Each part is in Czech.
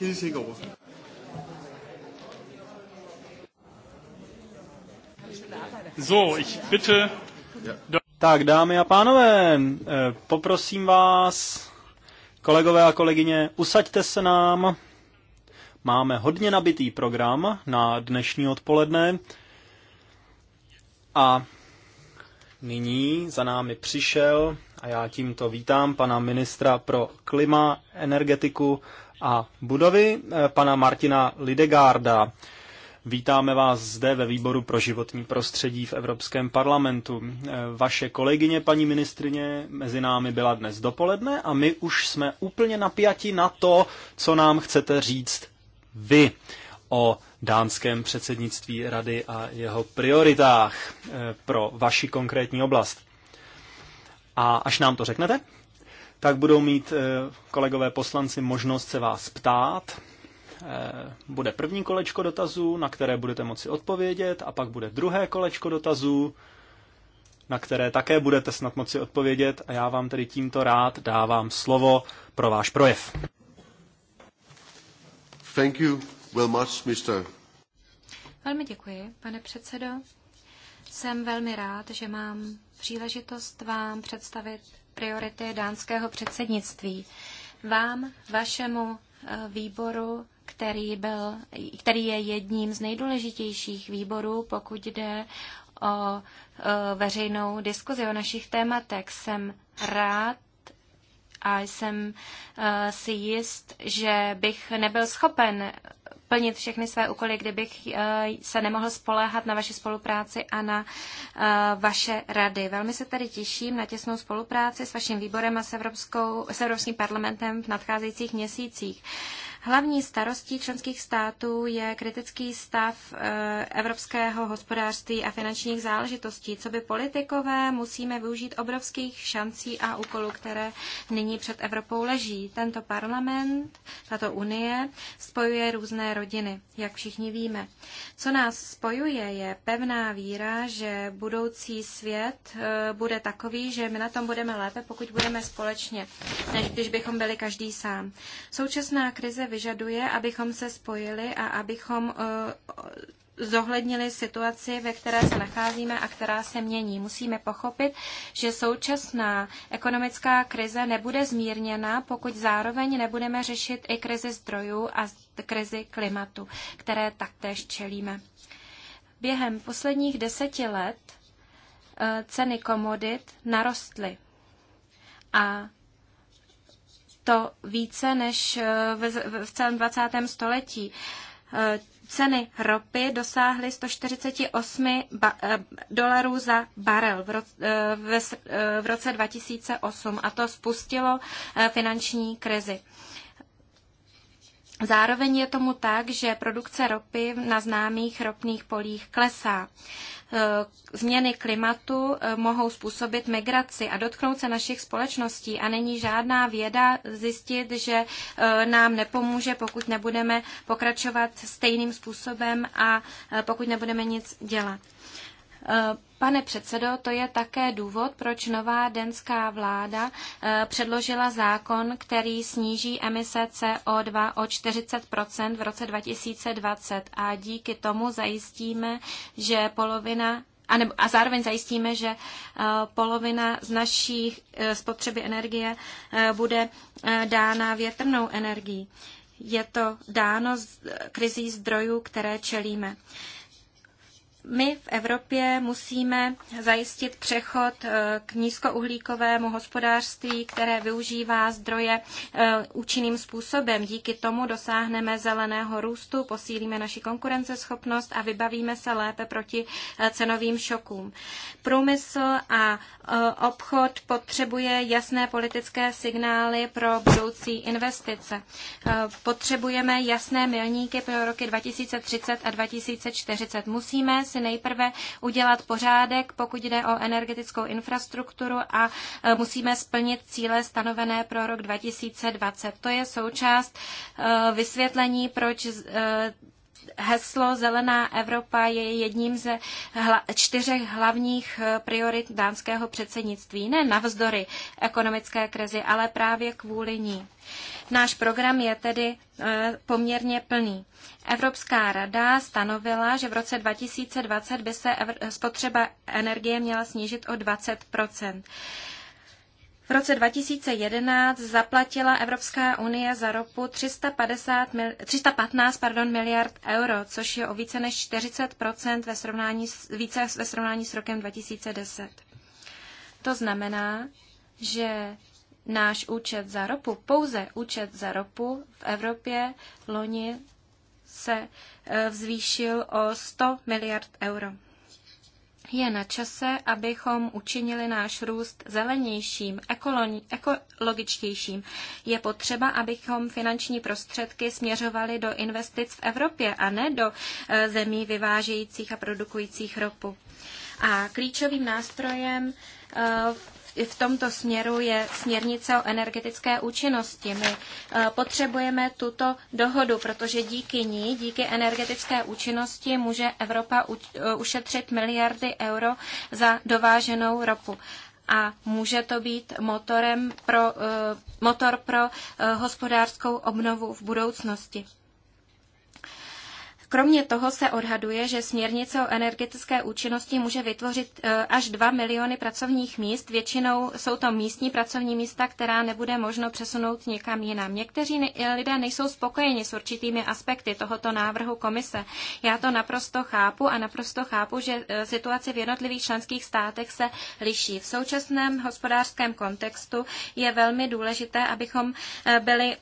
Hills ich bitte... Tak, dámy a pánové, eh, poprosím vás, kolegové a kolegyně, usaďte se nám. Máme hodně nabitý program na dnešní odpoledne a nyní za námi přišel a já tímto vítám pana ministra pro klima, energetiku a budovy eh, pana Martina Lidegarda. Vítáme vás zde ve výboru pro životní prostředí v Evropském parlamentu. Eh, vaše kolegyně, paní ministrině, mezi námi byla dnes dopoledne a my už jsme úplně napjati na to, co nám chcete říct vy o dánském předsednictví rady a jeho prioritách eh, pro vaši konkrétní oblast. A až nám to řeknete, tak budou mít eh, kolegové poslanci možnost se vás ptát. Eh, bude první kolečko dotazů, na které budete moci odpovědět, a pak bude druhé kolečko dotazů, na které také budete snad moci odpovědět a já vám tedy tímto rád dávám slovo pro váš projev. Thank you well much, Mr. Velmi děkuji, pane předsedo. Jsem velmi rád, že mám příležitost vám představit priority dánského předsednictví. Vám, vašemu eh, výboru, který, byl, který je jedním z nejdůležitějších výborů, pokud jde o eh, veřejnou diskuzi o našich tématech. Jsem rád, a jsem eh, si jist, že bych nebyl schopen plnit všechny své úkoly, kdybych eh, se nemohl spoléhat na vaši spolupráci a na eh, vaše rady. Velmi se tady těším na těsnou spolupráci s vaším výborem a s, Evropskou, s Evropským parlamentem v nadcházejících měsících. Hlavní starostí členských států je kritický stav eh, evropského hospodářství a finančních záležitostí. Co by politikové, musíme využít obrovských šancí a úkolů, které nyní před Evropou leží. Tento parlament, tato unie spojuje různé rodiny, jak všichni víme. Co nás spojuje, je pevná víra, že budoucí svět eh, bude takový, že my na tom budeme lépe, pokud budeme společně, než když bychom byli každý sám. Současná krize vyžaduje, abychom se spojili a abychom eh, zohlednili situaci, ve které se nacházíme a která se mění. Musíme pochopit, že současná ekonomická krize nebude zmírněna, pokud zároveň nebudeme řešit i krizi zdrojů a krizi klimatu, které taktéž čelíme. Během posledních deseti let eh, ceny komodit narostly a to více než eh, v celém 20. století. Eh, ceny ropy dosáhly 148 eh, dolarů za barel v roce, 2008 a to spustilo finanční krizi. Zároveň je tomu tak, že produkce ropy na známých ropných polích klesá. E, změny klimatu e, mohou způsobit migraci a dotknout se našich společností a není žádná věda zjistit, že e, nám nepomůže, pokud nebudeme pokračovat stejným způsobem a pokud nebudeme nic dělat. Pane předsedo, to je také důvod, proč nová denská vláda eh, předložila zákon, který sníží emise CO2 o 40 v roce 2020 a díky tomu zajistíme, že polovina a, nebo, a zároveň zajistíme, že eh, polovina z naší eh, spotřeby energie bude dána větrnou energií. Je to dáno krizí zdrojů, které čelíme my v Evropě musíme zajistit přechod eh, k nízkouhlíkovému hospodářství, které využívá zdroje eh, účinným způsobem. Díky tomu dosáhneme zeleného růstu, posílíme naši konkurenceschopnost a vybavíme se lépe proti eh, cenovým šokům. Průmysl a obchod potřebuje jasné politické signály pro budoucí investice. Potřebujeme jasné milníky pro roky 2030 a 2040. Musíme si si nejprve udělat pořádek, pokud jde o energetickou infrastrukturu a e, musíme splnit cíle stanovené pro rok 2020. To je součást e, vysvětlení, proč e, Heslo Zelená Evropa je jedním ze hla, čtyřech hlavních eh, priorit dánského předsednictví. Ne navzdory ekonomické krizi, ale právě kvůli ní. Náš program je tedy eh, poměrně plný. Evropská rada stanovila, že v roce 2020 by se spotřeba energie měla snížit o 20 v roce 2011 zaplatila Evropská unie za ropu 350 mil, 315 pardon, miliard euro, což je o více než 40 ve srovnání, více ve srovnání s rokem 2010. To znamená, že náš účet za ropu, pouze účet za ropu v Evropě loni se eh, vzvýšil o 100 miliard euro. Je na čase, abychom učinili náš růst zelenějším, ekologičtějším. Je potřeba, abychom finanční prostředky směřovali do investic v Evropě a ne do e, zemí vyvážejících a produkujících ropu. A klíčovým nástrojem e, i v tomto směru je směrnice o energetické účinnosti. My eh, potřebujeme tuto dohodu, protože díky ní, díky energetické účinnosti, může Evropa eh, ušetřit miliardy euro za dováženou ropu a může to být motorem pro, eh, motor pro hospodářskou obnovu v budoucnosti. Kromě toho se odhaduje, že směrnice o energetické účinnosti může vytvořit eh, až 2 miliony pracovních míst. Většinou jsou to místní pracovní místa, která nebude možno přesunout někam jinam. Někteří eh, lidé nejsou spokojeni s určitými aspekty tohoto návrhu komise. Já to naprosto chápu a naprosto chápu, že eh, situace v jednotlivých členských státech se liší. V současném hospodářském kontextu je velmi důležité, abychom byli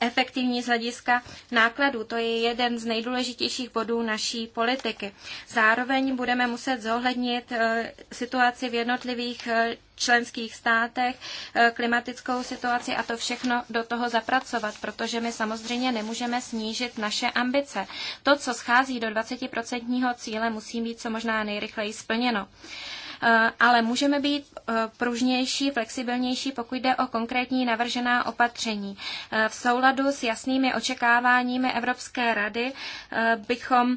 efektivní z hlediska nákladů. To je jeden z nejdůležitějších bodů naší politiky. Zároveň budeme muset zohlednit eh, situaci v jednotlivých eh, členských státech, eh, klimatickou situaci a to všechno do toho zapracovat, protože my samozřejmě nemůžeme snížit naše ambice. To, co schází do 20% cíle, musí být co možná nejrychleji splněno. Eh, ale můžeme být eh, pružnější, flexibilnější, pokud jde o konkrétní navržená opatření. Eh, v souladu s jasnými očekáváními Evropské rady bychom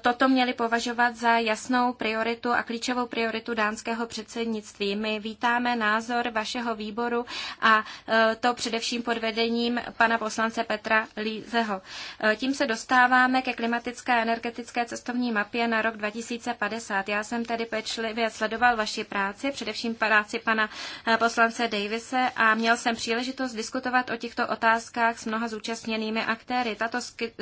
toto měli považovat za jasnou prioritu a klíčovou prioritu dánského předsednictví. My vítáme názor vašeho výboru a e, to především pod vedením pana poslance Petra Lízeho. E, tím se dostáváme ke klimatické a energetické cestovní mapě na rok 2050. Já jsem tedy pečlivě sledoval vaši práci, především práci pana e, poslance Davise a měl jsem příležitost diskutovat o těchto otázkách s mnoha zúčastněnými aktéry. Tato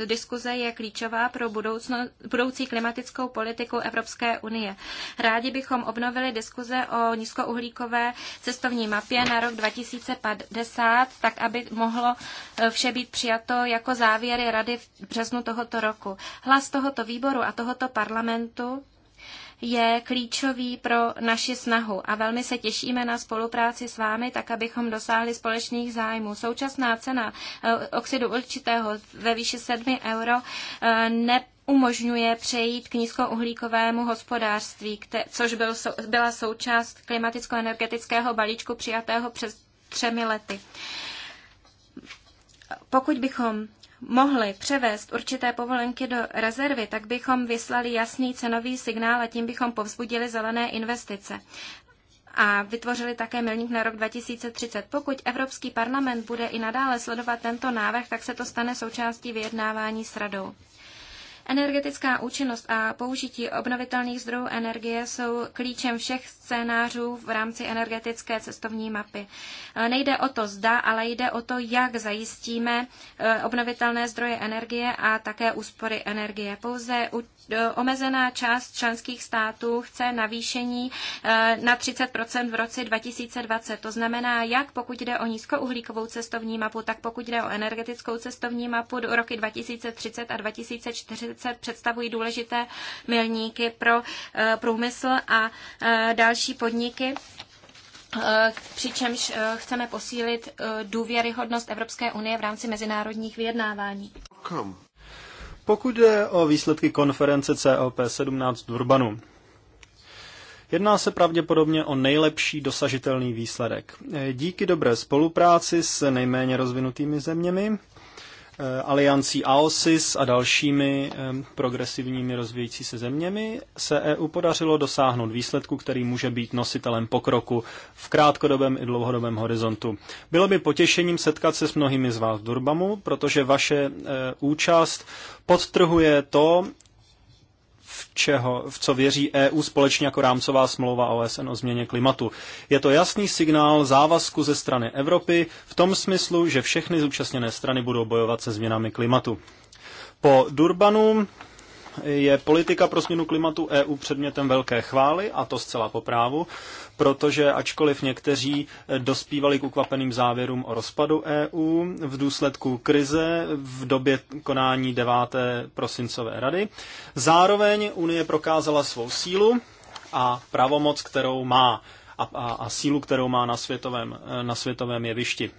diskuze je klíčová pro budoucnost budoucí klimatickou politiku Evropské unie. Rádi bychom obnovili diskuze o nízkouhlíkové cestovní mapě na rok 2050, tak aby mohlo eh, vše být přijato jako závěry Rady v březnu tohoto roku. Hlas tohoto výboru a tohoto parlamentu je klíčový pro naši snahu a velmi se těšíme na spolupráci s vámi, tak abychom dosáhli společných zájmů. Současná cena eh, oxidu určitého ve výši 7 euro eh, ne umožňuje přejít k nízkouhlíkovému hospodářství, což byl, byla součást klimaticko-energetického balíčku přijatého před třemi lety. Pokud bychom mohli převést určité povolenky do rezervy, tak bychom vyslali jasný cenový signál a tím bychom povzbudili zelené investice a vytvořili také milník na rok 2030. Pokud Evropský parlament bude i nadále sledovat tento návrh, tak se to stane součástí vyjednávání s radou. Energetická účinnost a použití obnovitelných zdrojů energie jsou klíčem všech scénářů v rámci energetické cestovní mapy. Eh, nejde o to zda, ale jde o to, jak zajistíme eh, obnovitelné zdroje energie a také úspory energie. Pouze E, omezená část členských států chce navýšení e, na 30 v roce 2020. To znamená, jak pokud jde o nízkouhlíkovou cestovní mapu, tak pokud jde o energetickou cestovní mapu, do roky 2030 a 2040 představují důležité milníky pro e, průmysl a další podniky přičemž chceme posílit důvěryhodnost Evropské unie v rámci mezinárodních vyjednávání. Pokud jde o výsledky konference COP17 v Durbanu, Jedná se pravděpodobně o nejlepší dosažitelný výsledek. Díky dobré spolupráci s nejméně rozvinutými zeměmi Eh, aliancí AOSIS a dalšími progresivními rozvíjící se zeměmi se EU podařilo dosáhnout výsledku, který může být nositelem pokroku v krátkodobém i dlouhodobém horizontu. Bylo by potěšením setkat se s mnohými z vás v Durbamu, protože vaše eh, účast podtrhuje to, čeho, v co věří EU společně jako rámcová smlouva OSN o změně klimatu. Je to jasný signál závazku ze strany Evropy v tom smyslu, že všechny zúčastněné strany budou bojovat se změnami klimatu. Po Durbanu je politika pro změnu klimatu EU předmětem velké chvály, a to zcela po právu, protože ačkoliv někteří eh, dospívali k ukvapeným závěrům o rozpadu EU v důsledku krize v době konání 9. prosincové rady, zároveň Unie prokázala svou sílu a pravomoc, kterou má a, a, a sílu, kterou má na světovém, eh, na světovém jevišti.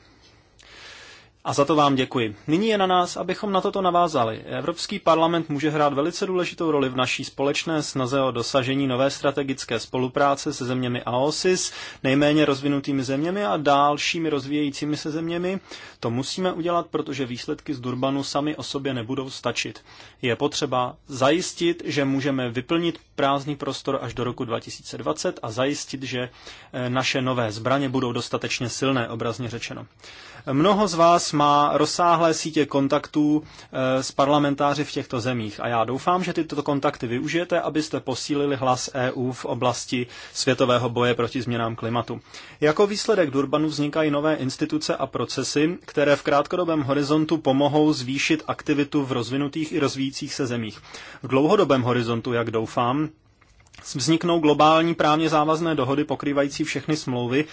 A za to vám děkuji. Nyní je na nás, abychom na toto navázali. Evropský parlament může hrát velice důležitou roli v naší společné snaze o dosažení nové strategické spolupráce se zeměmi AOSIS, nejméně rozvinutými zeměmi a dalšími rozvíjejícími se zeměmi. To musíme udělat, protože výsledky z Durbanu sami o sobě nebudou stačit. Je potřeba zajistit, že můžeme vyplnit prázdný prostor až do roku 2020 a zajistit, že eh, naše nové zbraně budou dostatečně silné, obrazně řečeno. Mnoho z vás má rozsáhlé sítě kontaktů eh, s parlamentáři v těchto zemích a já doufám, že tyto kontakty využijete, abyste posílili hlas EU v oblasti světového boje proti změnám klimatu. Jako výsledek Durbanu vznikají nové instituce a procesy, které v krátkodobém horizontu pomohou zvýšit aktivitu v rozvinutých i rozvíjících se zemích. V dlouhodobém horizontu, jak doufám, vzniknou globální právně závazné dohody pokrývající všechny smlouvy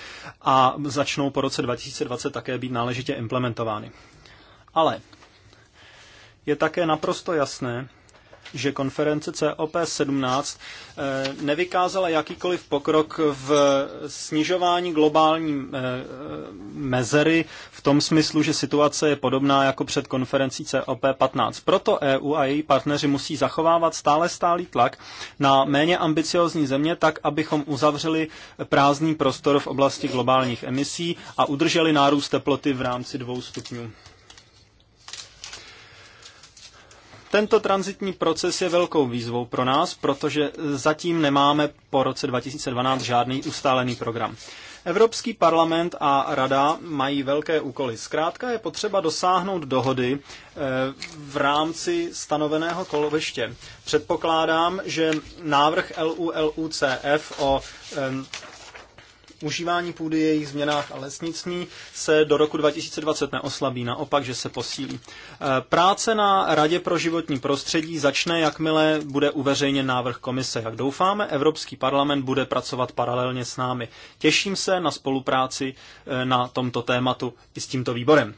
a začnou po roce 2020 také být náležitě implementovány. Ale je také naprosto jasné, že konference COP17 eh, nevykázala jakýkoliv pokrok v snižování globální eh, mezery v tom smyslu, že situace je podobná jako před konferencí COP15. Proto EU a její partneři musí zachovávat stále stálý tlak na méně ambiciozní země tak, abychom uzavřeli prázdný prostor v oblasti globálních emisí a udrželi nárůst teploty v rámci dvou stupňů Tento transitní proces je velkou výzvou pro nás, protože zatím nemáme po roce 2012 žádný ustálený program. Evropský parlament a rada mají velké úkoly. Zkrátka je potřeba dosáhnout dohody eh, v rámci stanoveného koloviště. Předpokládám, že návrh LULUCF o eh, užívání půdy, jejich změnách a lesnictví se do roku 2020 neoslabí, naopak, že se posílí. E, práce na Radě pro životní prostředí začne, jakmile bude uveřejněn návrh komise. Jak doufáme, Evropský parlament bude pracovat paralelně s námi. Těším se na spolupráci e, na tomto tématu i s tímto výborem.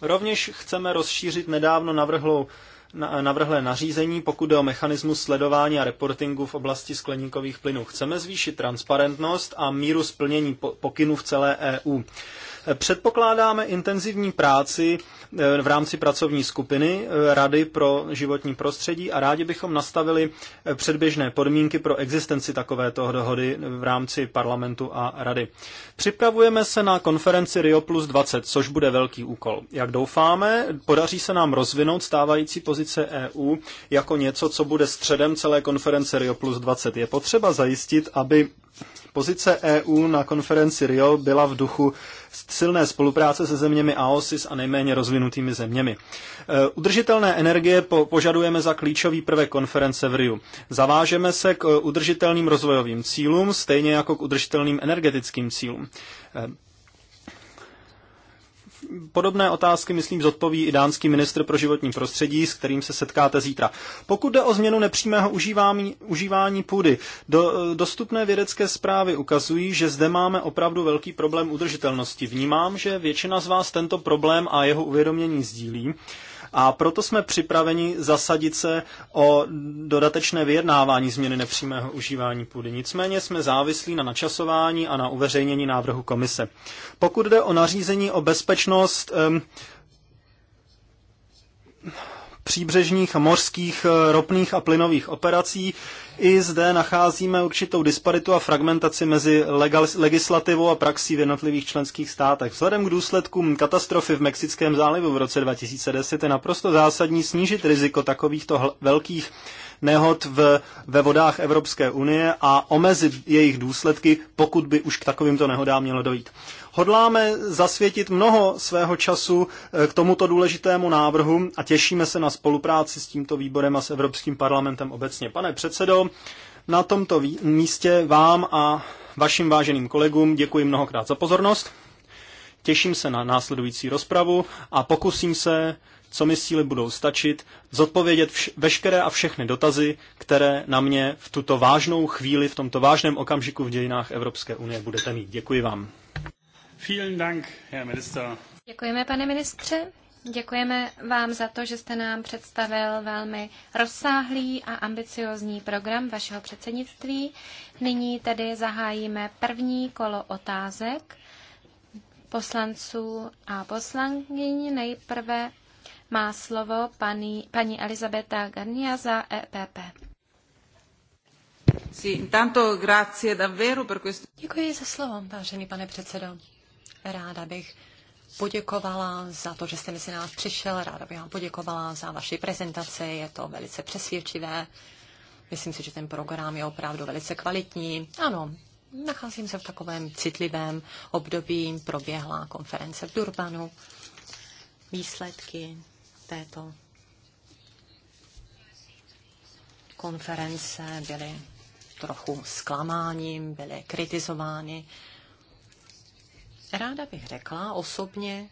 Rovněž chceme rozšířit nedávno navrhlou navrhlé nařízení, pokud jde o mechanismus sledování a reportingu v oblasti skleníkových plynů. Chceme zvýšit transparentnost a míru splnění pokynů v celé EU. Předpokládáme intenzivní práci eh, v rámci pracovní skupiny eh, Rady pro životní prostředí a rádi bychom nastavili eh, předběžné podmínky pro existenci takovéto dohody v rámci parlamentu a rady. Připravujeme se na konferenci Rio Plus 20, což bude velký úkol. Jak doufáme, podaří se nám rozvinout stávající pozice EU jako něco, co bude středem celé konference Rio Plus 20. Je potřeba zajistit, aby Pozice EU na konferenci Rio byla v duchu silné spolupráce se zeměmi AOSIS a nejméně rozvinutými zeměmi. E, udržitelné energie požadujeme za klíčový prvek konference v Riu. Zavážeme se k udržitelným rozvojovým cílům, stejně jako k udržitelným energetickým cílům. E, Podobné otázky, myslím, zodpoví i dánský ministr pro životní prostředí, s kterým se setkáte zítra. Pokud jde o změnu nepřímého užívání, užívání půdy, do, dostupné vědecké zprávy ukazují, že zde máme opravdu velký problém udržitelnosti. Vnímám, že většina z vás tento problém a jeho uvědomění sdílí. Uh, a proto jsme připraveni zasadit se o dodatečné vyjednávání změny nepřímého užívání půdy. Nicméně jsme závislí na načasování a na uveřejnění návrhu komise. Pokud jde o nařízení o bezpečnost, um, příbřežních mořských eh, ropných a plynových operací. I zde nacházíme určitou disparitu a fragmentaci mezi legislativou a praxí v jednotlivých členských státech. Vzhledem k důsledkům katastrofy v Mexickém zálivu v roce 2010 je naprosto zásadní snížit riziko takovýchto velkých nehod v, ve vodách Evropské unie a omezit jejich důsledky, pokud by už k takovýmto nehodám mělo dojít. Hodláme zasvětit mnoho svého času eh, k tomuto důležitému návrhu a těšíme se na spolupráci s tímto výborem a s Evropským parlamentem obecně. Pane předsedo, na tomto místě vám a vašim váženým kolegům děkuji mnohokrát za pozornost. Těším se na následující rozpravu a pokusím se, co mi síly budou stačit, zodpovědět vš- veškeré a všechny dotazy, které na mě v tuto vážnou chvíli, v tomto vážném okamžiku v dějinách Evropské unie budete mít. Děkuji vám. Děkujeme, pane ministře. Děkujeme vám za to, že jste nám představil velmi rozsáhlý a ambiciozní program vašeho předsednictví. Nyní tedy zahájíme první kolo otázek poslanců a poslankyň. Nejprve má slovo paní, paní Elizabeta Garnia za EPP. Děkuji za slovo, vážený pane předsedo. Ráda bych poděkovala za to, že jste mezi nás přišel. Ráda bych vám poděkovala za vaši prezentaci. Je to velice přesvědčivé. Myslím si, že ten program je opravdu velice kvalitní. Ano, nacházím se v takovém citlivém období. Proběhla konference v Durbanu. Výsledky této konference byly trochu zklamáním, byly kritizovány. Ráda bych řekla osobně,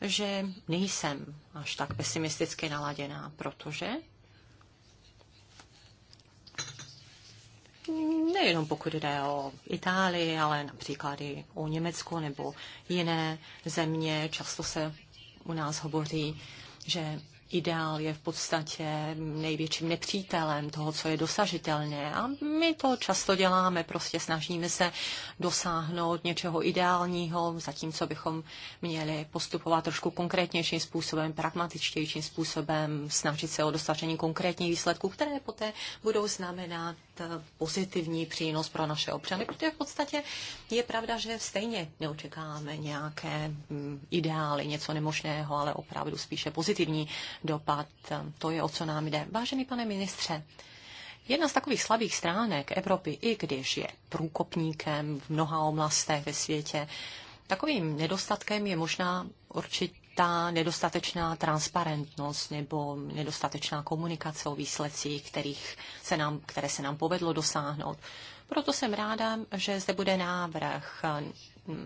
že nejsem až tak pesimisticky naladěná, protože nejenom pokud jde o Itálii, ale například i o Německo nebo jiné země, často se u nás hovoří, že ideál je v podstatě největším nepřítelem toho, co je dosažitelné. A my to často děláme, prostě snažíme se dosáhnout něčeho ideálního, zatímco bychom měli postupovat trošku konkrétnějším způsobem, pragmatičtějším způsobem, snažit se o dosažení konkrétních výsledků, které poté budou znamenat Eh, pozitivní přínos pro naše občany, protože v podstatě je pravda, že stejně neočekáváme nějaké mm, ideály, něco nemožného, ale opravdu spíše pozitivní dopad. Eh, to je, o co nám jde. Vážený pane ministře, Jedna z takových slabých stránek Evropy, i když je průkopníkem v mnoha oblastech ve světě, takovým nedostatkem je možná určitě ta nedostatečná transparentnost nebo nedostatečná komunikace o výsledcích, kterých se nám, které se nám povedlo dosáhnout. Proto jsem ráda, že zde bude návrh eh,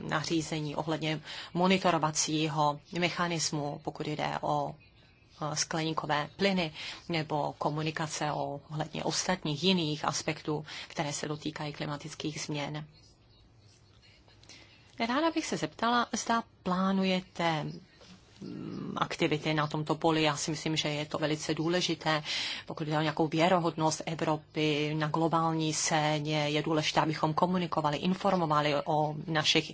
nařízení ohledně monitorovacího mechanismu, pokud jde o eh, skleníkové plyny nebo komunikace o ohledně ostatních jiných aspektů, které se dotýkají klimatických změn. Ráda bych se zeptala, zda plánujete Mm, aktivity na tomto poli. Já si myslím, že je to velice důležité. Pokud jde o nějakou věrohodnost Evropy na globální scéně, je důležité, abychom komunikovali, informovali o našich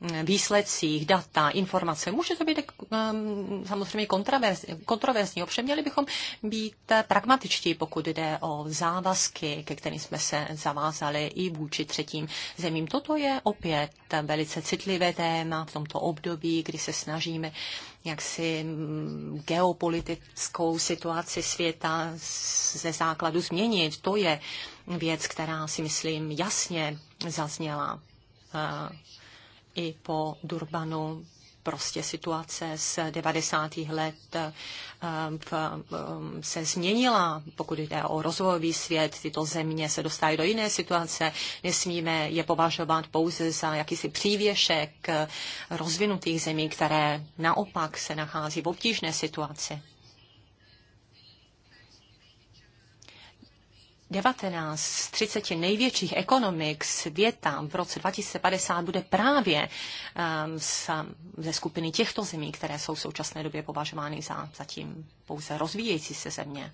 mm, výsledcích, data, informace. Může to být mm, samozřejmě kontroverzní, kontroverzní, ovšem měli bychom být pragmatičtí, pokud jde o závazky, ke kterým jsme se zavázali i vůči třetím zemím. Toto je opět velice citlivé téma v tomto období, kdy se snažíme jaksi mm, geopolitickou situaci světa ze základu změnit. To je věc, která si myslím jasně zazněla eh, i po Durbanu prostě situace z 90. let eh, eh, se změnila, pokud jde o rozvojový svět, tyto země se dostají do jiné situace, nesmíme je považovat pouze za jakýsi přívěšek eh, rozvinutých zemí, které naopak se nachází v obtížné situaci. 19 z 30 největších ekonomik světa v roce 2050 bude právě um, ehm, z, ze skupiny těchto zemí, které jsou v současné době považovány za zatím pouze rozvíjející se země.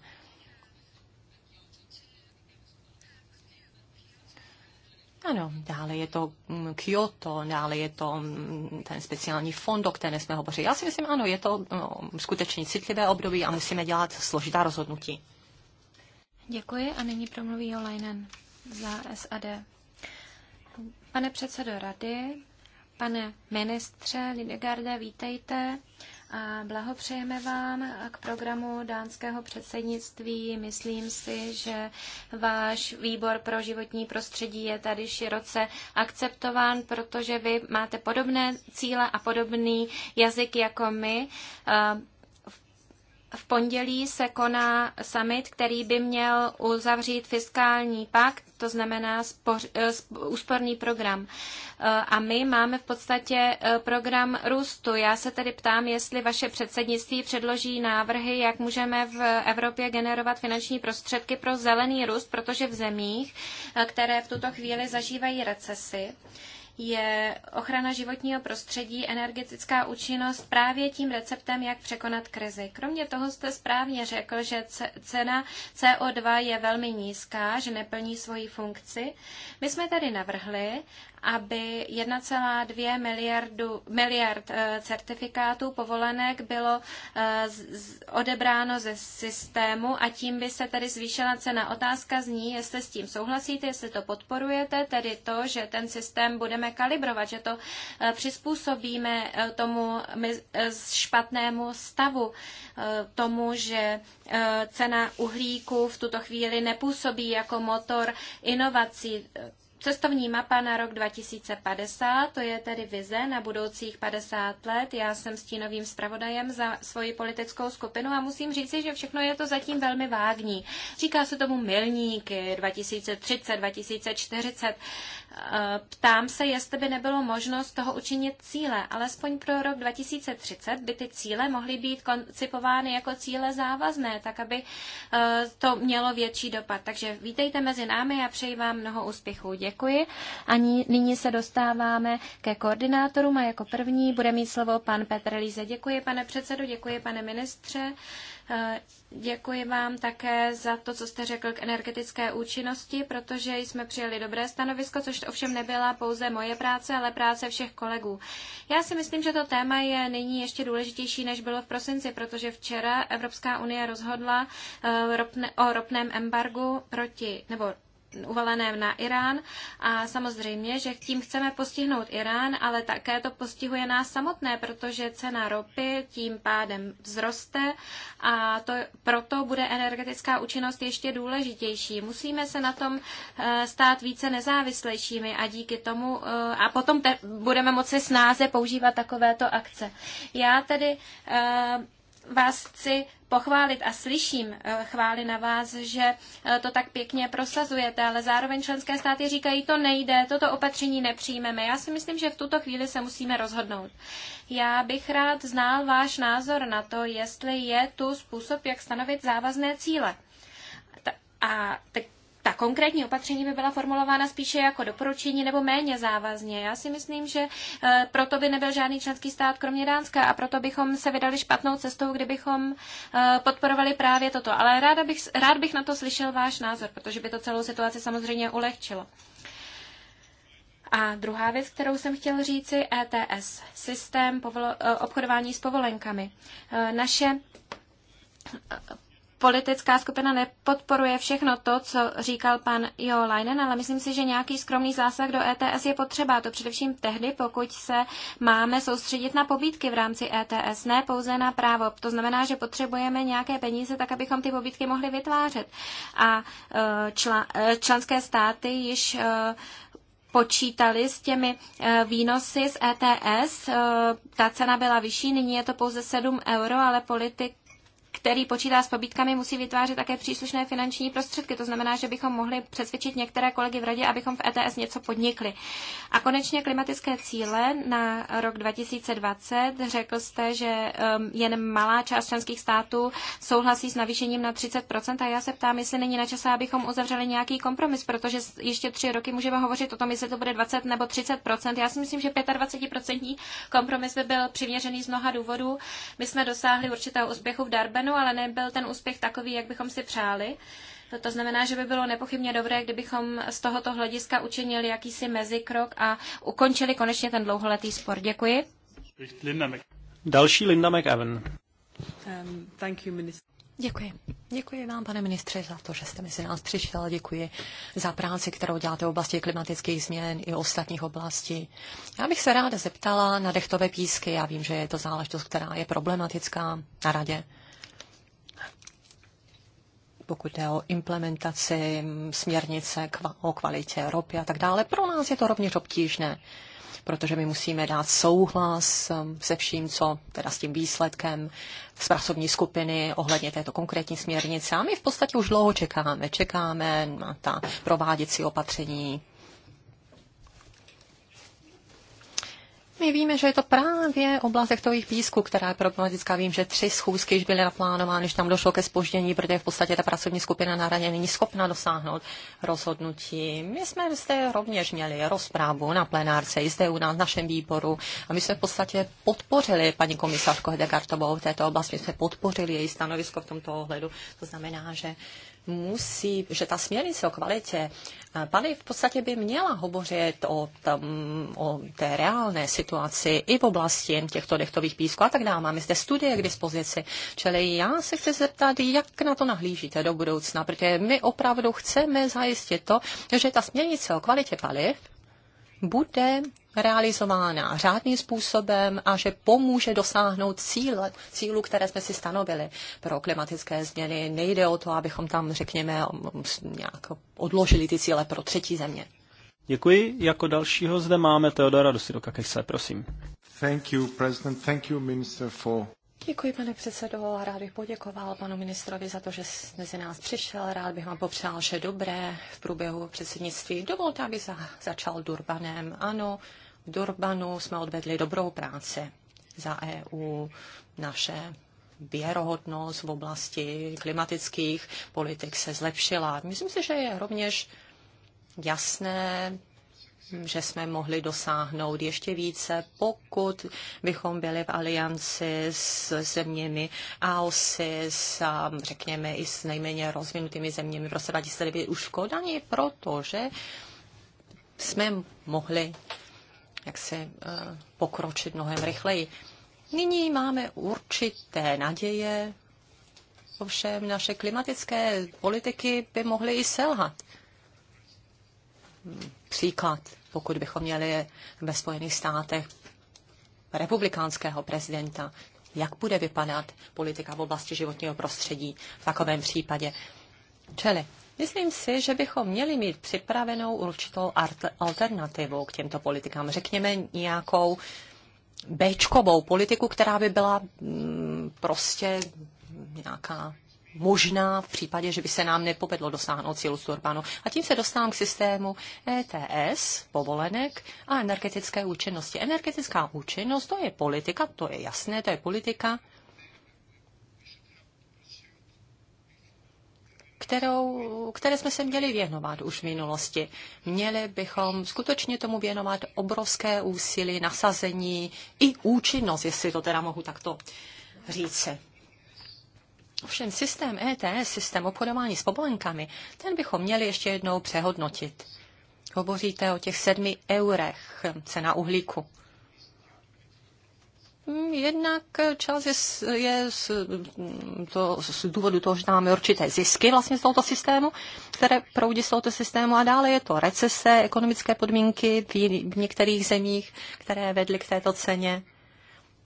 Ano, dále je to mm, Kyoto, dále je to mm, ten speciální fond, o kterém jsme hovořili. Já si myslím, ano, je to no, skutečně citlivé období a musíme dělat složitá rozhodnutí. Děkuji a nyní promluví Jolajnen za SAD. Pane předsedo rady, pane ministře Lidegarde, vítejte a blahopřejeme vám k programu dánského předsednictví. Myslím si, že váš výbor pro životní prostředí je tady široce akceptován, protože vy máte podobné cíle a podobný jazyk jako my. V pondělí se koná summit, který by měl uzavřít fiskální pakt, to znamená spoř, eh, úsporný program. Eh, a my máme v podstatě eh, program růstu. Já se tedy ptám, jestli vaše předsednictví předloží návrhy, jak můžeme v Evropě generovat finanční prostředky pro zelený růst, protože v zemích, které v tuto chvíli zažívají recesi, je ochrana životního prostředí, energetická účinnost právě tím receptem, jak překonat krizi. Kromě toho jste správně řekl, že cena CO2 je velmi nízká, že neplní svoji funkci. My jsme tady navrhli, aby 1,2 miliardu, miliard eh, certifikátů povolenek bylo eh, odebráno ze systému a tím by se tedy zvýšila cena. Otázka zní, jestli s tím souhlasíte, jestli to podporujete, tedy to, že ten systém budeme kalibrovat, že to eh, přizpůsobíme tomu špatnému stavu, tomu, že cena uhlíku v tuto chvíli nepůsobí jako motor inovací Cestovní mapa na rok 2050, to je tedy vize na budoucích 50 let. Já jsem stínovým zpravodajem za svoji politickou skupinu a musím říci, že všechno je to zatím velmi vágní. Říká se tomu milníky 2030, 2040. Eh, ptám se, jestli by nebylo možnost toho učinit cíle. Alespoň pro rok 2030 by ty cíle mohly být koncipovány jako cíle závazné, tak aby eh, to mělo větší dopad. Takže vítejte mezi námi a přeji vám mnoho úspěchů. Děkuji. A nyní se dostáváme ke koordinátorům a jako první bude mít slovo pan Petr Líze. Děkuji, pane předsedo, děkuji, pane ministře. Eh, děkuji vám také za to, co jste řekl k energetické účinnosti, protože jsme přijeli dobré stanovisko, což ovšem nebyla pouze moje práce, ale práce všech kolegů. Já si myslím, že to téma je nyní ještě důležitější, než bylo v prosinci, protože včera Evropská unie rozhodla eh, o ropném embargu proti, nebo uvaleném na Irán. A samozřejmě, že tím chceme postihnout Irán, ale také to postihuje nás samotné, protože cena ropy tím pádem vzroste a to, proto bude energetická účinnost ještě důležitější. Musíme se na tom eh, stát více nezávislejšími a díky tomu eh, a potom te, budeme moci snáze používat takovéto akce. Já tedy eh, vás chci pochválit a slyším eh, chvály na vás, že eh, to tak pěkně prosazujete, ale zároveň členské státy říkají, to nejde, toto opatření nepřijmeme. Já si myslím, že v tuto chvíli se musíme rozhodnout. Já bych rád znal váš názor na to, jestli je tu způsob, jak stanovit závazné cíle. A tak ta konkrétní opatření by byla formulována spíše jako doporučení nebo méně závazně. Já si myslím, že eh, proto by nebyl žádný členský stát kromě Dánska a proto bychom se vydali špatnou cestou, kdybychom eh, podporovali právě toto. Ale ráda bych, rád bych na to slyšel váš názor, protože by to celou situaci samozřejmě ulehčilo. A druhá věc, kterou jsem chtěl říci, ETS, systém eh, obchodování s povolenkami. Naše politická skupina nepodporuje všechno to, co říkal pan Jo Leinen, ale myslím si, že nějaký skromný zásah do ETS je potřeba. To především tehdy, pokud se máme soustředit na pobídky v rámci ETS, ne pouze na právo. To znamená, že potřebujeme nějaké peníze, tak abychom ty pobídky mohli vytvářet. A e, čl e, členské státy již e, počítali s těmi výnosy z ETS. Ta cena byla vyšší, nyní je to pouze 7 euro, ale politik který počítá s pobítkami, musí vytvářet také příslušné finanční prostředky. To znamená, že bychom mohli přesvědčit některé kolegy v radě, abychom v ETS něco podnikli. A konečně klimatické cíle na rok 2020. Řekl jste, že um, jen malá část členských států souhlasí s navýšením na 30%. A já se ptám, jestli není na čase, abychom uzavřeli nějaký kompromis, protože ještě tři roky můžeme hovořit o tom, jestli to bude 20 nebo 30%. Já si myslím, že 25% kompromis by byl přiměřený z mnoha důvodů. My jsme dosáhli určitého úspěchu v Darbe Libanu, ale nebyl ten úspěch takový, jak bychom si přáli. To znamená, že by bylo nepochybně dobré, kdybychom z tohoto hlediska učinili jakýsi mezikrok a ukončili konečně ten dlouholetý spor. Děkuji. Další Linda McEwen. Um, Děkuji. Děkuji vám, pane ministře, za to, že jste mezi nás přišel. Děkuji za práci, kterou děláte v oblasti klimatických změn i ostatních oblastí. Já bych se ráda zeptala na dechtové písky. Já vím, že je to záležitost, která je problematická na radě pokud jde o implementaci směrnice o kvalitě ropy a tak dále. Pro nás je to rovněž obtížné, protože my musíme dát souhlas um, se vším, co teda s tím výsledkem z pracovní skupiny ohledně této konkrétní směrnice. A my v podstatě už dlouho čekáme. Čekáme na ta prováděcí opatření, My víme, že je to právě oblast tektových písků, která je problematická. Vím, že tři schůzky již byly naplánovány, že tam došlo ke spoždění, protože v podstatě ta pracovní skupina na raně není schopna dosáhnout rozhodnutí. My jsme zde rovněž měli rozprávu na plenárce, i zde u nás v našem výboru. A my jsme v podstatě podpořili paní komisařku Hedegartovou v této oblasti, my jsme podpořili její stanovisko v tomto ohledu. To znamená, že musí, že ta směrnice o kvalitě Eh, Pali v podstatě by měla hovořit o, tam, o té reálné situaci i v oblasti těchto dechtových písků a tak dále. Máme zde studie k dispozici. Čili já se chci zeptat, jak na to nahlížíte do budoucna, protože my opravdu chceme zajistit to, že ta směrnice o kvalitě paliv bude realizována řádným způsobem a že pomůže dosáhnout cíle, cílu, které jsme si stanovili pro klimatické změny. Nejde o to, abychom tam, řekněme, nějak odložili ty cíle pro třetí země. Děkuji. Jako dalšího zde máme Teodora Dosidoka Kejse, prosím. Thank you, President. Thank you, Minister, for... Děkuji, pane předsedo, a rád bych poděkoval panu ministrovi za to, že mezi nás přišel. Rád bych vám popřál vše dobré v průběhu předsednictví. Dovolte, aby za, začal Durbanem. Ano, v Durbanu jsme odvedli dobrou práci za EU, naše věrohodnost v oblasti klimatických politik se zlepšila. Myslím si, že je rovněž jasné, že jsme mohli dosáhnout ještě více, pokud bychom byli v alianci s zeměmi AOSIS a řekněme i s nejméně rozvinutými zeměmi v roce 2009 už škodaní, protože jsme mohli jak se eh, pokročit mnohem rychleji. Nyní máme určité naděje, ovšem naše klimatické politiky by mohly i selhat. Hm, příklad pokud bychom měli ve Spojených státech republikánského prezidenta, jak bude vypadat politika v oblasti životního prostředí v takovém případě. Čili myslím si, že bychom měli mít připravenou určitou alternativu k těmto politikám. Řekněme nějakou bečkovou politiku, která by byla mm, prostě nějaká možná v případě, že by se nám nepovedlo dosáhnout cílu Turbanu. A tím se dostávám k systému ETS, povolenek a energetické účinnosti. Energetická účinnost, to je politika, to je jasné, to je politika, kterou, které jsme se měli věnovat už v minulosti. Měli bychom skutečně tomu věnovat obrovské úsilí, nasazení i účinnost, jestli to teda mohu takto říct. Ovšem systém ETS, systém obchodování s povolenkami, ten bychom měli ještě jednou přehodnotit. Hovoříte o těch sedmi eurech cena uhlíku. Hmm, jednak čas je, je z, to, z důvodu toho, že máme určité zisky vlastně z tohoto systému, které proudí z tohoto systému a dále je to recese, ekonomické podmínky v, v některých zemích, které vedly k této ceně.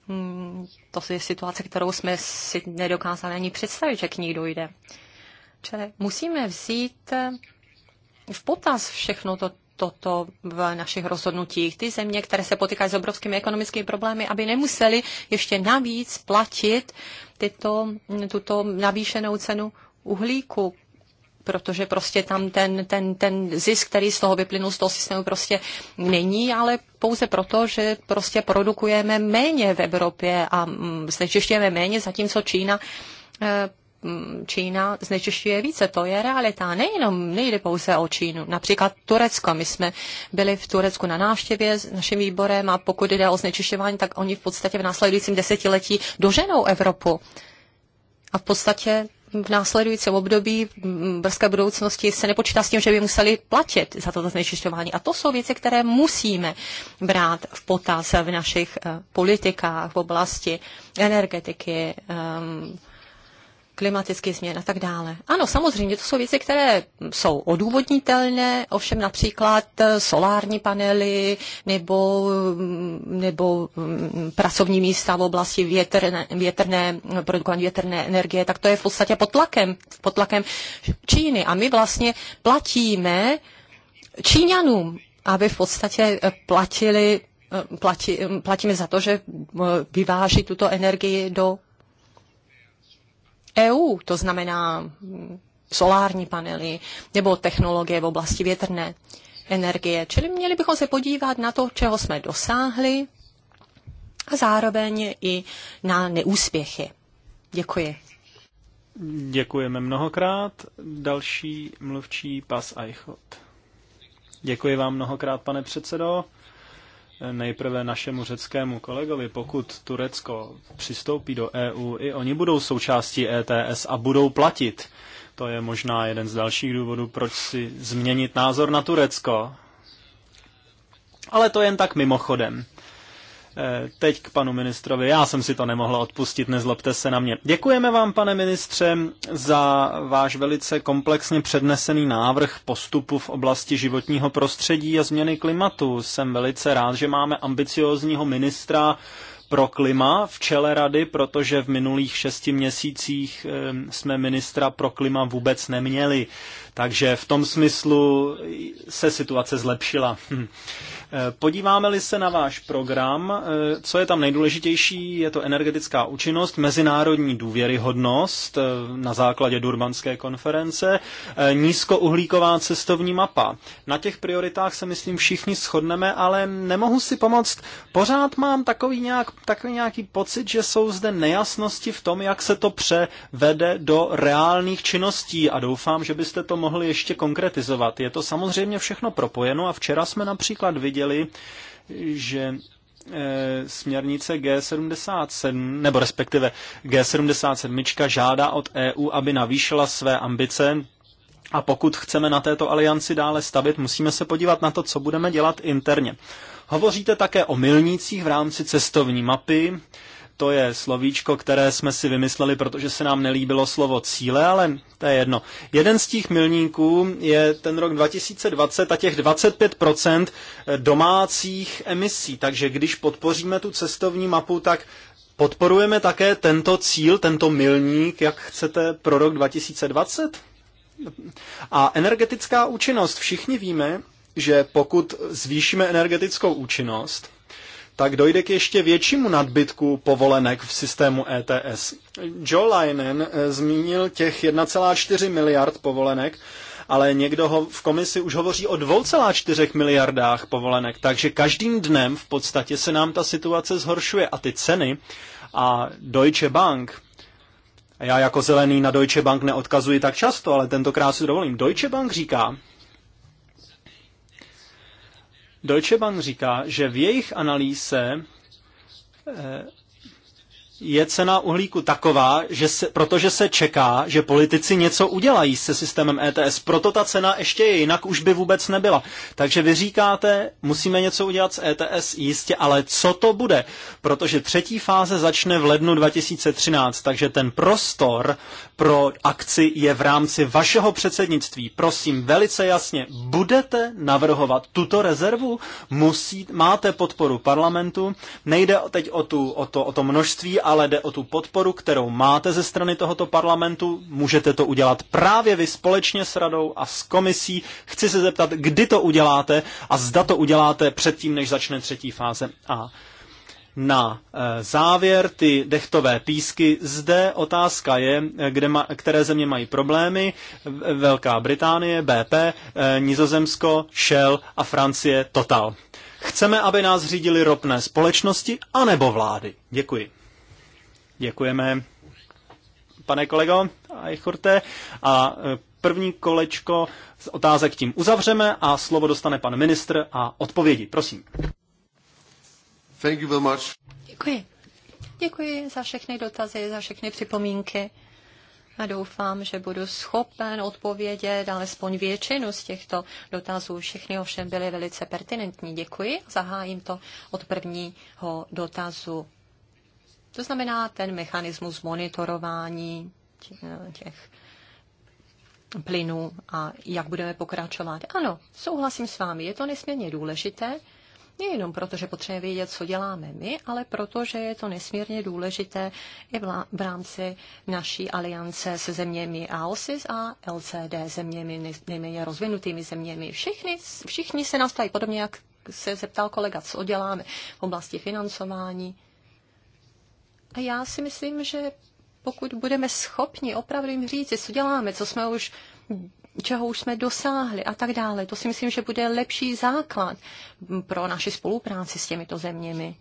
Hmm, to je situace, kterou jsme si nedokázali ani představit, že k ní dojde. Čili musíme vzít eh, v potaz všechno to, toto v našich rozhodnutích. Ty země, které se potýkají s obrovskými ekonomickými problémy, aby nemuseli ještě navíc platit tyto, tuto navýšenou cenu uhlíku, protože prostě tam ten, ten, ten zisk, který z toho vyplynul z toho systému, prostě není, ale pouze proto, že prostě produkujeme méně v Evropě a mm, znečišťujeme méně, zatímco Čína eh, mm, Čína znečišťuje více. To je realita. Nejenom nejde pouze o Čínu. Například Turecko. My jsme byli v Turecku na návštěvě s naším výborem a pokud jde o znečišťování, tak oni v podstatě v následujícím desetiletí doženou Evropu. A v podstatě v následujícím období v brzké budoucnosti se nepočítá s tím, že by museli platit za toto znečišťování. A to jsou věci, které musíme brát v potaz v našich eh, politikách v oblasti energetiky, um, klimatické změn a tak dále. Ano, samozřejmě to jsou věci, které jsou odůvodnitelné, ovšem například eh, solární panely nebo, mm, nebo mm, pracovní místa v oblasti větrné, větrné, produkování větrné energie, tak to je v podstatě pod tlakem, pod tlakem Číny. A my vlastně platíme Číňanům, aby v podstatě eh, platili eh, platí, platíme za to, že vyváží tuto energii do EU, to znamená hm, solární panely nebo technologie v oblasti větrné energie. Čili měli bychom se podívat na to, čeho jsme dosáhli a zároveň i na neúspěchy. Děkuji. Děkujeme mnohokrát. Další mluvčí pas Eichot. Děkuji vám mnohokrát, pane předsedo nejprve našemu řeckému kolegovi, pokud Turecko přistoupí do EU, i oni budou součástí ETS a budou platit. To je možná jeden z dalších důvodů, proč si změnit názor na Turecko. Ale to jen tak mimochodem. Eh, teď k panu ministrovi. Já jsem si to nemohla odpustit, nezlobte se na mě. Děkujeme vám, pane ministře, za váš velice komplexně přednesený návrh postupu v oblasti životního prostředí a změny klimatu. Jsem velice rád, že máme ambiciózního ministra pro klima v čele rady, protože v minulých šesti měsících jsme ministra pro klima vůbec neměli. Takže v tom smyslu se situace zlepšila. Hm. Podíváme-li se na váš program, eh, co je tam nejdůležitější, je to energetická účinnost, mezinárodní důvěryhodnost eh, na základě Durbanské konference, eh, nízkouhlíková cestovní mapa. Na těch prioritách se myslím všichni shodneme, ale nemohu si pomoct. Pořád mám takový, nějak, takový nějaký pocit, že jsou zde nejasnosti v tom, jak se to převede do reálných činností a doufám, že byste to mohli ještě konkretizovat. Je to samozřejmě všechno propojeno a včera jsme například viděli, věděli, že e, směrnice G77, nebo respektive G77 žádá od EU, aby navýšila své ambice a pokud chceme na této alianci dále stavit, musíme se podívat na to, co budeme dělat interně. Hovoříte také o milnících v rámci cestovní mapy, to je slovíčko, které jsme si vymysleli, protože se nám nelíbilo slovo cíle, ale to je jedno. Jeden z těch milníků je ten rok 2020 a těch 25% domácích emisí. Takže když podpoříme tu cestovní mapu, tak podporujeme také tento cíl, tento milník, jak chcete, pro rok 2020? A energetická účinnost. Všichni víme, že pokud zvýšíme energetickou účinnost, tak dojde k ještě většímu nadbytku povolenek v systému ETS. Joe Linen eh, zmínil těch 1,4 miliard povolenek, ale někdo ho v komisi už hovoří o 2,4 miliardách povolenek, takže každým dnem v podstatě se nám ta situace zhoršuje a ty ceny a Deutsche Bank, já jako zelený na Deutsche Bank neodkazuji tak často, ale tentokrát si dovolím. Deutsche Bank říká, Deutsche Bank říká, že v jejich analýze eh, je cena uhlíku taková, že se, protože se čeká, že politici něco udělají se systémem ETS. Proto ta cena ještě je, jinak už by vůbec nebyla. Takže vy říkáte, musíme něco udělat s ETS, jistě, ale co to bude? Protože třetí fáze začne v lednu 2013, takže ten prostor pro akci je v rámci vašeho předsednictví. Prosím, velice jasně, budete navrhovat tuto rezervu? Musí, máte podporu parlamentu, nejde teď o, tu, o, to, o to množství, ale ale jde o tu podporu, kterou máte ze strany tohoto parlamentu. Můžete to udělat právě vy společně s radou a s komisí. Chci se zeptat, kdy to uděláte a zda to uděláte předtím, než začne třetí fáze A. Na eh, závěr ty dechtové písky. Zde otázka je, eh, kde ma, které země mají problémy. Velká Británie, BP, eh, Nizozemsko, Shell a Francie, Total. Chceme, aby nás řídili ropné společnosti anebo vlády. Děkuji. Děkujeme, pane kolego Eichurte. A e, první kolečko z otázek tím uzavřeme a slovo dostane pan ministr a odpovědi. Prosím. Thank you very much. Děkuji. Děkuji za všechny dotazy, za všechny připomínky a doufám, že budu schopen odpovědět alespoň většinu z těchto dotazů. Všechny ovšem byly velice pertinentní. Děkuji. Zahájím to od prvního dotazu to znamená ten mechanismus monitorování těch plynů a jak budeme pokračovat. Ano, souhlasím s vámi, je to nesmírně důležité, nejenom proto, že potřebujeme vědět, co děláme my, ale protože je to nesmírně důležité i v rámci naší aliance se zeměmi AOSIS a LCD, zeměmi nejméně rozvinutými zeměmi. Všichni, všichni se nastaví podobně, jak se zeptal kolega, co děláme v oblasti financování a já si myslím, že pokud budeme schopni opravdu jim říct, co děláme, co jsme už, čeho už jsme dosáhli a tak dále, to si myslím, že bude lepší základ pro naši spolupráci s těmito zeměmi.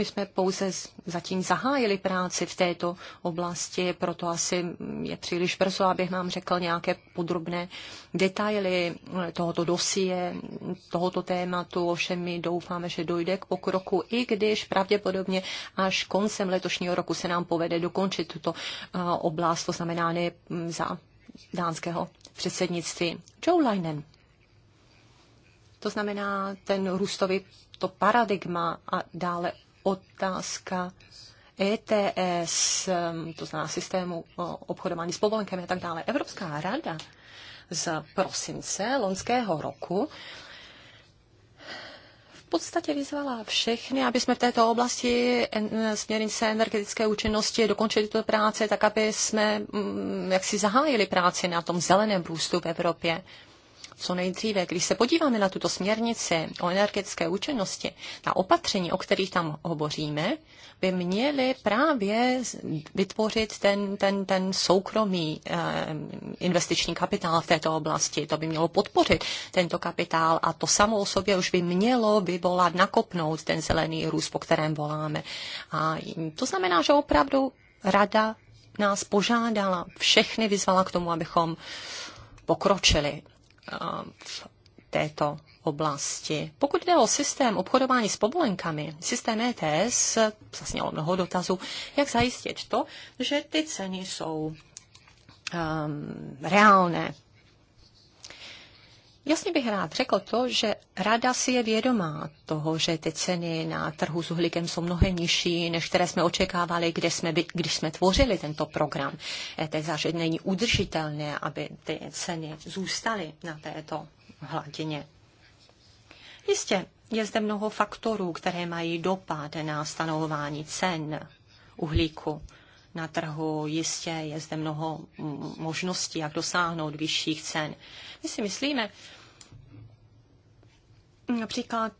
My jsme pouze zatím zahájili práci v této oblasti, proto asi je příliš brzo, abych nám řekl nějaké podrobné detaily tohoto dosie, tohoto tématu. Ovšem my doufáme, že dojde k pokroku, i když pravděpodobně až koncem letošního roku se nám povede dokončit tuto oblast, to znamená ne za dánského předsednictví. Joe Leinen. To znamená ten růstový to paradigma a dále otázka ETS, to znamená systému obchodování s povolenkami a tak dále. Evropská rada z prosince loňského roku v podstatě vyzvala všechny, aby jsme v této oblasti směrnice energetické účinnosti dokončili tuto práci, tak aby jsme mm, jak si zahájili práci na tom zeleném růstu v Evropě co nejdříve. Když se podíváme na tuto směrnici o energetické účinnosti, na opatření, o kterých tam hovoříme, by měly právě vytvořit ten, ten, ten soukromý eh, investiční kapitál v této oblasti. To by mělo podpořit tento kapitál a to samo o sobě už by mělo vyvolat, nakopnout ten zelený růst, po kterém voláme. A to znamená, že opravdu rada nás požádala, všechny vyzvala k tomu, abychom pokročili Eh, v této oblasti. Pokud jde o systém obchodování s povolenkami, systém ETS, zasnělo mnoho dotazů, jak zajistit to, že ty ceny jsou um, reálné, Jasně bych rád řekl to, že rada si je vědomá toho, že ty ceny na trhu s uhlíkem jsou mnohem nižší, než které jsme očekávali, kde jsme, když jsme tvořili tento program. E, to že není udržitelné, aby ty ceny zůstaly na této hladině. Jistě, je zde mnoho faktorů, které mají dopad na stanovování cen uhlíku na trhu. Jistě je zde mnoho možností, jak dosáhnout vyšších cen. My si myslíme, Například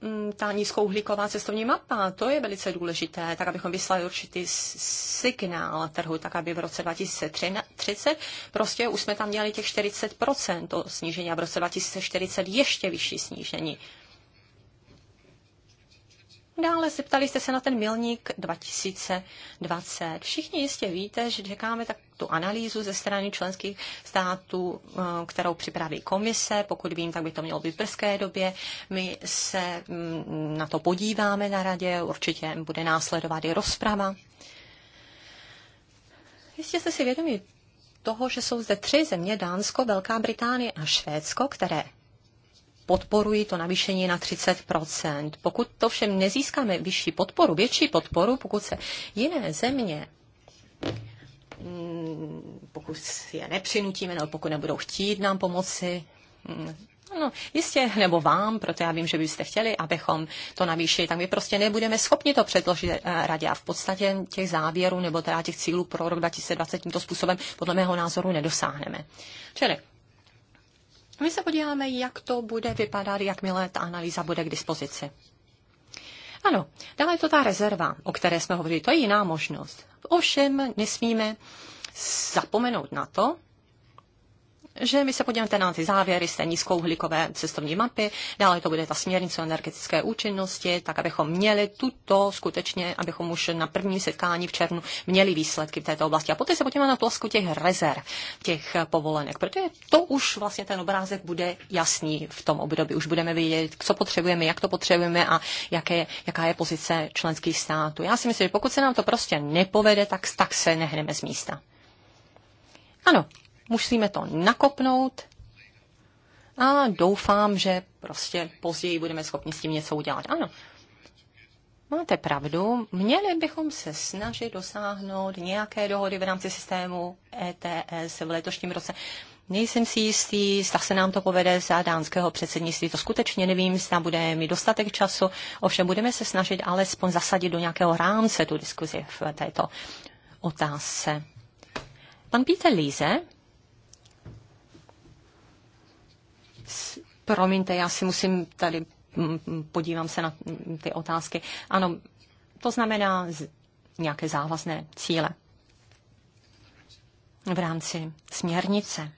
mm, ta nízkouhlíková cestovní mapa, to je velice důležité, tak abychom vyslali určitý signál trhu, tak aby v roce 2030 prostě už jsme tam měli těch 40% to snížení a v roce 2040 ještě vyšší snížení. Dále zeptali jste se na ten milník 2020. Všichni jistě víte, že čekáme tak tu analýzu ze strany členských států, eh, kterou připraví komise. Pokud vím, tak by to mělo být v brzké době. My se mm, na to podíváme na radě, určitě bude následovat i rozprava. Jistě jste si vědomi toho, že jsou zde tři země, Dánsko, Velká Británie a Švédsko, které podporují to navýšení na 30%. Pokud to všem nezískáme vyšší podporu, větší podporu, pokud se jiné země mm, pokud je nepřinutíme, nebo pokud nebudou chtít nám pomoci, mm, No, jistě, nebo vám, proto já vím, že byste chtěli, abychom to navýšili, tak my prostě nebudeme schopni to předložit eh, radě. A v podstatě těch závěrů nebo teda těch cílů pro rok 2020 tímto způsobem podle mého názoru nedosáhneme. Čili my se podíváme, jak to bude vypadat, jakmile ta analýza bude k dispozici. Ano, dále je to ta rezerva, o které jsme hovořili, to je jiná možnost. Ovšem nesmíme zapomenout na to, že my se podíváme na ty závěry z té nízkouhlíkové cestovní mapy, dále to bude ta směrnice o energetické účinnosti, tak abychom měli tuto skutečně, abychom už na prvním setkání v červnu měli výsledky v této oblasti. A poté se podíváme na plosku těch rezerv, těch povolenek, protože to už vlastně ten obrázek bude jasný v tom období. Už budeme vědět, co potřebujeme, jak to potřebujeme a jaké, jaká je pozice členských států. Já si myslím, že pokud se nám to prostě nepovede, tak, tak se nehneme z místa. Ano, musíme to nakopnout a doufám, že prostě později budeme schopni s tím něco udělat. Ano, máte pravdu, měli bychom se snažit dosáhnout nějaké dohody v rámci systému ETS v letošním roce. Nejsem si jistý, zda se nám to povede za dánského předsednictví. To skutečně nevím, zda bude mi dostatek času. Ovšem budeme se snažit alespoň zasadit do nějakého rámce tu diskuzi v této otázce. Pan Peter Líze Promiňte, já si musím tady, podívám se na ty otázky. Ano, to znamená nějaké závazné cíle v rámci směrnice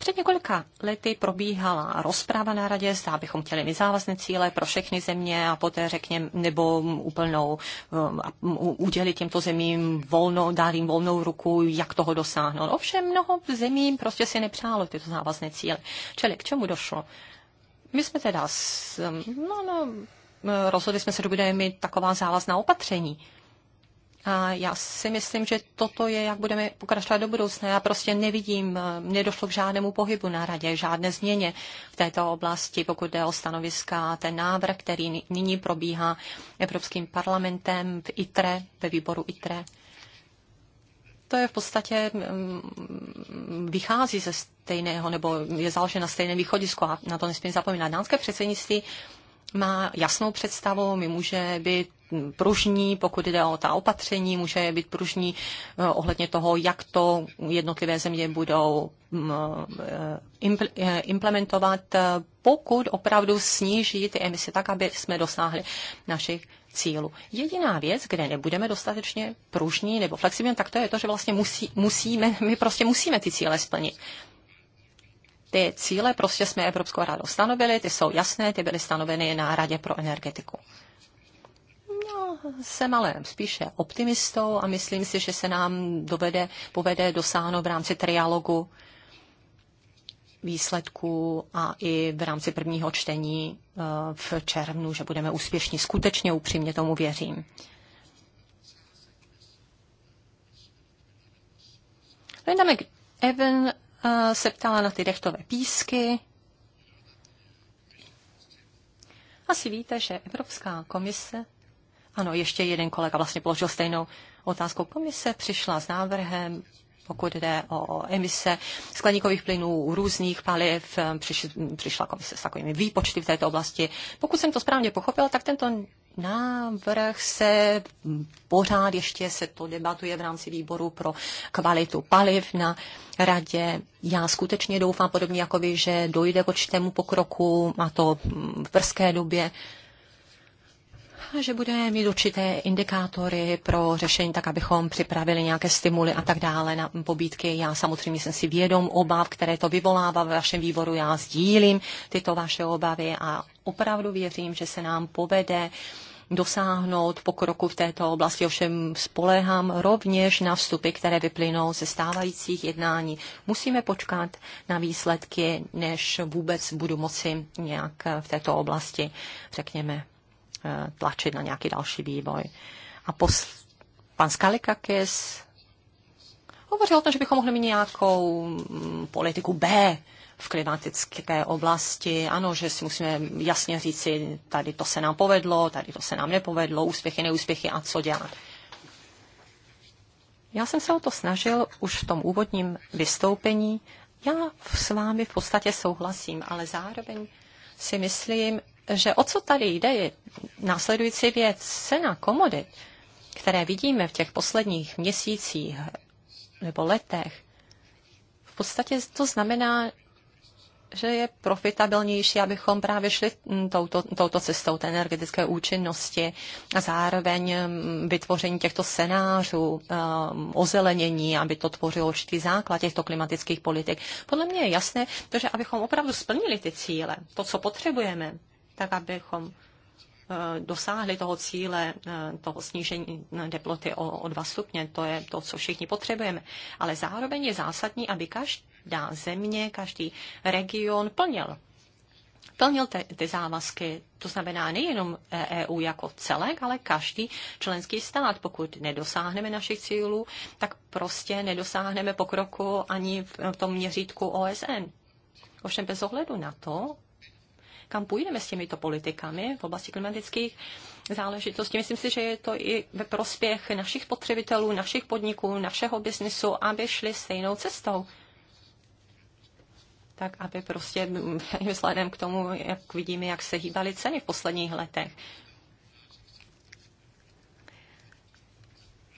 před několika lety probíhala rozpráva na radě, zda bychom chtěli mít závazné cíle pro všechny země a poté řekněme, nebo úplnou, um, udělit těmto zemím volno, dát jim volnou ruku, jak toho dosáhnout. Ovšem mnoho zemí prostě si nepřálo tyto závazné cíle. Čili k čemu došlo? My jsme teda, s, no, no, rozhodli jsme se, že budeme mít taková závazná opatření. A já si myslím, že toto je, jak budeme pokračovat do budoucna. Já prostě nevidím, eh, nedošlo k žádnému pohybu na radě, žádné změně v této oblasti, pokud jde o stanoviska a ten návrh, který nyní probíhá Evropským parlamentem v ITRE, ve výboru ITRE. To je v podstatě, mm, vychází ze stejného, nebo je založen na stejném východisku a na to nesmím zapomínat. Dánské předsednictví má jasnou představu, my může být pružní, pokud jde o ta opatření, může být pružní eh, ohledně toho, jak to jednotlivé země budou mm, eh, eh, implementovat, pokud opravdu sníží ty emise tak, aby jsme dosáhli našich cílu. Jediná věc, kde nebudeme dostatečně pružní nebo flexibilní, tak to je to, že vlastně musí, musíme, my prostě musíme ty cíle splnit. Ty cíle prostě jsme Evropskou radou stanovili, ty jsou jasné, ty byly stanoveny na Radě pro energetiku jsem ale spíše optimistou a myslím si, že se nám dovede, povede dosáhnout v rámci trialogu výsledků a i v rámci prvního čtení eh, v červnu, že budeme úspěšní. Skutečně upřímně tomu věřím. Linda McEwen eh, se ptala na ty dechtové písky. Asi víte, že Evropská komise ano, ještě jeden kolega vlastně položil stejnou otázku. Komise přišla s návrhem pokud jde o emise skleníkových plynů, různých paliv, přiš, přišla komise s takovými výpočty v této oblasti. Pokud jsem to správně pochopil, tak tento návrh se pořád ještě se to debatuje v rámci výboru pro kvalitu paliv na radě. Já skutečně doufám, podobně jako vy, že dojde k určitému pokroku, a to v brzké době že budeme mít určité indikátory pro řešení, tak abychom připravili nějaké stimuly a tak dále na pobídky. Já samozřejmě jsem si vědom obav, které to vyvolává ve vašem výboru. Já sdílím tyto vaše obavy a opravdu věřím, že se nám povede dosáhnout pokroku v této oblasti. Ovšem spolehám rovněž na vstupy, které vyplynou ze stávajících jednání. Musíme počkat na výsledky, než vůbec budu moci nějak v této oblasti, řekněme, Eh, tlačit na nějaký další vývoj. A pos, pan Skalikakis hovořil o tom, že bychom mohli mít nějakou mm, politiku B v klimatické oblasti. Ano, že si musíme jasně říci, tady to se nám povedlo, tady to se nám nepovedlo, úspěchy, neúspěchy a co dělat. Já jsem se o to snažil už v tom úvodním vystoupení. Já s vámi v podstatě souhlasím, ale zároveň si myslím, že o co tady jde, je následující věc. Cena komodit, které vidíme v těch posledních měsících nebo letech, v podstatě to znamená, že je profitabilnější, abychom právě šli mm, touto, touto cestou té energetické účinnosti a zároveň mm, vytvoření těchto scénářů, um, ozelenění, aby to tvořilo určitý základ těchto klimatických politik. Podle mě je jasné, že abychom opravdu splnili ty cíle, to, co potřebujeme, tak abychom eh, dosáhli toho cíle, eh, toho snížení teploty o, o dva stupně. To je to, co všichni potřebujeme. Ale zároveň je zásadní, aby každá země, každý region plnil plnil te, ty závazky. To znamená nejenom EU eh, e jako celek, ale každý členský stát. Pokud nedosáhneme našich cílů, tak prostě nedosáhneme pokroku ani v tom měřítku OSN. Ovšem bez ohledu na to, kam půjdeme s těmito politikami v oblasti klimatických záležitostí. Myslím si, že je to i ve prospěch našich spotřebitelů, našich podniků, našeho biznisu, aby šli stejnou cestou tak aby prostě vzhledem k tomu, jak vidíme, jak se hýbaly ceny v posledních letech.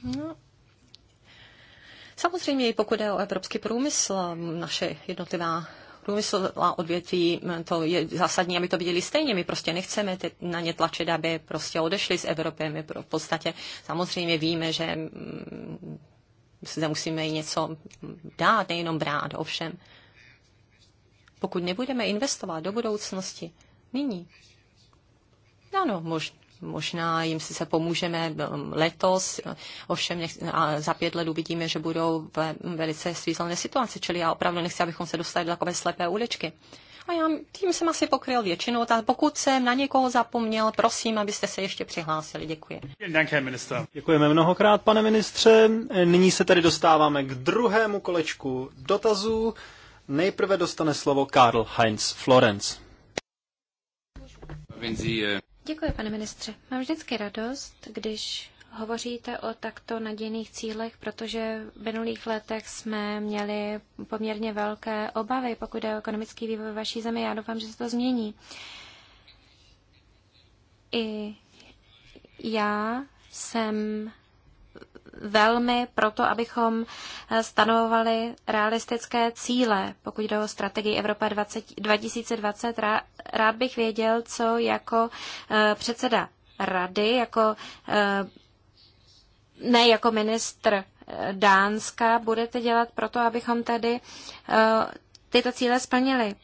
No. Samozřejmě, pokud je o evropský průmysl, naše jednotlivá průmyslová odvětví, mm, to je zásadní, aby to viděli stejně. My prostě nechceme na ně tlačit, aby prostě odešli z Evropy. My v podstatě samozřejmě víme, že zde mm, musíme i něco dát, nejenom brát, ovšem. Pokud nebudeme investovat do budoucnosti, nyní, ano, možná možná jim si se pomůžeme letos, ovšem nech, a za pět let uvidíme, že budou ve velice svízelné situaci, čili já opravdu nechci, abychom se dostali do takové slepé uličky. A já tím jsem asi pokryl většinou, tak pokud jsem na někoho zapomněl, prosím, abyste se ještě přihlásili. Děkuji. Děkujeme mnohokrát, pane ministře. Nyní se tedy dostáváme k druhému kolečku dotazů. Nejprve dostane slovo Karl Heinz Florenz. Eh, Děkuji, pane ministře. Mám vždycky radost, když hovoříte o takto nadějných cílech, protože v minulých letech jsme měli poměrně velké obavy, pokud je o ekonomický vývoj vaší zemi. Já doufám, že se to změní. I já jsem velmi proto, abychom eh, stanovovali realistické cíle, pokud jde o strategii Evropa 20, 2020. Rád bych věděl, co jako eh, předseda rady, jako eh, ne jako ministr Dánska, budete dělat proto, abychom tady tyto cíle splnili.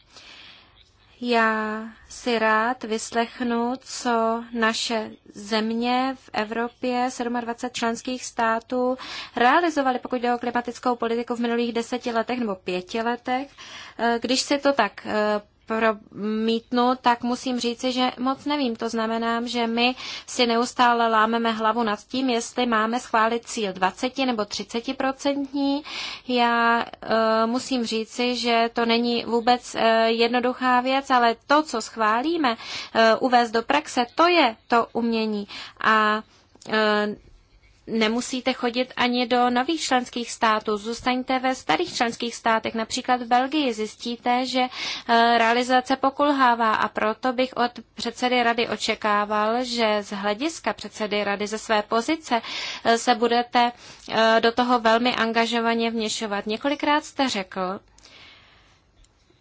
Já si rád vyslechnu, co naše země v Evropě, 27 členských států, realizovaly, pokud jde o klimatickou politiku v minulých deseti letech nebo pěti letech. Eh, když si to tak eh, promítnu, tak musím říci, že moc nevím. To znamená, že my si neustále lámeme hlavu nad tím, jestli máme schválit cíl 20 nebo 30 procentní. Já e, musím říci, že to není vůbec e, jednoduchá věc, ale to, co schválíme, e, uvést do praxe, to je to umění. A e, nemusíte chodit ani do nových členských států. Zůstaňte ve starých členských státech, například v Belgii. Zjistíte, že eh, realizace pokulhává a proto bych od předsedy rady očekával, že z hlediska předsedy rady ze své pozice eh, se budete eh, do toho velmi angažovaně vněšovat. Několikrát jste řekl,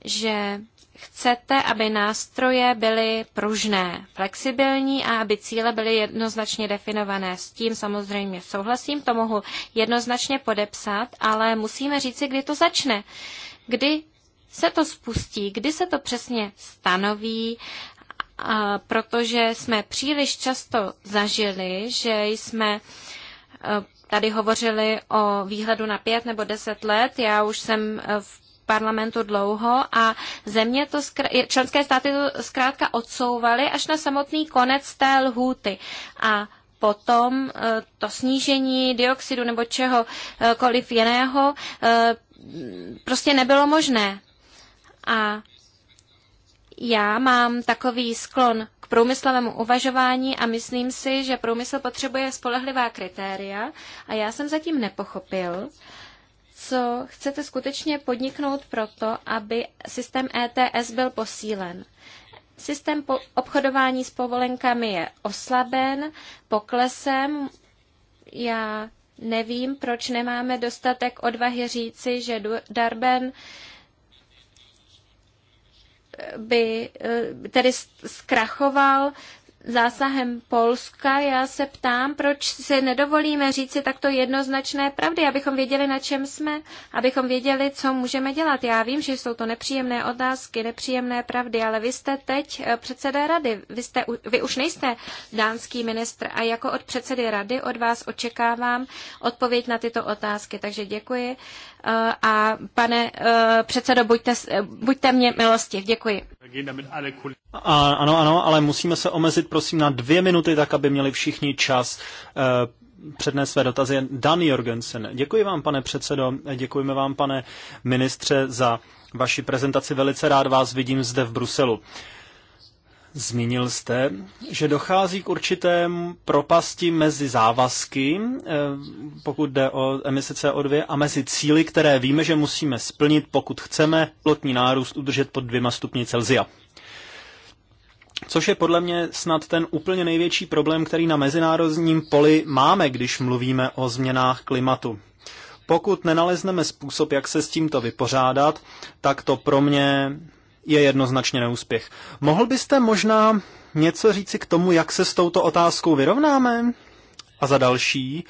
že chcete, aby nástroje byly pružné, flexibilní a aby cíle byly jednoznačně definované. S tím samozřejmě souhlasím, to mohu jednoznačně podepsat, ale musíme říci, kdy to začne. Kdy se to spustí, kdy se to přesně stanoví, protože jsme příliš často zažili, že jsme e, tady hovořili o výhledu na pět nebo deset let. Já už jsem e, v parlamentu dlouho a země to zkr- členské státy to zkrátka odsouvaly až na samotný konec té lhůty. A potom eh, to snížení dioxidu nebo čehokoliv eh, jiného eh, prostě nebylo možné. A já mám takový sklon k průmyslovému uvažování a myslím si, že průmysl potřebuje spolehlivá kritéria a já jsem zatím nepochopil, co chcete skutečně podniknout proto, aby systém ETS byl posílen. Systém po obchodování s povolenkami je oslaben poklesem. Já nevím, proč nemáme dostatek odvahy říci, že Darben by eh, tedy zkrachoval zásahem Polska. Já se ptám, proč si nedovolíme říci takto jednoznačné pravdy, abychom věděli, na čem jsme, abychom věděli, co můžeme dělat. Já vím, že jsou to nepříjemné otázky, nepříjemné pravdy, ale vy jste teď eh, předseda rady. Vy, jste, vy už nejste dánský ministr a jako od předsedy rady od vás očekávám odpověď na tyto otázky. Takže děkuji eh, a pane eh, předsedo, buďte, buďte mě milostiv. Děkuji. A, ano, ano, ale musíme se omezit, prosím, na dvě minuty, tak aby měli všichni čas eh, přednést své dotazy. Dan Jorgensen, děkuji vám, pane předsedo, děkujeme vám, pane ministře, za vaši prezentaci. Velice rád vás vidím zde v Bruselu. Zmínil jste, že dochází k určitém propasti mezi závazky, eh, pokud jde o emise CO2, a mezi cíly, které víme, že musíme splnit, pokud chceme plotní nárůst udržet pod dvěma stupni Celzia. Což je podle mě snad ten úplně největší problém, který na mezinárodním poli máme, když mluvíme o změnách klimatu. Pokud nenalezneme způsob, jak se s tímto vypořádat, tak to pro mě je jednoznačně neúspěch. Mohl byste možná něco říci k tomu, jak se s touto otázkou vyrovnáme? A za další,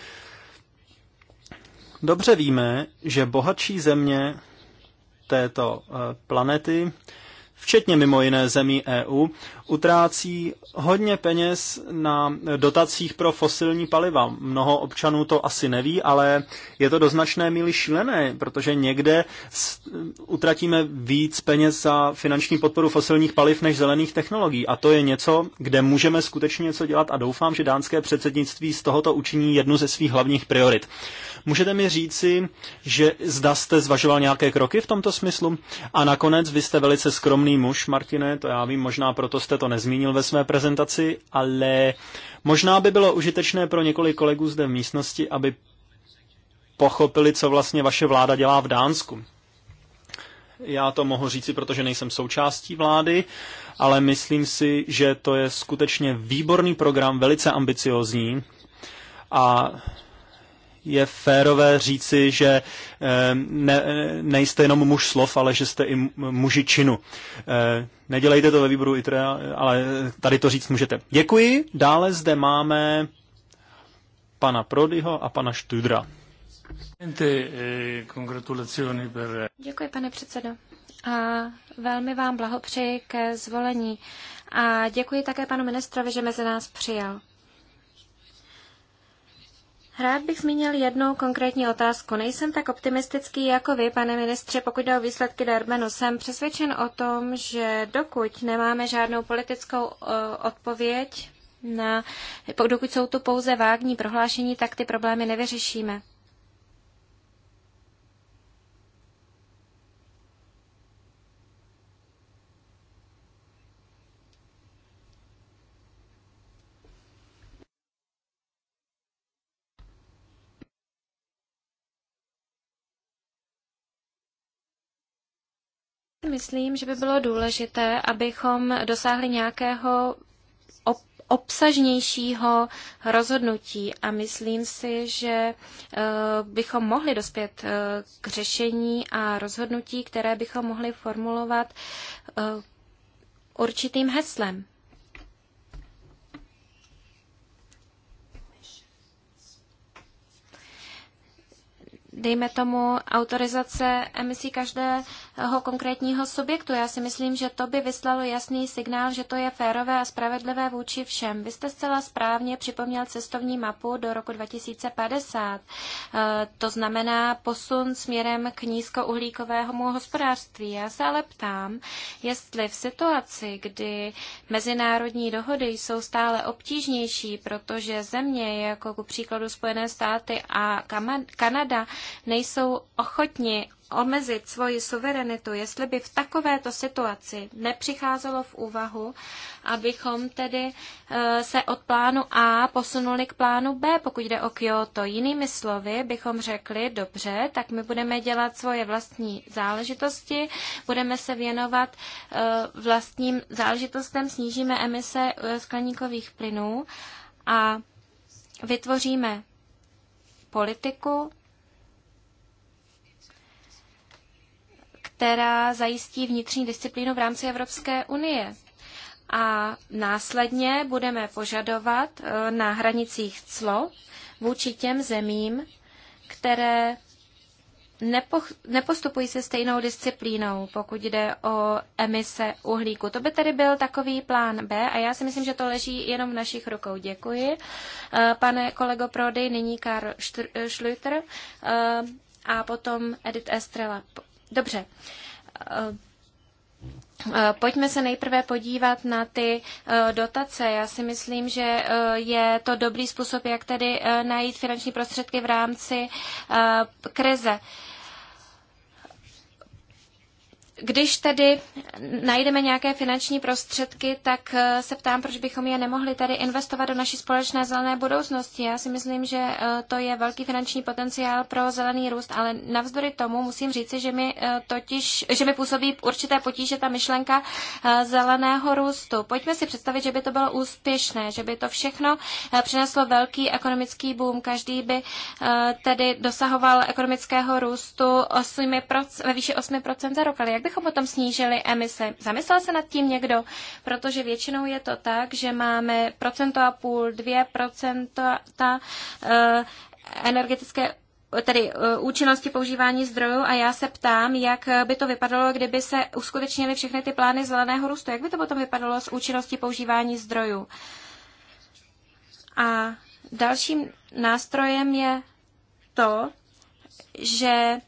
dobře víme, že bohatší země této eh, planety včetně mimo jiné zemí EU, utrácí hodně peněz na dotacích pro fosilní paliva. Mnoho občanů to asi neví, ale je to do značné míry šílené, protože někde utratíme víc peněz za finanční podporu fosilních paliv než zelených technologií. A to je něco, kde můžeme skutečně něco dělat a doufám, že dánské předsednictví z tohoto učiní jednu ze svých hlavních priorit. Můžete mi říci, že zda jste zvažoval nějaké kroky v tomto smyslu? A nakonec, vy jste velice skromný muž, Martine, to já vím, možná proto jste to nezmínil ve své prezentaci, ale možná by bylo užitečné pro několik kolegů zde v místnosti, aby pochopili, co vlastně vaše vláda dělá v Dánsku. Já to mohu říci, protože nejsem součástí vlády, ale myslím si, že to je skutečně výborný program, velice ambiciozní a je férové říci, že eh, ne, nejste jenom muž slov, ale že jste i muži činu. Eh, nedělejte to ve výboru ITRA, ale tady to říct můžete. Děkuji. Dále zde máme pana Prodyho a pana Študra. Děkuji, pane předsedo. A velmi vám blahopřeji ke zvolení. A děkuji také panu ministrovi, že mezi nás přijal. Rád bych zmínil jednu konkrétní otázku. Nejsem tak optimistický jako vy, pane ministře, pokud jde o výsledky Darbenu. Jsem přesvědčen o tom, že dokud nemáme žádnou politickou eh, odpověď, na, dokud jsou tu pouze vágní prohlášení, tak ty problémy nevyřešíme. Myslím, že by bylo důležité, abychom dosáhli nějakého obsažnějšího rozhodnutí a myslím si, že eh, bychom mohli dospět eh, k řešení a rozhodnutí, které bychom mohli formulovat eh, určitým heslem. Dejme tomu autorizace emisí každé konkrétního subjektu. Já si myslím, že to by vyslalo jasný signál, že to je férové a spravedlivé vůči všem. Vy jste zcela správně připomněl cestovní mapu do roku 2050. Eh, to znamená posun směrem k nízkouhlíkovému hospodářství. Já se ale ptám, jestli v situaci, kdy mezinárodní dohody jsou stále obtížnější, protože země jako ku příkladu Spojené státy a Kanada nejsou ochotni omezit svoji suverenitu, jestli by v takovéto situaci nepřicházelo v úvahu, abychom tedy eh, se od plánu A posunuli k plánu B, pokud jde o Kyoto. Jinými slovy bychom řekli, dobře, tak my budeme dělat svoje vlastní záležitosti, budeme se věnovat eh, vlastním záležitostem, snížíme emise eh, skleníkových plynů a vytvoříme politiku, která zajistí vnitřní disciplínu v rámci Evropské unie. A následně budeme požadovat e, na hranicích clo vůči těm zemím, které nepostupují se stejnou disciplínou, pokud jde o emise uhlíku. To by tedy byl takový plán B a já si myslím, že to leží jenom v našich rukou. Děkuji. E, pane kolego Prody, nyní Karl e, Schlüter a potom Edith Estrela. Dobře. Eh, eh, pojďme se nejprve podívat na ty eh, dotace. Já si myslím, že je to dobrý způsob, jak tedy najít finanční prostředky v rámci krize. Když tedy najdeme nějaké finanční prostředky, tak eh, se ptám, proč bychom je nemohli tady investovat do naší společné zelené budoucnosti. Já si myslím, že eh, to je velký finanční potenciál pro zelený růst, ale navzdory tomu musím říci, že mi, eh, totiž, že mi působí určité potíže ta myšlenka zeleného růstu. Pojďme si představit, že by to bylo úspěšné, že by to všechno přineslo velký ekonomický boom. Každý by tedy dosahoval ekonomického růstu 8%, ve výši 8% za rok. Ale jak bychom potom snížili emise. Zamyslel se nad tím někdo, protože většinou je to tak, že máme procento a půl, dvě procenta eh, energetické tedy eh, účinnosti používání zdrojů a já se ptám, jak eh, by to vypadalo, kdyby se uskutečnily všechny ty plány zeleného růstu. Jak by to potom vypadalo s účinností používání zdrojů? A dalším nástrojem je to, že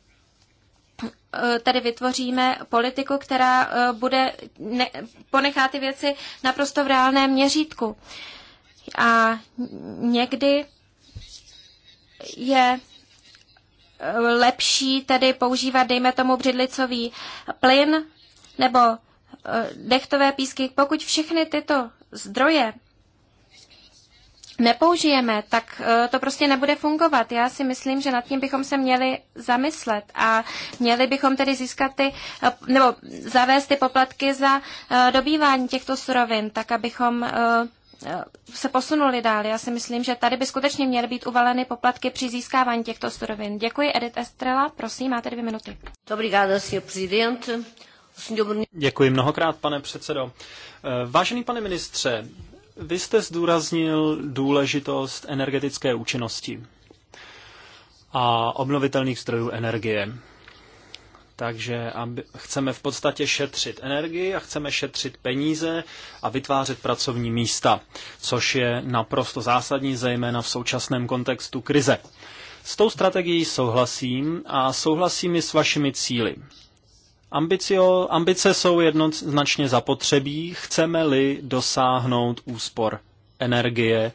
Eh, tady vytvoříme politiku, která eh, bude ne, ponechá ty věci naprosto v reálném měřítku. A někdy je eh, lepší tedy používat, dejme tomu, břidlicový plyn nebo dechtové písky. Pokud všechny tyto zdroje nepoužijeme, tak e, to prostě nebude fungovat. Já si myslím, že nad tím bychom se měli zamyslet a měli bychom tedy získat ty, e, nebo zavést ty poplatky za e, dobývání těchto surovin, tak abychom se posunuli dál. Já si myslím, že tady by skutečně měly být uvaleny poplatky při získávání těchto surovin. Děkuji, Edith Estrela. Prosím, máte dvě minuty. Děkuji mnohokrát, pane předsedo. Vážený pane ministře, vy jste zdůraznil důležitost energetické účinnosti a obnovitelných zdrojů energie. Takže aby, chceme v podstatě šetřit energii a chceme šetřit peníze a vytvářet pracovní místa, což je naprosto zásadní, zejména v současném kontextu krize. S tou strategií souhlasím a souhlasím i s vašimi cíly. Ambicio, ambice jsou jednoznačně zapotřebí, chceme-li dosáhnout úspor energie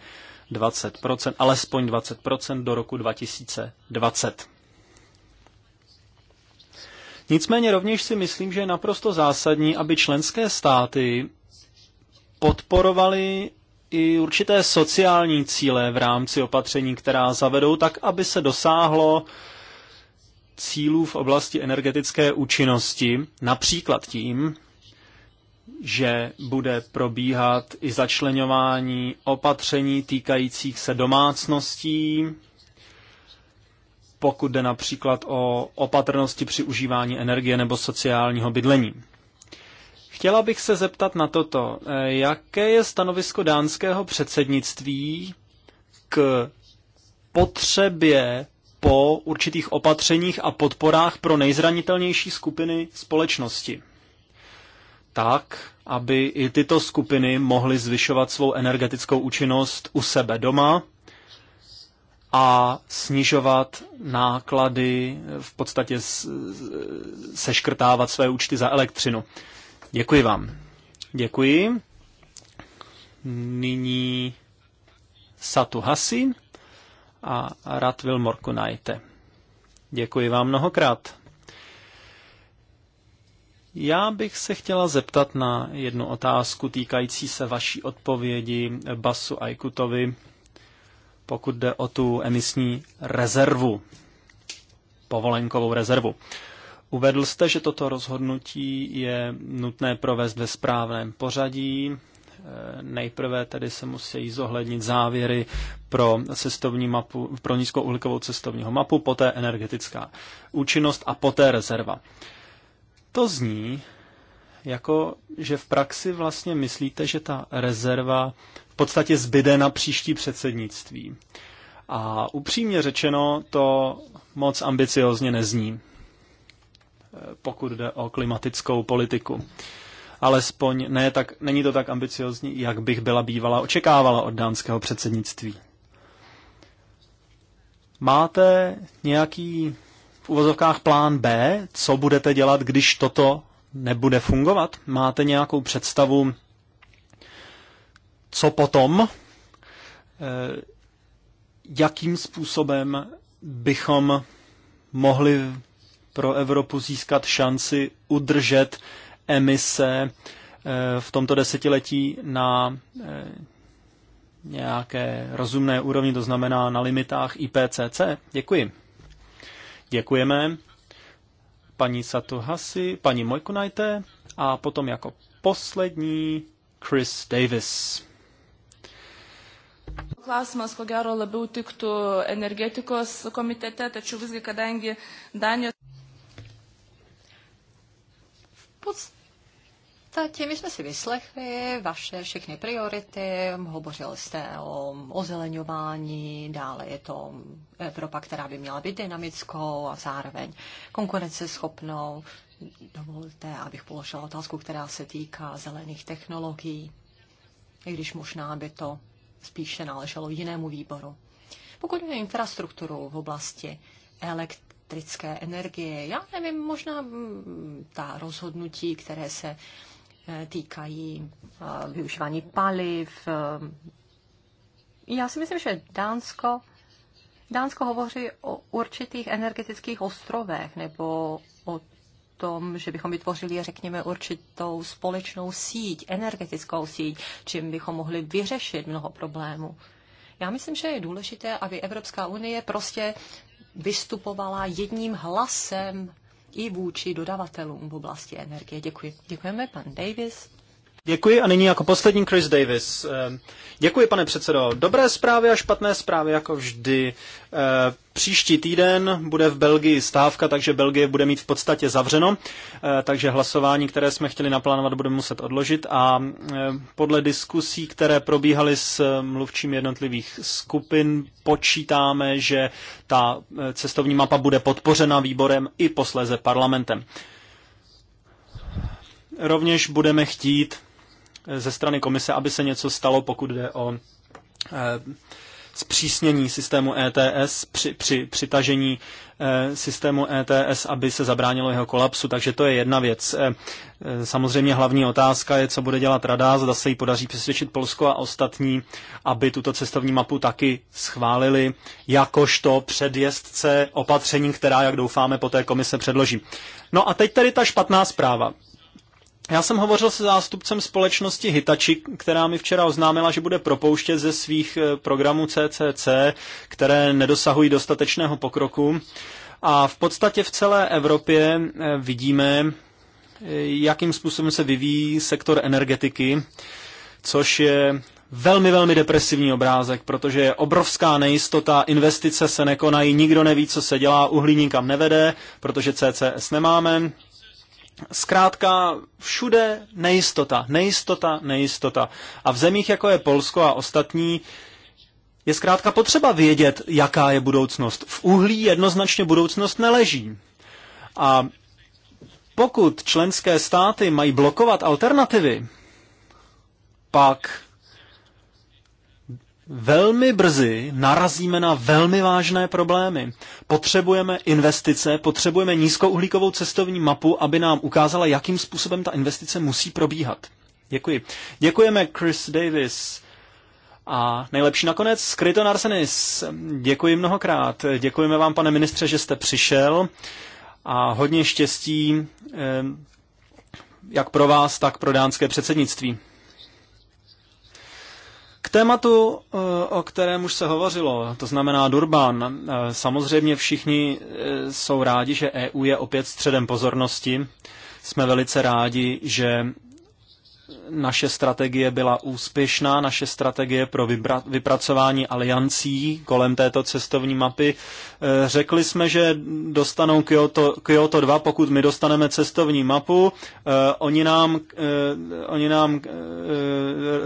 20%, alespoň 20% do roku 2020. Nicméně rovněž si myslím, že je naprosto zásadní, aby členské státy podporovaly i určité sociální cíle v rámci opatření, která zavedou, tak aby se dosáhlo cílů v oblasti energetické účinnosti, například tím, že bude probíhat i začlenování opatření týkajících se domácností, pokud jde například o opatrnosti při užívání energie nebo sociálního bydlení. Chtěla bych se zeptat na toto. Eh, jaké je stanovisko dánského předsednictví k potřebě po určitých opatřeních a podporách pro nejzranitelnější skupiny společnosti. Tak, aby i tyto skupiny mohly zvyšovat svou energetickou účinnost u sebe doma a snižovat náklady, v podstatě seškrtávat své účty za elektřinu. Děkuji vám. Děkuji. Nyní Satu Hasin a Rad Vilmorku najte. Děkuji vám mnohokrát. Já bych se chtěla zeptat na jednu otázku týkající se vaší odpovědi Basu Aikutovi, pokud jde o tu emisní rezervu, povolenkovou rezervu. Uvedl jste, že toto rozhodnutí je nutné provést ve správném pořadí, Nejprve tedy se musí zohlednit závěry pro cestovní mapu, pro nízkouhlíkovou cestovního mapu, poté energetická účinnost a poté rezerva. To zní jako, že v praxi vlastně myslíte, že ta rezerva v podstatě zbyde na příští předsednictví. A upřímně řečeno, to moc ambiciozně nezní, pokud jde o klimatickou politiku. Alespoň ne, tak, není to tak ambiciozní, jak bych byla bývala očekávala od dánského předsednictví. Máte nějaký v uvozovkách plán B, co budete dělat, když toto nebude fungovat? Máte nějakou představu, co potom? Eh, jakým způsobem bychom mohli pro Evropu získat šanci udržet emise eh, v tomto desetiletí na eh, nějaké rozumné úrovni, to znamená na limitách IPCC? Děkuji. Děkujeme paní Satohasi, paní Mojkunajte a potom jako poslední Chris Davis. Klausimas, ko gero, labiau tiktų energetikos komitete, tačiau visgi, kadangi Danijos. V podstatě my jsme si vyslechli vaše všechny priority, Hovořili jste o ozeleňování, dále je to Evropa, která by měla být dynamickou a zároveň konkurenceschopnou. Dovolte, abych položila otázku, která se týká zelených technologií, i když možná by to spíše náleželo jinému výboru. Pokud je infrastrukturu v oblasti elektrické, elektrické energie. Já nevím, možná mm, ta rozhodnutí, které se týkají eh, využívání paliv. Eh, já si myslím, že Dánsko, Dánsko hovoří o určitých energetických ostrovech nebo o tom, že bychom vytvořili, řekněme, určitou společnou síť, energetickou síť, čím bychom mohli vyřešit mnoho problémů. Já myslím, že je důležité, aby Evropská unie prostě vystupovala jedním hlasem i vůči dodavatelům v oblasti energie. Děkuji. Děkujeme, pan Davis. Děkuji a nyní jako poslední Chris Davis. Ehm, děkuji, pane předsedo. Dobré zprávy a špatné zprávy, jako vždy. Ehm, příští týden bude v Belgii stávka, takže Belgie bude mít v podstatě zavřeno, ehm, takže hlasování, které jsme chtěli naplánovat, budeme muset odložit a podle diskusí, které probíhaly s mluvčími jednotlivých skupin, počítáme, že ta cestovní mapa bude podpořena výborem i posléze parlamentem rovněž budeme chtít ze strany komise, aby se něco stalo, pokud jde o eh, zpřísnění systému ETS při, při přitažení eh, systému ETS, aby se zabránilo jeho kolapsu. Takže to je jedna věc. Eh, samozřejmě hlavní otázka je, co bude dělat rada, zda se jí podaří přesvědčit Polsko a ostatní, aby tuto cestovní mapu taky schválili, jakožto předjezdce opatření, která, jak doufáme, po té komise předloží. No a teď tady ta špatná zpráva. Já jsem hovořil se zástupcem společnosti Hitachi, která mi včera oznámila, že bude propouštět ze svých eh, programů CCC, které nedosahují dostatečného pokroku. A v podstatě v celé Evropě eh, vidíme, eh, jakým způsobem se vyvíjí sektor energetiky, což je velmi, velmi depresivní obrázek, protože je obrovská nejistota, investice se nekonají, nikdo neví, co se dělá, uhlí nikam nevede, protože CCS nemáme, Zkrátka všude nejistota, nejistota, nejistota. A v zemích, jako je Polsko a ostatní, je zkrátka potřeba vědět, jaká je budoucnost. V uhlí jednoznačně budoucnost neleží. A pokud členské státy mají blokovat alternativy, pak velmi brzy narazíme na velmi vážné problémy. Potřebujeme investice, potřebujeme nízkouhlíkovou cestovní mapu, aby nám ukázala, jakým způsobem ta investice musí probíhat. Děkuji. Děkujeme Chris Davis. A nejlepší nakonec, Skryto Narsenis. Děkuji mnohokrát. Děkujeme vám, pane ministře, že jste přišel a hodně štěstí eh, jak pro vás, tak pro dánské předsednictví tématu, eh, o kterém už se hovořilo, to znamená Durban, eh, samozřejmě všichni eh, jsou rádi, že EU je opět středem pozornosti. Jsme velice rádi, že naše strategie byla úspěšná, naše strategie pro vypracování aliancí kolem této cestovní mapy. Eh, řekli jsme, že dostanou Kyoto, Kyoto 2, pokud my dostaneme cestovní mapu. Eh, oni nám, eh, oni nám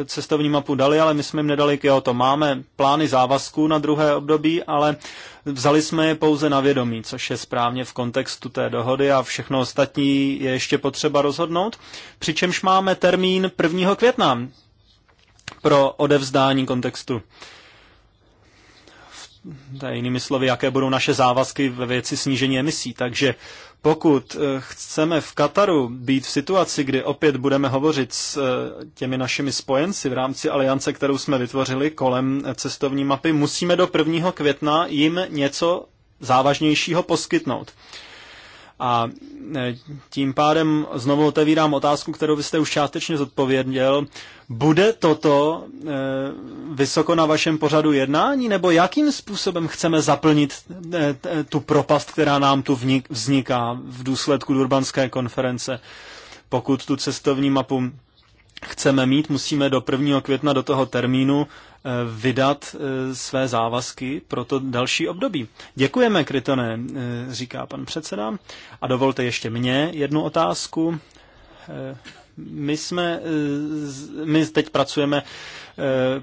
cestovní mapu dali, ale my jsme jim nedali Kyoto. Máme plány závazků na druhé období, ale vzali jsme je pouze na vědomí, což je správně v kontextu té dohody a všechno ostatní je ještě potřeba rozhodnout. Přičemž máme termín 1. května pro odevzdání kontextu. Tady jinými slovy, jaké budou naše závazky ve věci snížení emisí. Takže pokud eh, chceme v Kataru být v situaci, kdy opět budeme hovořit s eh, těmi našimi spojenci v rámci aliance, kterou jsme vytvořili kolem eh, cestovní mapy, musíme do 1. května jim něco závažnějšího poskytnout. A e, tím pádem znovu otevírám otázku, kterou byste už částečně zodpověděl. Bude toto e, vysoko na vašem pořadu jednání, nebo jakým způsobem chceme zaplnit e, tu propast, která nám tu vzniká v důsledku Durbanské konference, pokud tu cestovní mapu chceme mít, musíme do 1. května do toho termínu eh, vydat eh, své závazky pro to další období. Děkujeme, Krytone, eh, říká pan předseda. A dovolte ještě mně jednu otázku. My jsme, my teď pracujeme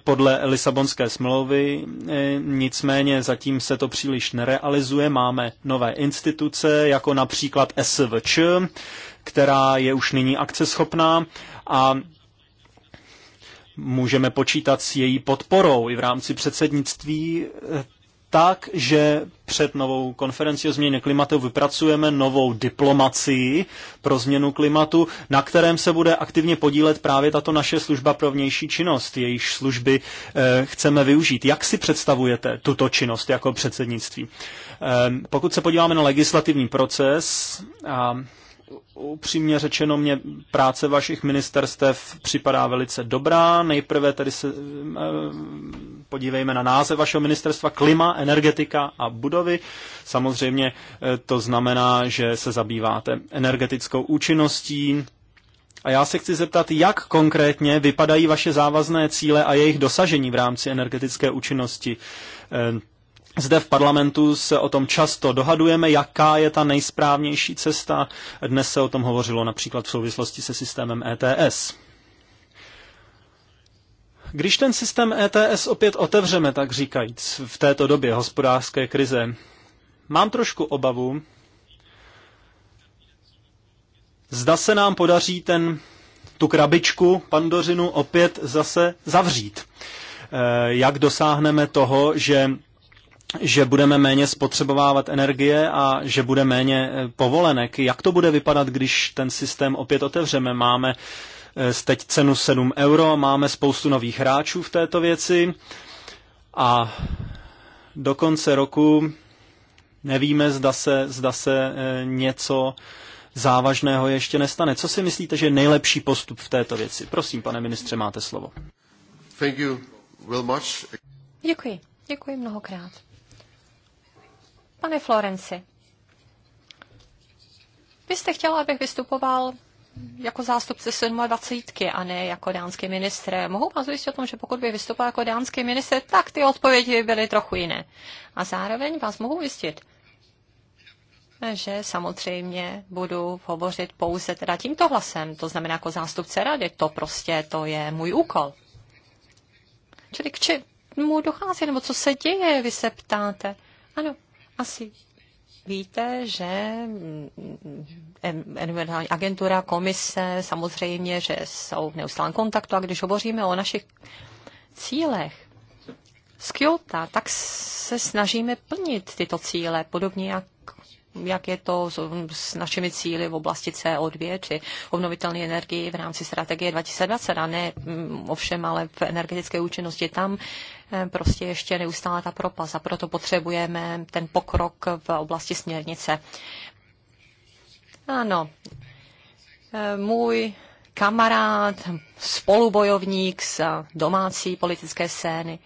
podle Lisabonské smlouvy, nicméně zatím se to příliš nerealizuje. Máme nové instituce, jako například SVČ, která je už nyní akceschopná a můžeme počítat s její podporou i v rámci předsednictví eh, tak, že před novou konferenci o změně klimatu vypracujeme novou diplomacii pro změnu klimatu, na kterém se bude aktivně podílet právě tato naše služba pro vnější činnost, jejíž služby eh, chceme využít. Jak si představujete tuto činnost jako předsednictví? Eh, pokud se podíváme na legislativní proces a eh, upřímně řečeno, mě práce vašich ministerstev připadá velice dobrá. Nejprve tedy se eh, podívejme na název vašeho ministerstva klima, energetika a budovy. Samozřejmě eh, to znamená, že se zabýváte energetickou účinností, a já se chci zeptat, jak konkrétně vypadají vaše závazné cíle a jejich dosažení v rámci energetické účinnosti. Eh, zde v parlamentu se o tom často dohadujeme, jaká je ta nejsprávnější cesta. Dnes se o tom hovořilo například v souvislosti se systémem ETS. Když ten systém ETS opět otevřeme, tak říkajíc, v této době hospodářské krize, mám trošku obavu, zda se nám podaří ten, tu krabičku Pandořinu opět zase zavřít. Eh, jak dosáhneme toho, že že budeme méně spotřebovávat energie a že bude méně eh, povolenek. Jak to bude vypadat, když ten systém opět otevřeme? Máme eh, teď cenu 7 euro, máme spoustu nových hráčů v této věci a do konce roku nevíme, zda se, zda se eh, něco závažného ještě nestane. Co si myslíte, že je nejlepší postup v této věci? Prosím, pane ministře, máte slovo. Thank you very much. Děkuji. Děkuji mnohokrát. Pane Florenci, vy jste chtěla, abych vystupoval jako zástupce 27 a ne jako dánský ministr. Mohu vás ujistit o tom, že pokud by vystupoval jako dánský ministr, tak ty odpovědi by byly trochu jiné. A zároveň vás mohu ujistit, že samozřejmě budu hovořit pouze teda tímto hlasem, to znamená jako zástupce rady, to prostě to je můj úkol. Čili k čemu dochází, nebo co se děje, vy se ptáte. Ano, asi víte, že mm, mm, agentura, komise, samozřejmě, že jsou v neustálém kontaktu a když hovoříme o našich cílech z Kyoto, tak se snažíme plnit tyto cíle, podobně jak jak je to s, s našimi cíly v oblasti CO2 či obnovitelné energii v rámci strategie 2020 a ne mm, ovšem ale v energetické účinnosti. Tam Eh, prostě ještě neustále ta propast a proto potřebujeme ten pokrok v oblasti směrnice. Ano, eh, můj kamarád, spolubojovník z domácí politické scény,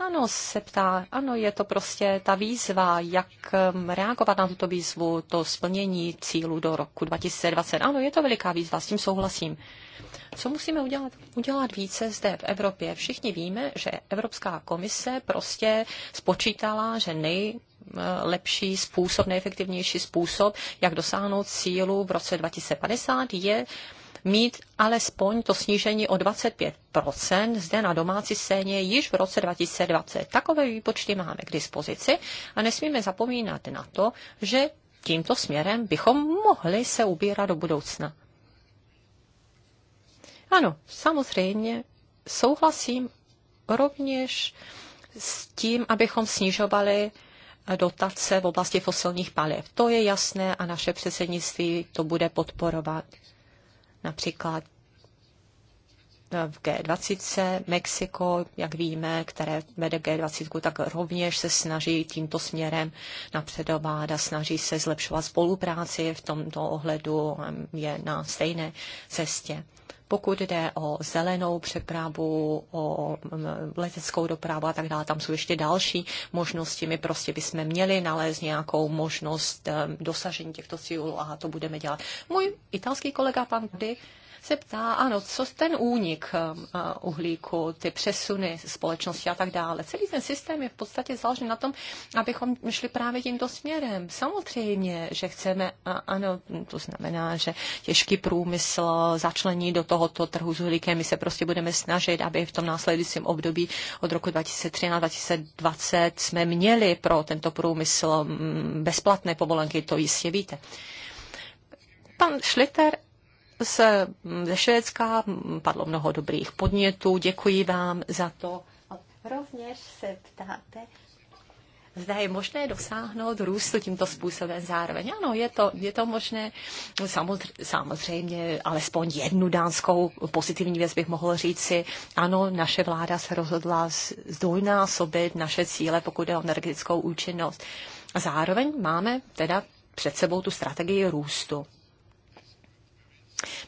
ano, se ptá, ano, je to prostě ta výzva, jak um, reagovat na tuto výzvu, to splnění cílu do roku 2020. Ano, je to veliká výzva, s tím souhlasím. Co musíme udělat? Udělat více zde v Evropě. Všichni víme, že Evropská komise prostě spočítala, že nej, lepší způsob, nejefektivnější způsob, jak dosáhnout cílu v roce 2050, je mít alespoň to snížení o 25 zde na domácí scéně již v roce 2020. Takové výpočty máme k dispozici a nesmíme zapomínat na to, že tímto směrem bychom mohli se ubírat do budoucna. Ano, samozřejmě souhlasím rovněž s tím, abychom snižovali dotace v oblasti fosilních paliv. To je jasné a naše předsednictví to bude podporovat například v G20, Mexiko, jak víme, které vede G20, tak rovněž se snaží tímto směrem napředovat a snaží se zlepšovat spolupráci v tomto ohledu, um, je na stejné cestě. Pokud jde o zelenou přepravu, o um, leteckou dopravu a tak dále, tam jsou ještě další možnosti. My prostě bychom měli nalézt nějakou možnost um, dosažení těchto cílů a to budeme dělat. Můj italský kolega, pan Dy, se ptá, ano, co ten únik eh, eh, uhlíku, ty přesuny společnosti a tak dále. Celý ten systém je v podstatě založen na tom, abychom šli právě tímto směrem. Samozřejmě, že chceme, ano, to znamená, že těžký průmysl začlení do tohoto trhu s uhlíkem, my se prostě budeme snažit, aby v tom následujícím období od roku 2013-2020 jsme měli pro tento průmysl mm, bezplatné povolenky, to jistě víte. Pan Schlitter se ze Švédska padlo mnoho dobrých podnětů, děkuji vám za to. Rovněž se ptáte, zda je možné dosáhnout růstu tímto způsobem zároveň. Ano, je to, je to možné. Samozřejmě, alespoň jednu dánskou pozitivní věc bych mohl říci. Ano, naše vláda se rozhodla zdvojnásobit naše cíle, pokud je o energetickou účinnost. Zároveň máme teda před sebou tu strategii růstu.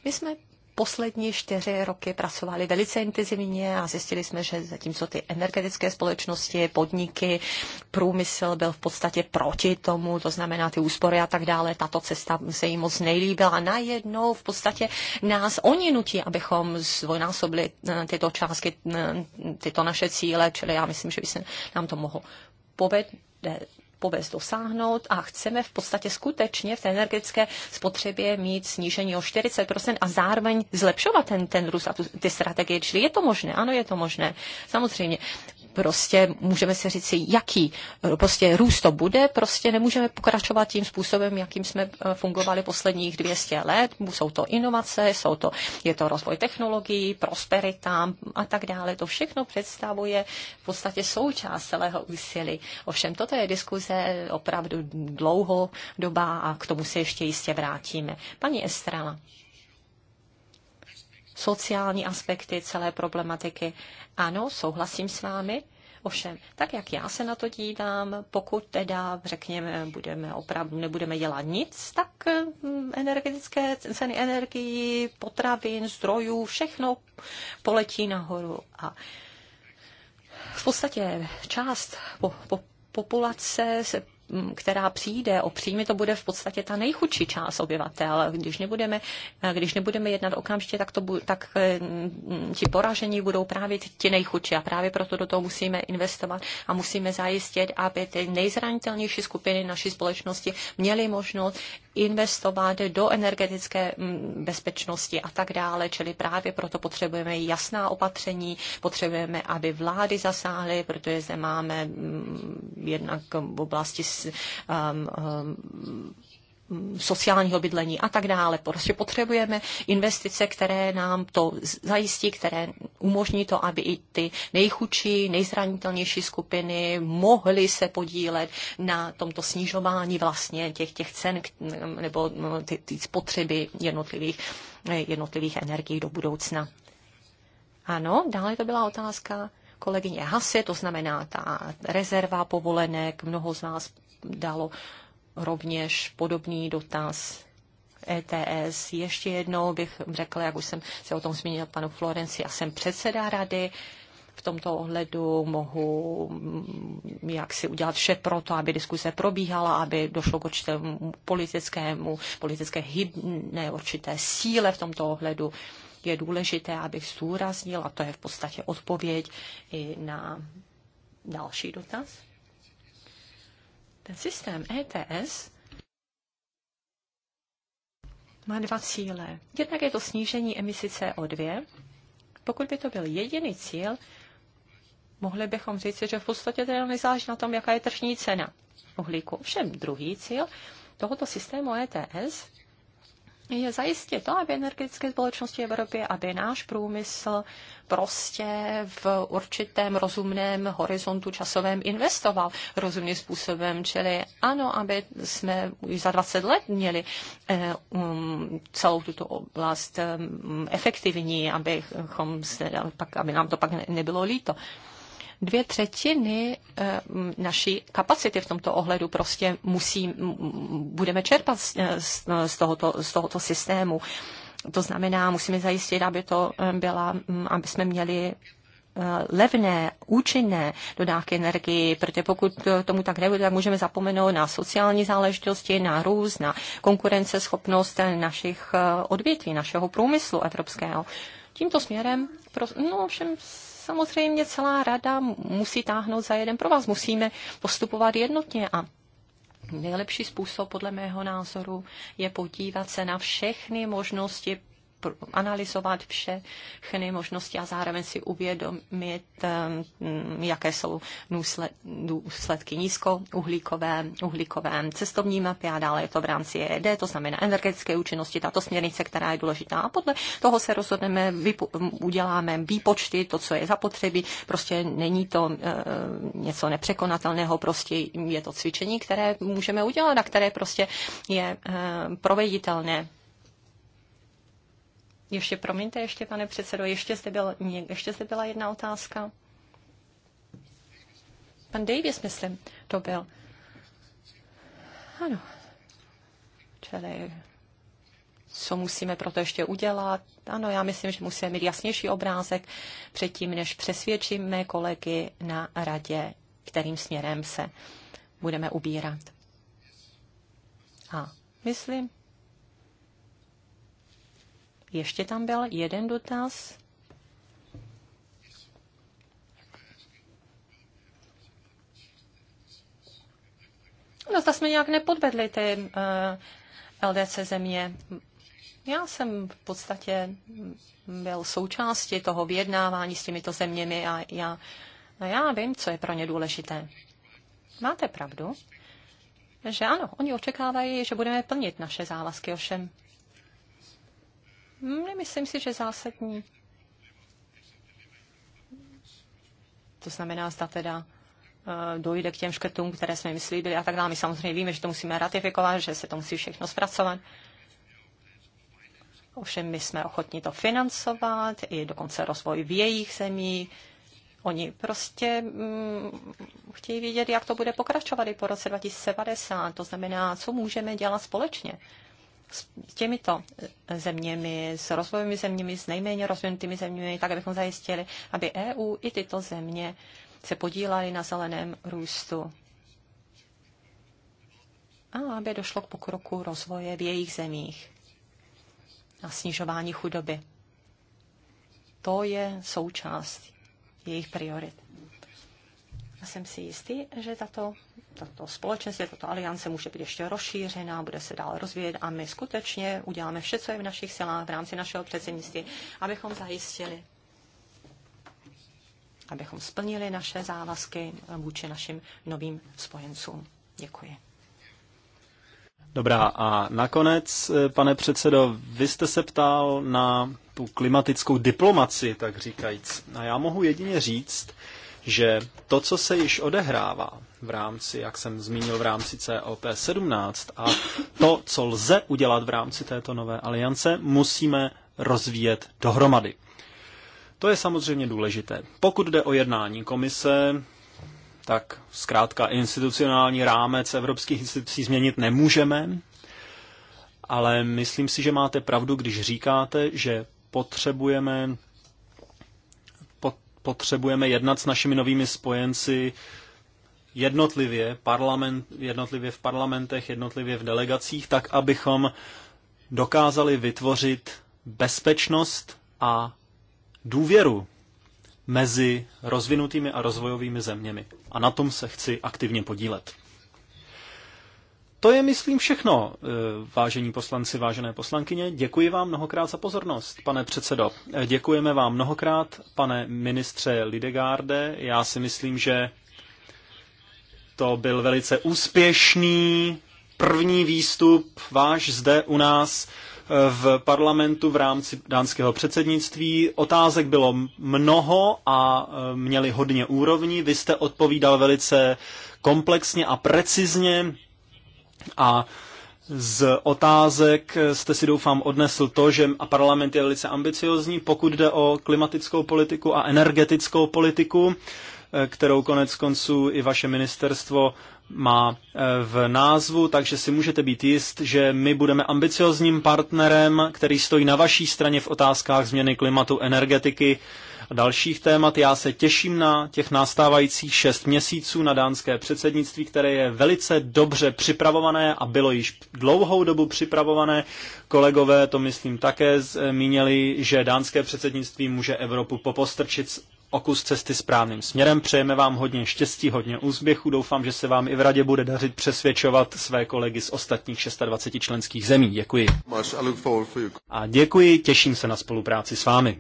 My jsme poslední čtyři roky pracovali velice intenzivně a zjistili jsme, že zatímco ty energetické společnosti, podniky, průmysl byl v podstatě proti tomu, to znamená ty úspory a tak dále, tato cesta se jim moc nejlíbila. Najednou v podstatě nás oni nutí, abychom zvojnásobili eh, tyto částky, eh, tyto naše cíle, čili já myslím, že by se nám to mohlo povede povést dosáhnout a chceme v podstatě skutečně v té energetické spotřebě mít snížení o 40% a zároveň zlepšovat ten, ten růst a tu, ty strategie. Čili je to možné, ano, je to možné. Samozřejmě prostě můžeme se říct, jaký eh, prostě růst to bude, prostě nemůžeme pokračovat tím způsobem, jakým jsme eh, fungovali posledních 200 let. Jsou to inovace, jsou to, je to rozvoj technologií, prosperita a tak dále. To všechno představuje v podstatě součást celého úsilí. Ovšem, toto je diskuze opravdu doba a k tomu se ještě jistě vrátíme. Paní Estrela sociální aspekty celé problematiky. Ano, souhlasím s vámi. Ovšem, tak jak já se na to dívám, pokud teda, řekněme, budeme opravdu, nebudeme dělat nic, tak mm, energetické ceny energii, potravin, zdrojů, všechno poletí nahoru. A v podstatě část po, po, populace se která přijde o příjmy, to bude v podstatě ta nejchudší část obyvatel. Když nebudeme, e, když nebudeme jednat okamžitě, tak, to, bu, tak e, ti poražení budou právě ti nejchudší a právě proto do toho musíme investovat a musíme zajistit, aby ty nejzranitelnější skupiny naší společnosti měly možnost investovat do energetické mm, bezpečnosti a tak dále, čili právě proto potřebujeme jasná opatření, potřebujeme, aby vlády zasáhly, protože zde máme mm, jednak v oblasti um, um, Mm, sociálního bydlení a tak dále. Prostě potřebujeme investice, které nám to zajistí, které umožní to, aby i ty nejchudší, nejzranitelnější skupiny mohly se podílet na tomto snižování vlastně těch, těch cen nebo no, ty, ty spotřeby jednotlivých, jednotlivých energií do budoucna. Ano, dále to byla otázka kolegyně Hase, to znamená ta rezerva povolenek, mnoho z vás dalo rovněž podobný dotaz ETS. Ještě jednou bych řekla, jak už jsem se o tom zmínil panu Florenci, já jsem předseda rady, v tomto ohledu mohu mm, jak si udělat vše pro to, aby diskuse probíhala, aby došlo k určitému politickému, politické hybné určité síle v tomto ohledu. Je důležité, abych zúraznil, a to je v podstatě odpověď i na další dotaz. Ten systém ETS má dva cíle. Jednak je to snížení emisí CO2. Pokud by to byl jediný cíl, mohli bychom říct, že v podstatě to nezáleží na tom, jaká je tržní cena uhlíku. Všem druhý cíl tohoto systému ETS je zajistit to, aby energetické společnosti Evropy, aby náš průmysl prostě v určitém rozumném horizontu časovém investoval rozumným způsobem, čili ano, aby jsme už za 20 let měli eh, um, celou tuto oblast eh, um, efektivní, abychom se, pak, aby nám to pak nebylo líto. Dvě třetiny eh, naší kapacity v tomto ohledu prostě musí, budeme čerpat eh, z tohoto, z tohoto systému. To znamená, musíme zajistit, aby to eh, byla, aby jsme měli levné, účinné dodávky energii, protože pokud tomu tak nebude, tak můžeme zapomenout na sociální záležitosti, na růst, na konkurenceschopnost našich odvětví, našeho průmyslu evropského. Tímto směrem, no všem samozřejmě celá rada musí táhnout za jeden pro vás. Musíme postupovat jednotně a Nejlepší způsob, podle mého názoru, je podívat se na všechny možnosti analyzovat všechny možnosti a zároveň si uvědomit, um, mm, jaké jsou důsledky nízkouhlíkové, uhlíkové cestovní mapy a dále je to v rámci ED, e to znamená energetické účinnosti, tato směrnice, která je důležitá. A podle toho se rozhodneme, uděláme výpočty, to, co je zapotřebí. Prostě není to e, něco nepřekonatelného, prostě je to cvičení, které můžeme udělat a které prostě je e, proveditelné. Ještě, promiňte, ještě, pane předsedo, ještě zde, byl, ještě zde byla jedna otázka. Pan Davis, myslím, to byl. Ano. Čili co musíme proto ještě udělat. Ano, já myslím, že musíme mít jasnější obrázek předtím, než přesvědčíme kolegy na radě, kterým směrem se budeme ubírat. A myslím, ještě tam byl jeden dotaz. No, zda jsme nějak nepodvedli ty uh, eh, LDC země. Já jsem v podstatě byl součástí toho vyjednávání s těmito zeměmi a já, a já vím, co je pro ně důležité. Máte pravdu, že ano, oni očekávají, že budeme plnit naše závazky, ovšem Nemyslím si, že zásadní. To znamená, zda teda eh, dojde k těm škrtům, které jsme jim slíbili a tak dále. My samozřejmě víme, že to musíme ratifikovat, že se to musí všechno zpracovat. Ovšem my jsme ochotni to financovat, i dokonce rozvoj v jejich zemí. Oni prostě mm, chtějí vědět, jak to bude pokračovat i po roce 2050. To znamená, co můžeme dělat společně s těmito zeměmi, s rozvojovými zeměmi, s nejméně rozvinutými zeměmi, tak abychom zajistili, aby EU i tyto země se podílely na zeleném růstu a aby došlo k pokroku rozvoje v jejich zemích a snižování chudoby. To je součást jejich priorit jsem si jistý, že tato, tato společenství, tato aliance může být ještě rozšířená, bude se dál rozvíjet a my skutečně uděláme vše, co je v našich silách v rámci našeho předsednictví, abychom zajistili, abychom splnili naše závazky vůči našim novým spojencům. Děkuji. Dobrá, a nakonec, eh, pane předsedo, vy jste se ptal na tu klimatickou diplomaci, tak říkajíc. A já mohu jedině říct, že to, co se již odehrává v rámci, jak jsem zmínil, v rámci COP17 a to, co lze udělat v rámci této nové aliance, musíme rozvíjet dohromady. To je samozřejmě důležité. Pokud jde o jednání komise, tak zkrátka institucionální rámec evropských institucí změnit nemůžeme, ale myslím si, že máte pravdu, když říkáte, že potřebujeme potřebujeme jednat s našimi novými spojenci jednotlivě, parlament, jednotlivě v parlamentech, jednotlivě v delegacích, tak abychom dokázali vytvořit bezpečnost a důvěru mezi rozvinutými a rozvojovými zeměmi. A na tom se chci aktivně podílet. To je, myslím, všechno, eh, vážení poslanci, vážené poslankyně. Děkuji vám mnohokrát za pozornost, pane předsedo. Eh, děkujeme vám mnohokrát, pane ministře Lidegarde. Já si myslím, že to byl velice úspěšný první výstup váš zde u nás eh, v parlamentu v rámci dánského předsednictví. Otázek bylo mnoho a měli hodně úrovní. Vy jste odpovídal velice komplexně a precizně a z otázek jste si doufám odnesl to, že a parlament je velice ambiciozní, pokud jde o klimatickou politiku a energetickou politiku, eh, kterou konec konců i vaše ministerstvo má eh, v názvu, takže si můžete být jist, že my budeme ambiciozním partnerem, který stojí na vaší straně v otázkách změny klimatu, energetiky, a dalších témat. Já se těším na těch nastávajících šest měsíců na dánské předsednictví, které je velice dobře připravované a bylo již dlouhou dobu připravované. Kolegové to myslím také zmínili, že dánské předsednictví může Evropu popostrčit o kus cesty správným směrem. Přejeme vám hodně štěstí, hodně úspěchu. Doufám, že se vám i v radě bude dařit přesvědčovat své kolegy z ostatních 26 členských zemí. Děkuji. A děkuji, těším se na spolupráci s vámi.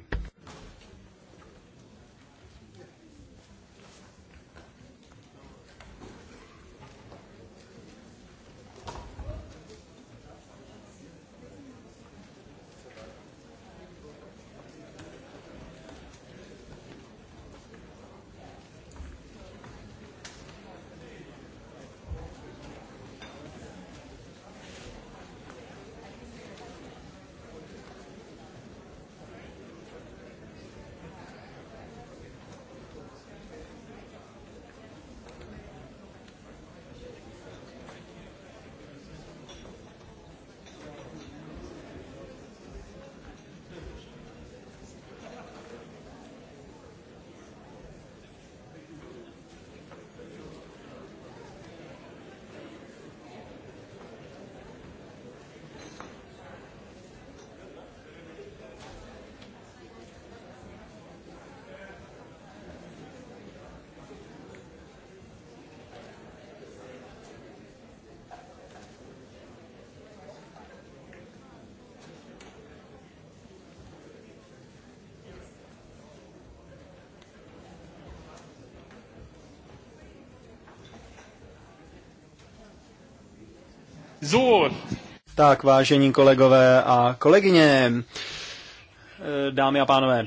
Tak, vážení kolegové a kolegyně, eh, dámy a pánové,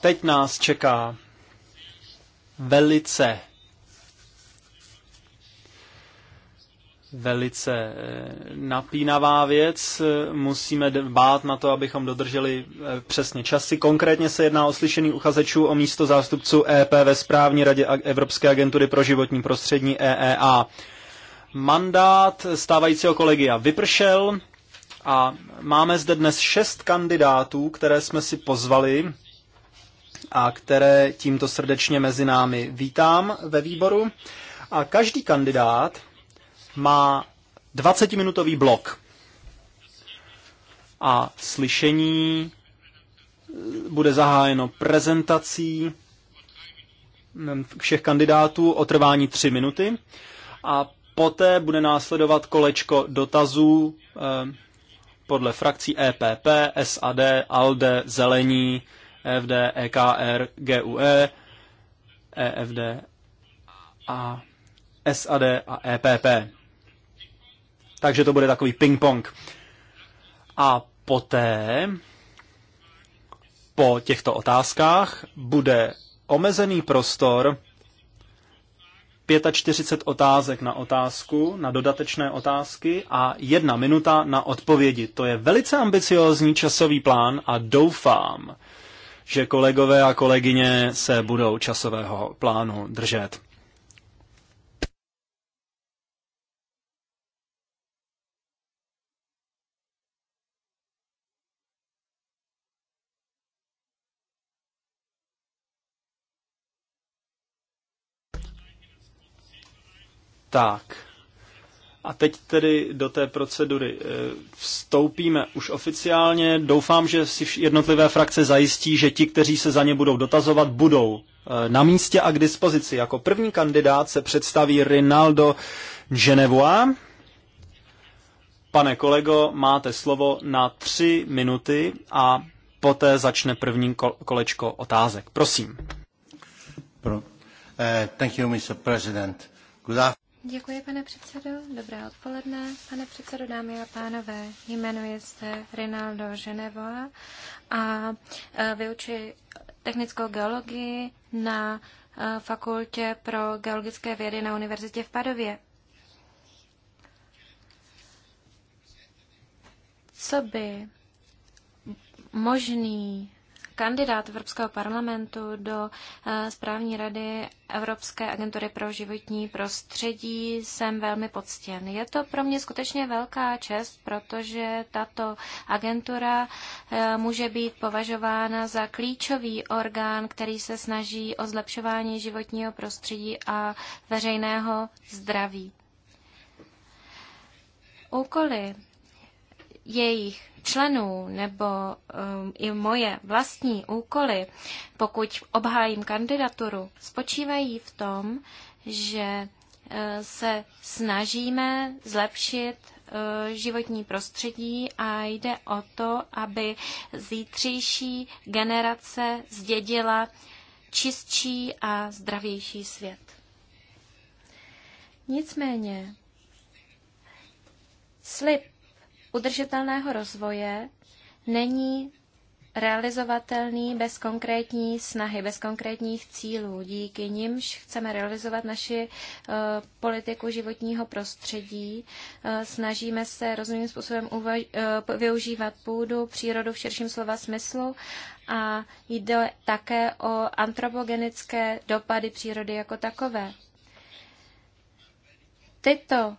teď nás čeká velice, velice eh, napínavá věc. Musíme bát na to, abychom dodrželi eh, přesně časy. Konkrétně se jedná o slyšení uchazečů o místo zástupců EP ve správní radě Evropské agentury pro životní prostředí EEA mandát stávajícího kolegia vypršel a máme zde dnes šest kandidátů, které jsme si pozvali a které tímto srdečně mezi námi vítám ve výboru. A každý kandidát má 20-minutový blok. A slyšení bude zahájeno prezentací všech kandidátů o trvání 3 minuty. A Poté bude následovat kolečko dotazů eh, podle frakcí EPP, SAD, ALDE, Zelení, e FD, EKR, GUE, EFD a SAD a EPP. Takže to bude takový ping-pong. A poté, po těchto otázkách, bude omezený prostor 45 otázek na otázku, na dodatečné otázky a jedna minuta na odpovědi. To je velice ambiciózní časový plán a doufám, že kolegové a kolegyně se budou časového plánu držet. Tak. A teď tedy do té procedury eh, vstoupíme už oficiálně. Doufám, že si jednotlivé frakce zajistí, že ti, kteří se za ně budou dotazovat, budou eh, na místě a k dispozici. Jako první kandidát se představí Rinaldo Genevois. Pane kolego, máte slovo na tři minuty a poté začne první kolečko otázek. Prosím. Pro. Uh, thank you, Mr. President. Good afternoon. Děkuji, pane předsedo. Dobré odpoledne, pane předsedo, dámy a pánové. Jmenuji se Rinaldo Ženevoa a e, vyučuji technickou geologii na e, Fakultě pro geologické vědy na Univerzitě v Padově. Co by možný kandidát Evropského parlamentu do eh, správní rady Evropské agentury pro životní prostředí, jsem velmi poctěn. Je to pro mě skutečně velká čest, protože tato agentura eh, může být považována za klíčový orgán, který se snaží o zlepšování životního prostředí a veřejného zdraví. Úkoly jejich členů nebo um, i moje vlastní úkoly, pokud obhájím kandidaturu, spočívají v tom, že uh, se snažíme zlepšit uh, životní prostředí a jde o to, aby zítřejší generace zdědila čistší a zdravější svět. Nicméně slib udržitelného rozvoje není realizovatelný bez konkrétní snahy, bez konkrétních cílů. Díky nimž chceme realizovat naši uh, politiku životního prostředí. Uh, snažíme se rozumným způsobem uvaž- uh, eh, využívat půdu, přírodu v širším slova smyslu a jde také o antropogenické dopady přírody jako takové. Tyto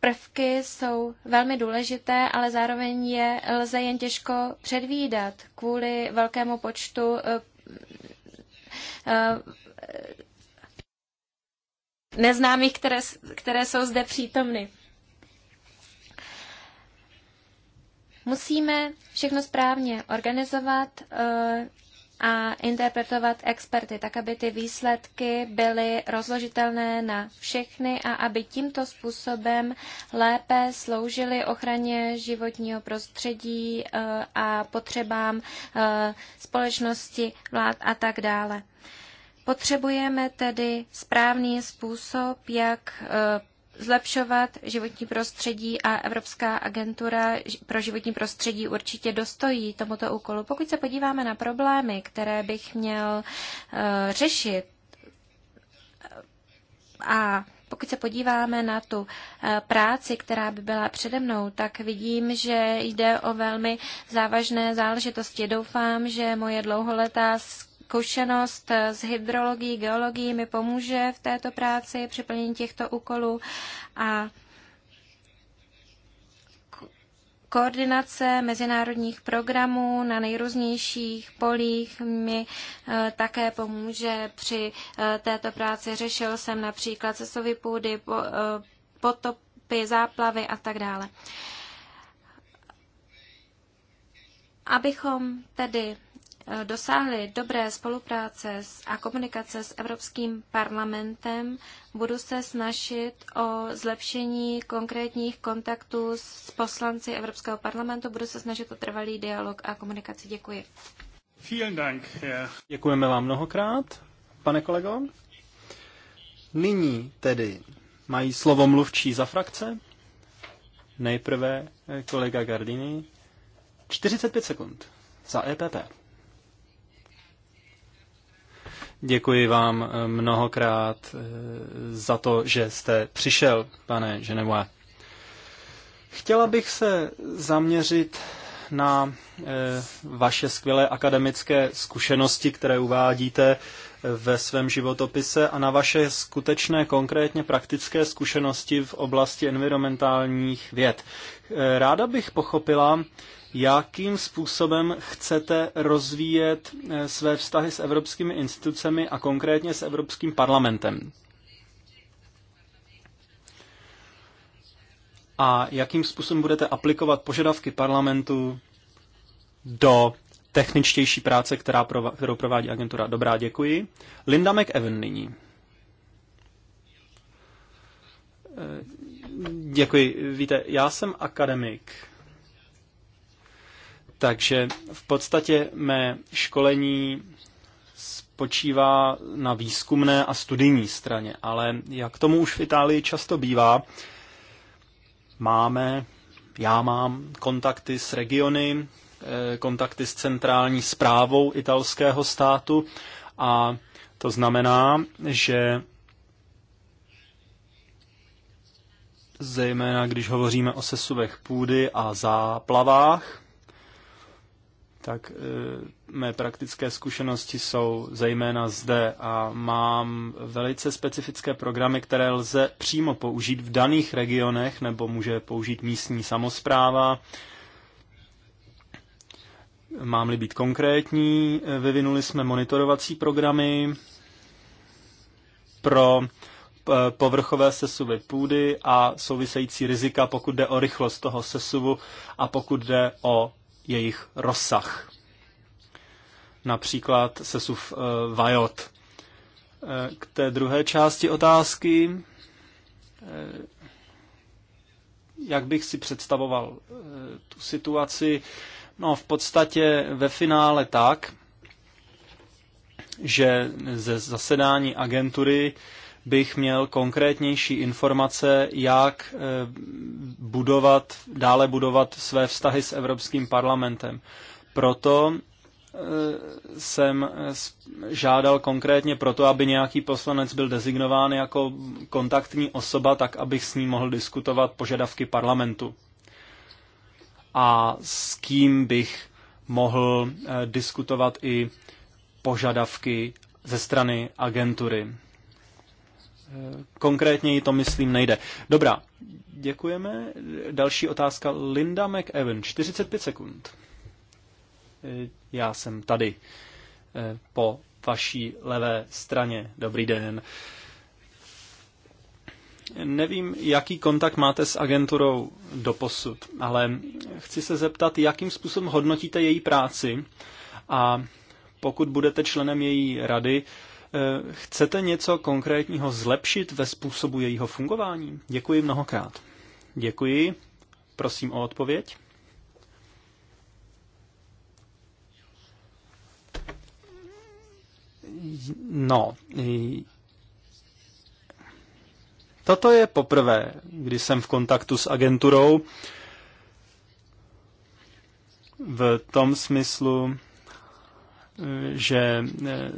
prvky jsou velmi důležité, ale zároveň je lze jen těžko předvídat kvůli velkému počtu eh, eh, neznámých, které, které jsou zde přítomny. Musíme všechno správně organizovat, eh, a interpretovat experty, tak aby ty výsledky byly rozložitelné na všechny a aby tímto způsobem lépe sloužily ochraně životního prostředí eh, a potřebám eh, společnosti, vlád a tak dále. Potřebujeme tedy správný způsob, jak eh, zlepšovat životní prostředí a Evropská agentura pro životní prostředí určitě dostojí tomuto úkolu. Pokud se podíváme na problémy, které bych měl uh, řešit a pokud se podíváme na tu eh, práci, která by byla přede mnou, tak vidím, že jde o velmi závažné záležitosti. Doufám, že moje dlouholetá zkušenost s hydrologií, geologií mi pomůže v této práci při plnění těchto úkolů a koordinace mezinárodních programů na nejrůznějších polích mi eh, také pomůže při eh, této práci. Řešil jsem například cestový půdy, eh, potopy, záplavy a tak dále. Abychom tedy dosáhli dobré spolupráce a komunikace s Evropským parlamentem, budu se snažit o zlepšení konkrétních kontaktů s poslanci Evropského parlamentu, budu se snažit o trvalý dialog a komunikaci. Děkuji. Vielen Dank. Děkujeme vám mnohokrát, pane kolego. Nyní tedy mají slovo mluvčí za frakce. Nejprve kolega Gardini. 45 sekund za EPP. Děkuji vám eh, mnohokrát eh, za to, že jste přišel, pane Ženevoje. Chtěla bych se zaměřit na eh, vaše skvělé akademické zkušenosti, které uvádíte ve svém životopise a na vaše skutečné konkrétně praktické zkušenosti v oblasti environmentálních věd. Ráda bych pochopila, jakým způsobem chcete rozvíjet eh, své vztahy s evropskými institucemi a konkrétně s Evropským parlamentem. A jakým způsobem budete aplikovat požadavky parlamentu do techničtější práce, která prová, kterou provádí agentura. Dobrá, děkuji. Linda McEwen nyní. Eh, děkuji. Víte, já jsem akademik takže v podstatě mé školení spočívá na výzkumné a studijní straně, ale jak tomu už v Itálii často bývá, máme, já mám kontakty s regiony, eh, kontakty s centrální zprávou italského státu a to znamená, že zejména když hovoříme o sesuvech půdy a záplavách, tak e, mé praktické zkušenosti jsou zejména zde a mám velice specifické programy, které lze přímo použít v daných regionech nebo může použít místní samozpráva. Mám-li být konkrétní, e, vyvinuli jsme monitorovací programy pro e, povrchové sesuvy půdy a související rizika, pokud jde o rychlost toho sesuvu a pokud jde o jejich rozsah. Například sesuv eh, vajot. Eh, k té druhé části otázky, eh, jak bych si představoval tu situaci, no v podstatě ve finále tak, že ze zasedání agentury bych měl konkrétnější informace, jak eh, budovat, dále budovat své vztahy s Evropským parlamentem. Proto eh, jsem eh, žádal konkrétně proto, aby nějaký poslanec byl designován jako kontaktní osoba, tak abych s ním mohl diskutovat požadavky parlamentu. A s kým bych mohl diskutovat i požadavky ze strany agentury konkrétněji to, myslím, nejde. Dobrá, děkujeme. Další otázka Linda McEwen, 45 sekund. E, já jsem tady e, po vaší levé straně. Dobrý den. Nevím, jaký kontakt máte s agenturou doposud, ale chci se zeptat, jakým způsobem hodnotíte její práci a pokud budete členem její rady, Eh, chcete něco konkrétního zlepšit ve způsobu jejího fungování? Děkuji mnohokrát. Děkuji. Prosím o odpověď. No, toto je poprvé, kdy jsem v kontaktu s agenturou v tom smyslu, že e,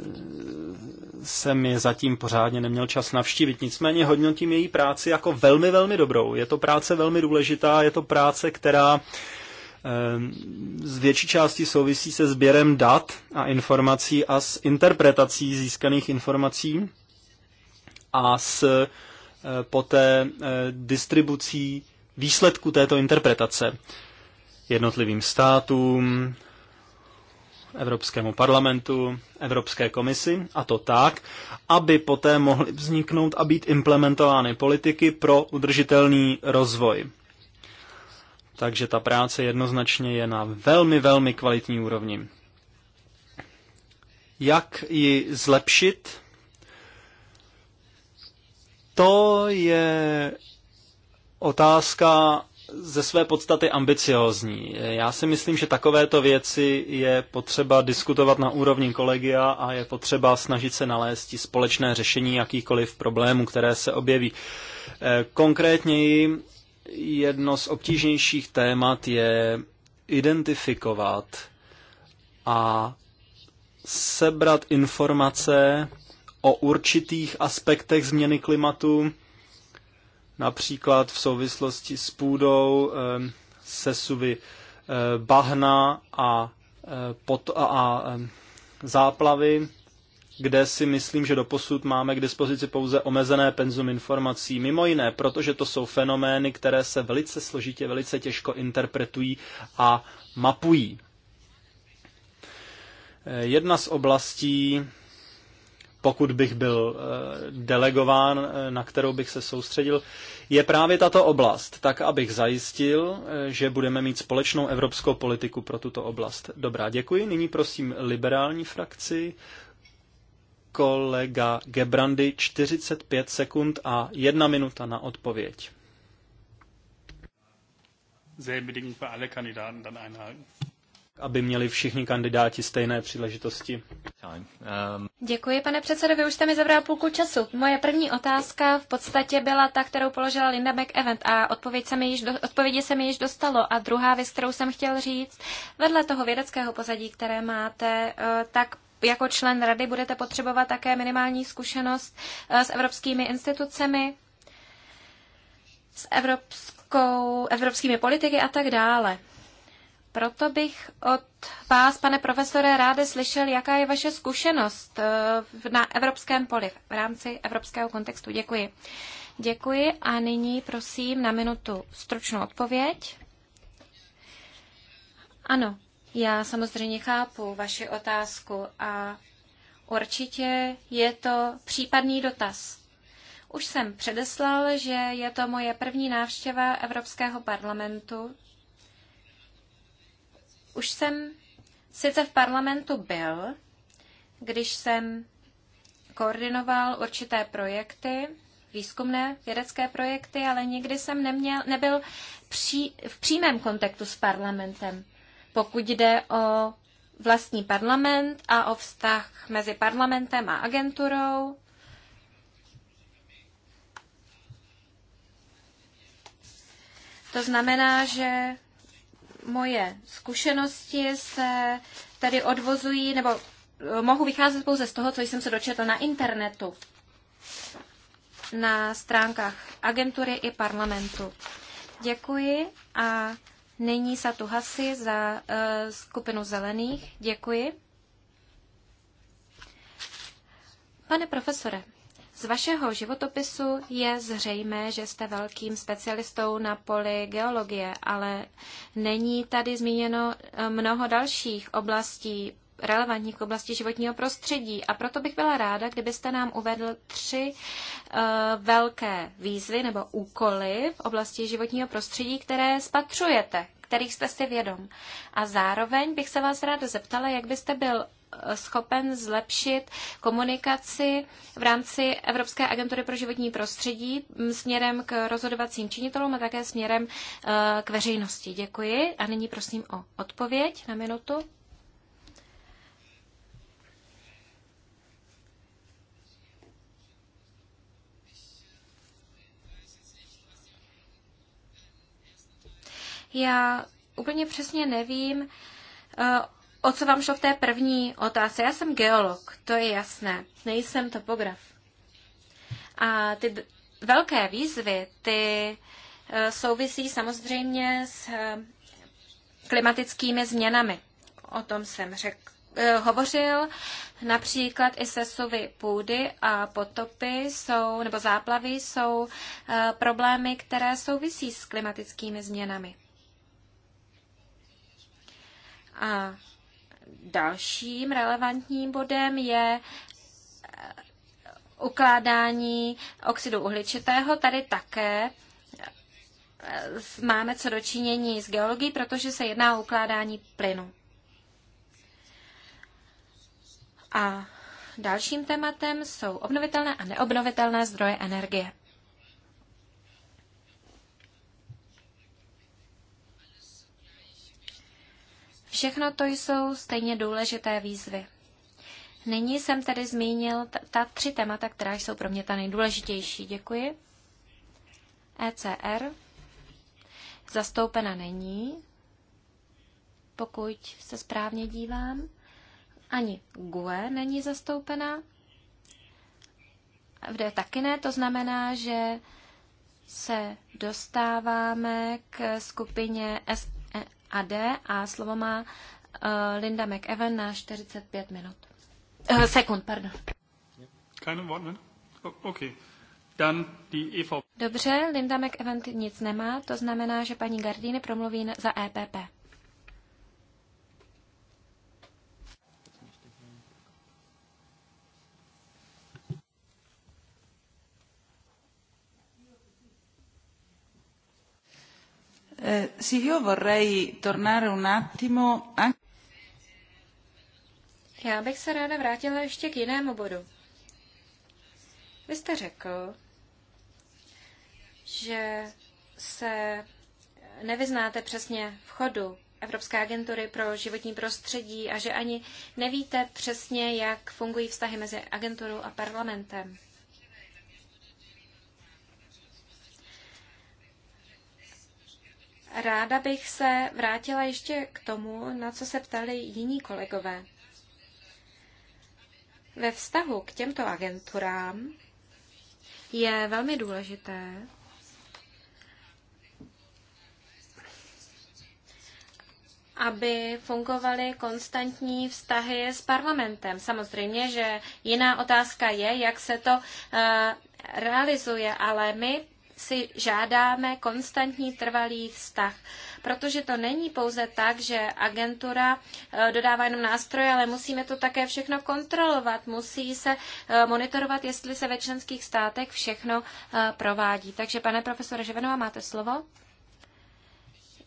jsem je zatím pořádně neměl čas navštívit. Nicméně hodnotím její práci jako velmi, velmi dobrou. Je to práce velmi důležitá, je to práce, která e, z větší části souvisí se sběrem dat a informací a s interpretací získaných informací a s e, poté distribucí výsledku této interpretace jednotlivým státům, Evropskému parlamentu, Evropské komisi, a to tak, aby poté mohly vzniknout a být implementovány politiky pro udržitelný rozvoj. Takže ta práce jednoznačně je na velmi, velmi kvalitní úrovni. Jak ji zlepšit? To je otázka, ze své podstaty ambiciozní. Já si myslím, že takovéto věci je potřeba diskutovat na úrovni kolegia a je potřeba snažit se nalézt společné řešení jakýchkoliv problémů, které se objeví. Eh, konkrétněji jedno z obtížnějších témat je identifikovat a sebrat informace o určitých aspektech změny klimatu, například v souvislosti s půdou, eh, sesuvy eh, bahna a, eh, pot, a, a záplavy, kde si myslím, že doposud máme k dispozici pouze omezené penzum informací. Mimo jiné, protože to jsou fenomény, které se velice složitě, velice těžko interpretují a mapují. Jedna z oblastí, pokud bych byl eh, delegován, eh, na kterou bych se soustředil, je právě tato oblast, tak abych zajistil, eh, že budeme mít společnou evropskou politiku pro tuto oblast. Dobrá, děkuji. Nyní prosím liberální frakci kolega Gebrandy 45 sekund a jedna minuta na odpověď. Selbe Bedingungen für alle Kandidaten dann einhalten aby měli všichni kandidáti stejné příležitosti. Um, Děkuji, pane předsedo, vy už jste mi zabral půlku času. Moje první otázka v podstatě byla ta, kterou položila Linda McEvent a odpověď se mi již do, odpovědi se mi již dostalo. A druhá věc, kterou jsem chtěl říct, vedle toho vědeckého pozadí, které máte, eh, tak jako člen rady budete potřebovat také minimální zkušenost eh, s evropskými institucemi, s evropskou, evropskými politiky a tak dále. Proto bych od vás, pane profesore, ráde slyšel, jaká je vaše zkušenost eh, na evropském poli v rámci evropského kontextu. Děkuji. Děkuji a nyní prosím na minutu stručnou odpověď. Ano, já samozřejmě chápu vaši otázku a určitě je to případný dotaz. Už jsem předeslal, že je to moje první návštěva Evropského parlamentu už jsem sice v parlamentu byl, když jsem koordinoval určité projekty, výzkumné vědecké projekty, ale nikdy jsem neměl, nebyl pří, v přímém kontaktu s parlamentem, pokud jde o vlastní parlament a o vztah mezi parlamentem a agenturou. To znamená, že moje zkušenosti se tady odvozují, nebo eh, mohu vycházet pouze z toho, co jsem se dočetl na internetu, na stránkách agentury i parlamentu. Děkuji a nyní Satu Hasi za uh, skupinu zelených. Děkuji. Pane profesore, z vašeho životopisu je zřejmé, že jste velkým specialistou na poli geologie, ale není tady zmíněno eh, mnoho dalších oblastí, relevantních oblastí životního prostředí. A proto bych byla ráda, kdybyste nám uvedl tři uh, velké výzvy nebo úkoly v oblasti životního prostředí, které spatřujete, kterých jste si vědom. A zároveň bych se vás ráda zeptala, jak byste byl schopen zlepšit komunikaci v rámci Evropské agentury pro životní prostředí směrem k rozhodovacím činitelům a také směrem e, k veřejnosti. Děkuji a nyní prosím o odpověď na minutu. Já úplně přesně nevím, e, O co vám šlo v té první otázce? Já jsem geolog, to je jasné. Nejsem topograf. A ty velké výzvy, ty e, souvisí samozřejmě s e, klimatickými změnami. O tom jsem řek, e, hovořil. Například i sesuvy půdy a potopy jsou, nebo záplavy jsou problémy, které souvisí s klimatickými změnami. A Dalším relevantním bodem je eh, ukládání oxidu uhličitého. Tady také eh, máme co dočinění s geologií, protože se jedná o ukládání plynu. A dalším tématem jsou obnovitelné a neobnovitelné zdroje energie. Všechno to jsou stejně důležité výzvy. Nyní jsem tedy zmínil ta tři témata, která jsou pro mě ta nejdůležitější. Děkuji. ECR zastoupena není, pokud se správně dívám. Ani GUE není zastoupena. Kde taky ne, to znamená, že se dostáváme k skupině S D a slovo má eh, Linda McEwen na 45 minut. Uh, sekund, pardon. Keine Worte Okay. Dann die EV. Dobře, Linda McEwen nic nemá, to znamená, že paní Gardini promluví za EPP. Eh, sì, io vorrei tornare un attimo Já bych se ráda vrátila ještě k jinému bodu. Vy jste řekl, že se nevyznáte přesně v chodu Evropské agentury pro životní prostředí a že ani nevíte přesně, jak fungují vztahy mezi agenturou a parlamentem. Ráda bych se vrátila ještě k tomu, na co se ptali jiní kolegové. Ve vztahu k těmto agenturám je velmi důležité, aby fungovaly konstantní vztahy s parlamentem. Samozřejmě, že jiná otázka je, jak se to eh, realizuje, ale my si žádáme konstantní trvalý vztah, protože to není pouze tak, že agentura eh, dodává jenom nástroje, ale musíme to také všechno kontrolovat, musí se eh, monitorovat, jestli se ve členských státech všechno eh, provádí. Takže pane profesore Ževenova, máte slovo?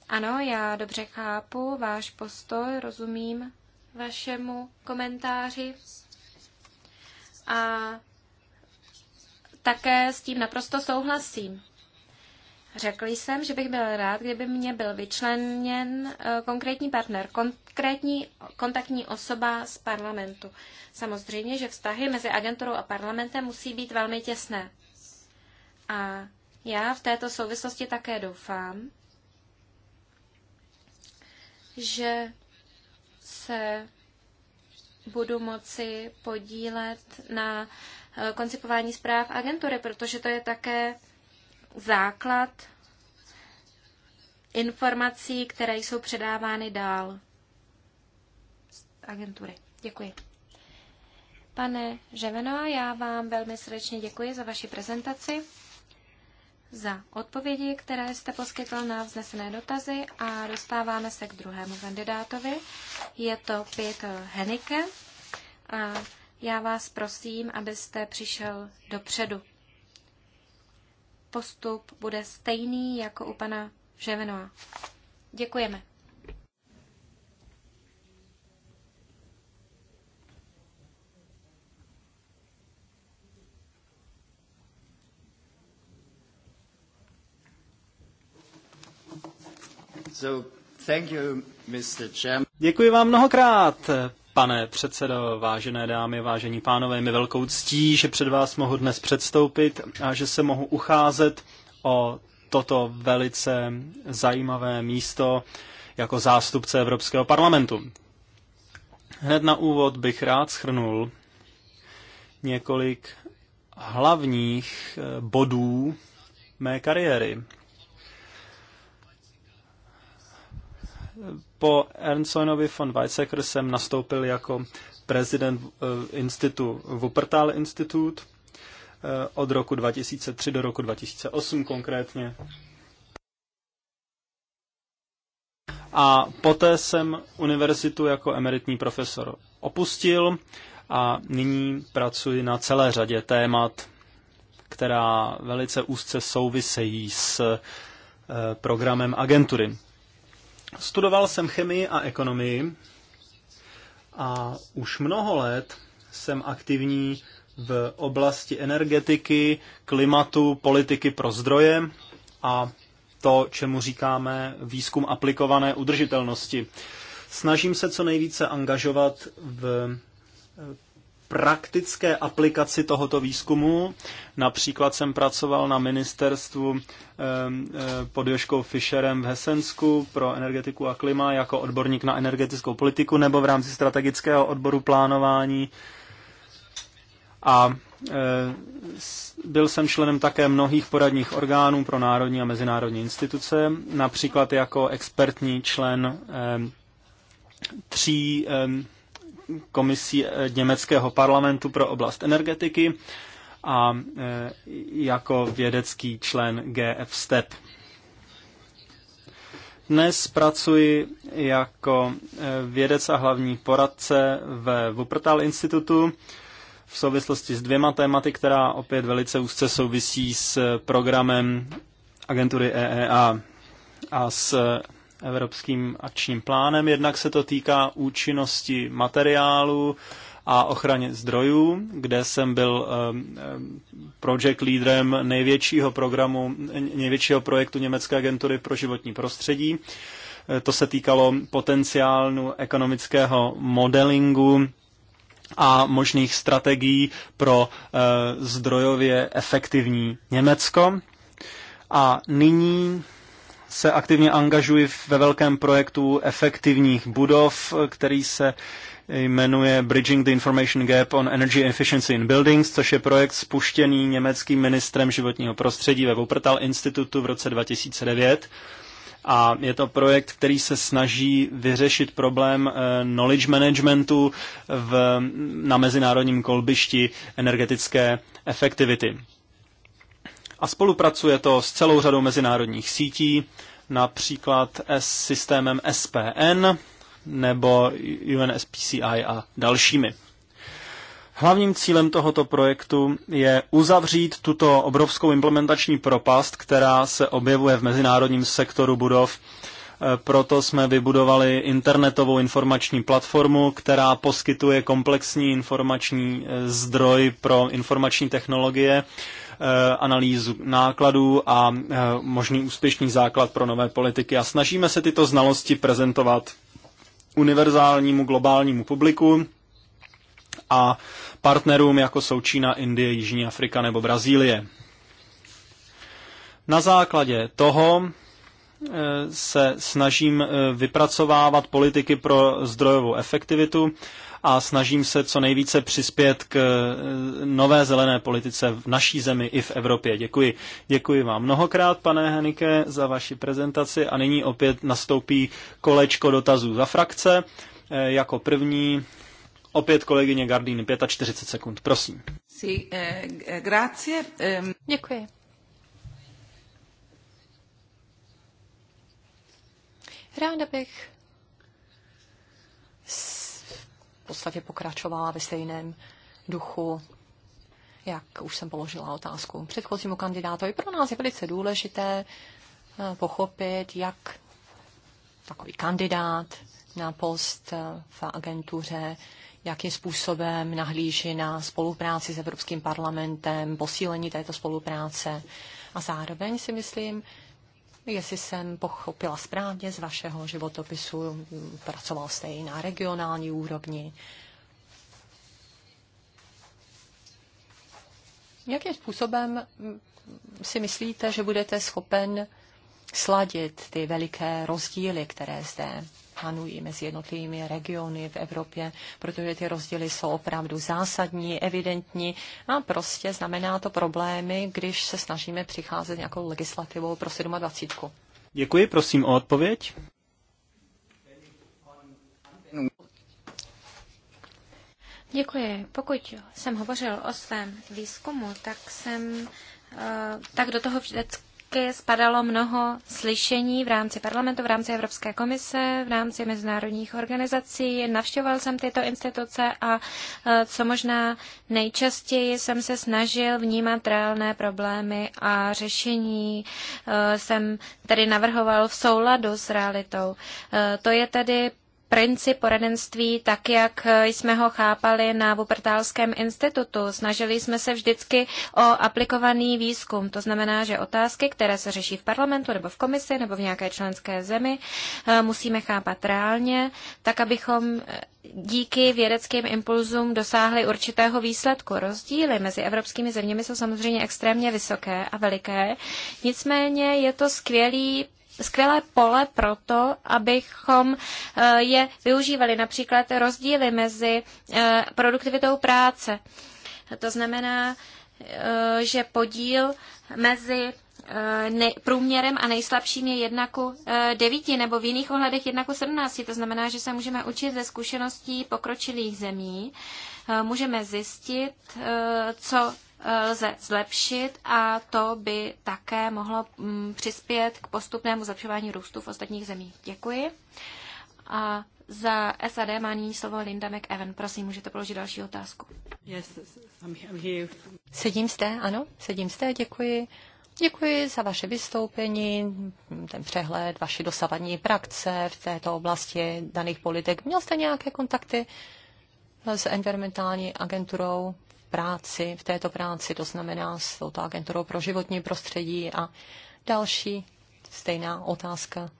Ano, já dobře chápu váš postoj, rozumím vašemu komentáři. A také s tím naprosto souhlasím. Řekl jsem, že bych byl rád, kdyby mě byl vyčleněn eh, konkrétní partner, konkrétní kontaktní osoba z parlamentu. Samozřejmě, že vztahy mezi agenturou a parlamentem musí být velmi těsné. A já v této souvislosti také doufám, že se budu moci podílet na Eh, koncipování zpráv agentury, protože to je také základ informací, které jsou předávány dál z agentury. Děkuji. Pane Ževeno, já vám velmi srdečně děkuji za vaši prezentaci, za odpovědi, které jste poskytl na vznesené dotazy a dostáváme se k druhému kandidátovi. Je to Pět Henike a já vás prosím, abyste přišel dopředu. Postup bude stejný jako u pana Ževenoa. Děkujeme. So, thank you, Mr. Chairman. Děkuji vám mnohokrát, Pane předsedo, vážené dámy, vážení pánové, mi velkou ctí, že před vás mohu dnes předstoupit a že se mohu ucházet o toto velice zajímavé místo jako zástupce Evropského parlamentu. Hned na úvod bych rád schrnul několik hlavních eh, bodů mé kariéry. Po Ernsonovi von Weizsäcker jsem nastoupil jako prezident eh, institutu Wuppertal Institut eh, od roku 2003 do roku 2008 konkrétně. A poté jsem univerzitu jako emeritní profesor opustil a nyní pracuji na celé řadě témat, která velice úzce souvisejí s eh, programem agentury. Studoval jsem chemii a ekonomii a už mnoho let jsem aktivní v oblasti energetiky, klimatu, politiky pro zdroje a to, čemu říkáme výzkum aplikované udržitelnosti. Snažím se co nejvíce angažovat v praktické aplikaci tohoto výzkumu. Například jsem pracoval na ministerstvu eh, eh, pod Joškou Fischerem v Hesensku pro energetiku a klima jako odborník na energetickou politiku nebo v rámci strategického odboru plánování. A eh, byl jsem členem také mnohých poradních orgánů pro národní a mezinárodní instituce, například jako expertní člen tří komisí eh, německého parlamentu pro oblast energetiky a eh, jako vědecký člen GF STEP. Dnes pracuji jako eh, vědec a hlavní poradce ve Wuppertal institutu v souvislosti s dvěma tématy, která opět velice úzce souvisí s programem agentury EEA a s evropským akčním plánem. Jednak se to týká účinnosti materiálu a ochraně zdrojů, kde jsem byl eh, eh, project leaderem největšího programu, největšího projektu Německé agentury pro životní prostředí. Eh, to se týkalo potenciálnu ekonomického modelingu a možných strategií pro zdrojově efektivní Německo. A nyní se aktivně angažuji ve velkém projektu efektivních budov, který se jmenuje Bridging the Information Gap on Energy Efficiency in Buildings, což je projekt spuštěný německým ministrem životního prostředí ve Wuppertal institutu v roce 2009. A je to projekt, který se snaží vyřešit problém eh, knowledge managementu v, na mezinárodním kolbišti energetické efektivity. A spolupracuje to s celou řadou mezinárodních sítí, například s systémem SPN nebo UNSPCI a dalšími. Hlavním cílem tohoto projektu je uzavřít tuto obrovskou implementační propast, která se objevuje v mezinárodním sektoru budov. Proto jsme vybudovali internetovou informační platformu, která poskytuje komplexní informační eh, zdroj pro informační technologie, Eh, analýzu nákladů a eh, možný úspěšný základ pro nové politiky. A snažíme se tyto znalosti prezentovat univerzálnímu globálnímu publiku a partnerům, jako jsou Čína, Indie, Jižní Afrika nebo Brazílie. Na základě toho eh, se snažím vypracovávat politiky pro zdrojovou efektivitu a snažím se co nejvíce přispět k eh, nové zelené politice v naší zemi i v Evropě. Děkuji. Děkuji vám mnohokrát, pane Henike, za vaši prezentaci a nyní opět nastoupí kolečko dotazů za frakce. Eh, jako první opět kolegyně Gardín, 45 sekund, prosím. Eh, Děkuji. Ráda bych podstatě pokračovala ve stejném duchu, jak už jsem položila otázku předchozímu kandidátovi. Pro nás je velice důležité eh, pochopit, jak takový kandidát na post eh, v agentuře, jakým způsobem nahlíží na spolupráci s Evropským parlamentem, posílení této spolupráce. A zároveň si myslím, jestli jsem pochopila správně z vašeho životopisu, pracoval jste i na regionální úrovni. Jakým způsobem si myslíte, že budete schopen sladit ty veliké rozdíly, které zde panují mezi jednotlivými regiony v Evropě, protože ty rozdíly jsou opravdu zásadní, evidentní a prostě znamená to problémy, když se snažíme přicházet nějakou legislativou pro 27. Děkuji, prosím o odpověď. Děkuji. Pokud jsem hovořil o svém výzkumu, tak jsem eh, tak do toho vždycky také spadalo mnoho slyšení v rámci parlamentu, v rámci Evropské komise, v rámci mezinárodních organizací. Navštěvoval jsem tyto instituce a e, co možná nejčastěji jsem se snažil vnímat reálné problémy a řešení e, jsem tedy navrhoval v souladu s realitou. E, to je tedy princip poradenství tak, jak jsme ho chápali na Vupertálském institutu. Snažili jsme se vždycky o aplikovaný výzkum. To znamená, že otázky, které se řeší v parlamentu nebo v komisi nebo v nějaké členské zemi, eh, musíme chápat reálně, tak abychom eh, díky vědeckým impulzům dosáhly určitého výsledku. Rozdíly mezi evropskými zeměmi jsou samozřejmě extrémně vysoké a veliké, nicméně je to skvělý skvělé pole pro to, abychom eh, je využívali. Například rozdíly mezi eh, produktivitou práce. To znamená, eh, že podíl mezi průměrem a nejslabším je jednaku devíti, nebo v jiných ohledech jednaku sedmnácti. To znamená, že se můžeme učit ze zkušeností pokročilých zemí. Můžeme zjistit, co lze eh, zlepšit a to by také mohlo mm, přispět k postupnému zlepšování růstu v ostatních zemích. Děkuji. A za SAD má nyní slovo Linda McEwen. Prosím, můžete položit další otázku. Yes, I'm here. Sedím zde, ano, sedím zde, děkuji. Děkuji za vaše vystoupení, ten přehled, vaši dosavadní praxe v této oblasti daných politik. Měl jste nějaké kontakty s environmentální agenturou práci, v této práci, to znamená s touto agenturou pro životní prostředí a další stejná otázka.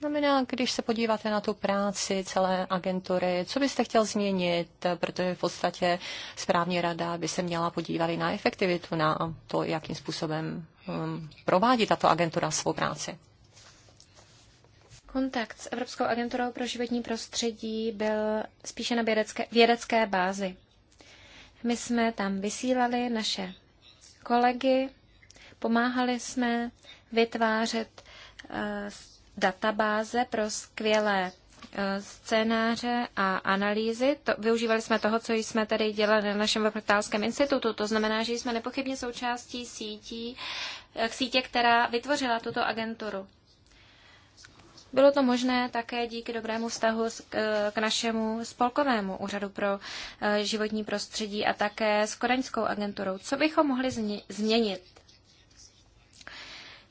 Znamená, když se podíváte na tu práci celé agentury, co byste chtěl změnit, protože v podstatě správní rada by se měla podívat i na efektivitu, na to, jakým způsobem um, provádí tato agentura svou práci. Kontakt s Evropskou agenturou pro životní prostředí byl spíše na vědecké, vědecké bázi. My jsme tam vysílali naše kolegy, pomáhali jsme vytvářet eh, databáze pro skvělé eh, scénáře a analýzy. To, využívali jsme toho, co jsme tady dělali na našem Vrtálském institutu. To znamená, že jsme nepochybně součástí sítí, k eh, sítě, která vytvořila tuto agenturu. Bylo to možné také díky dobrému vztahu k našemu spolkovému úřadu pro e, životní prostředí a také s koreňskou agenturou. Co bychom mohli změnit?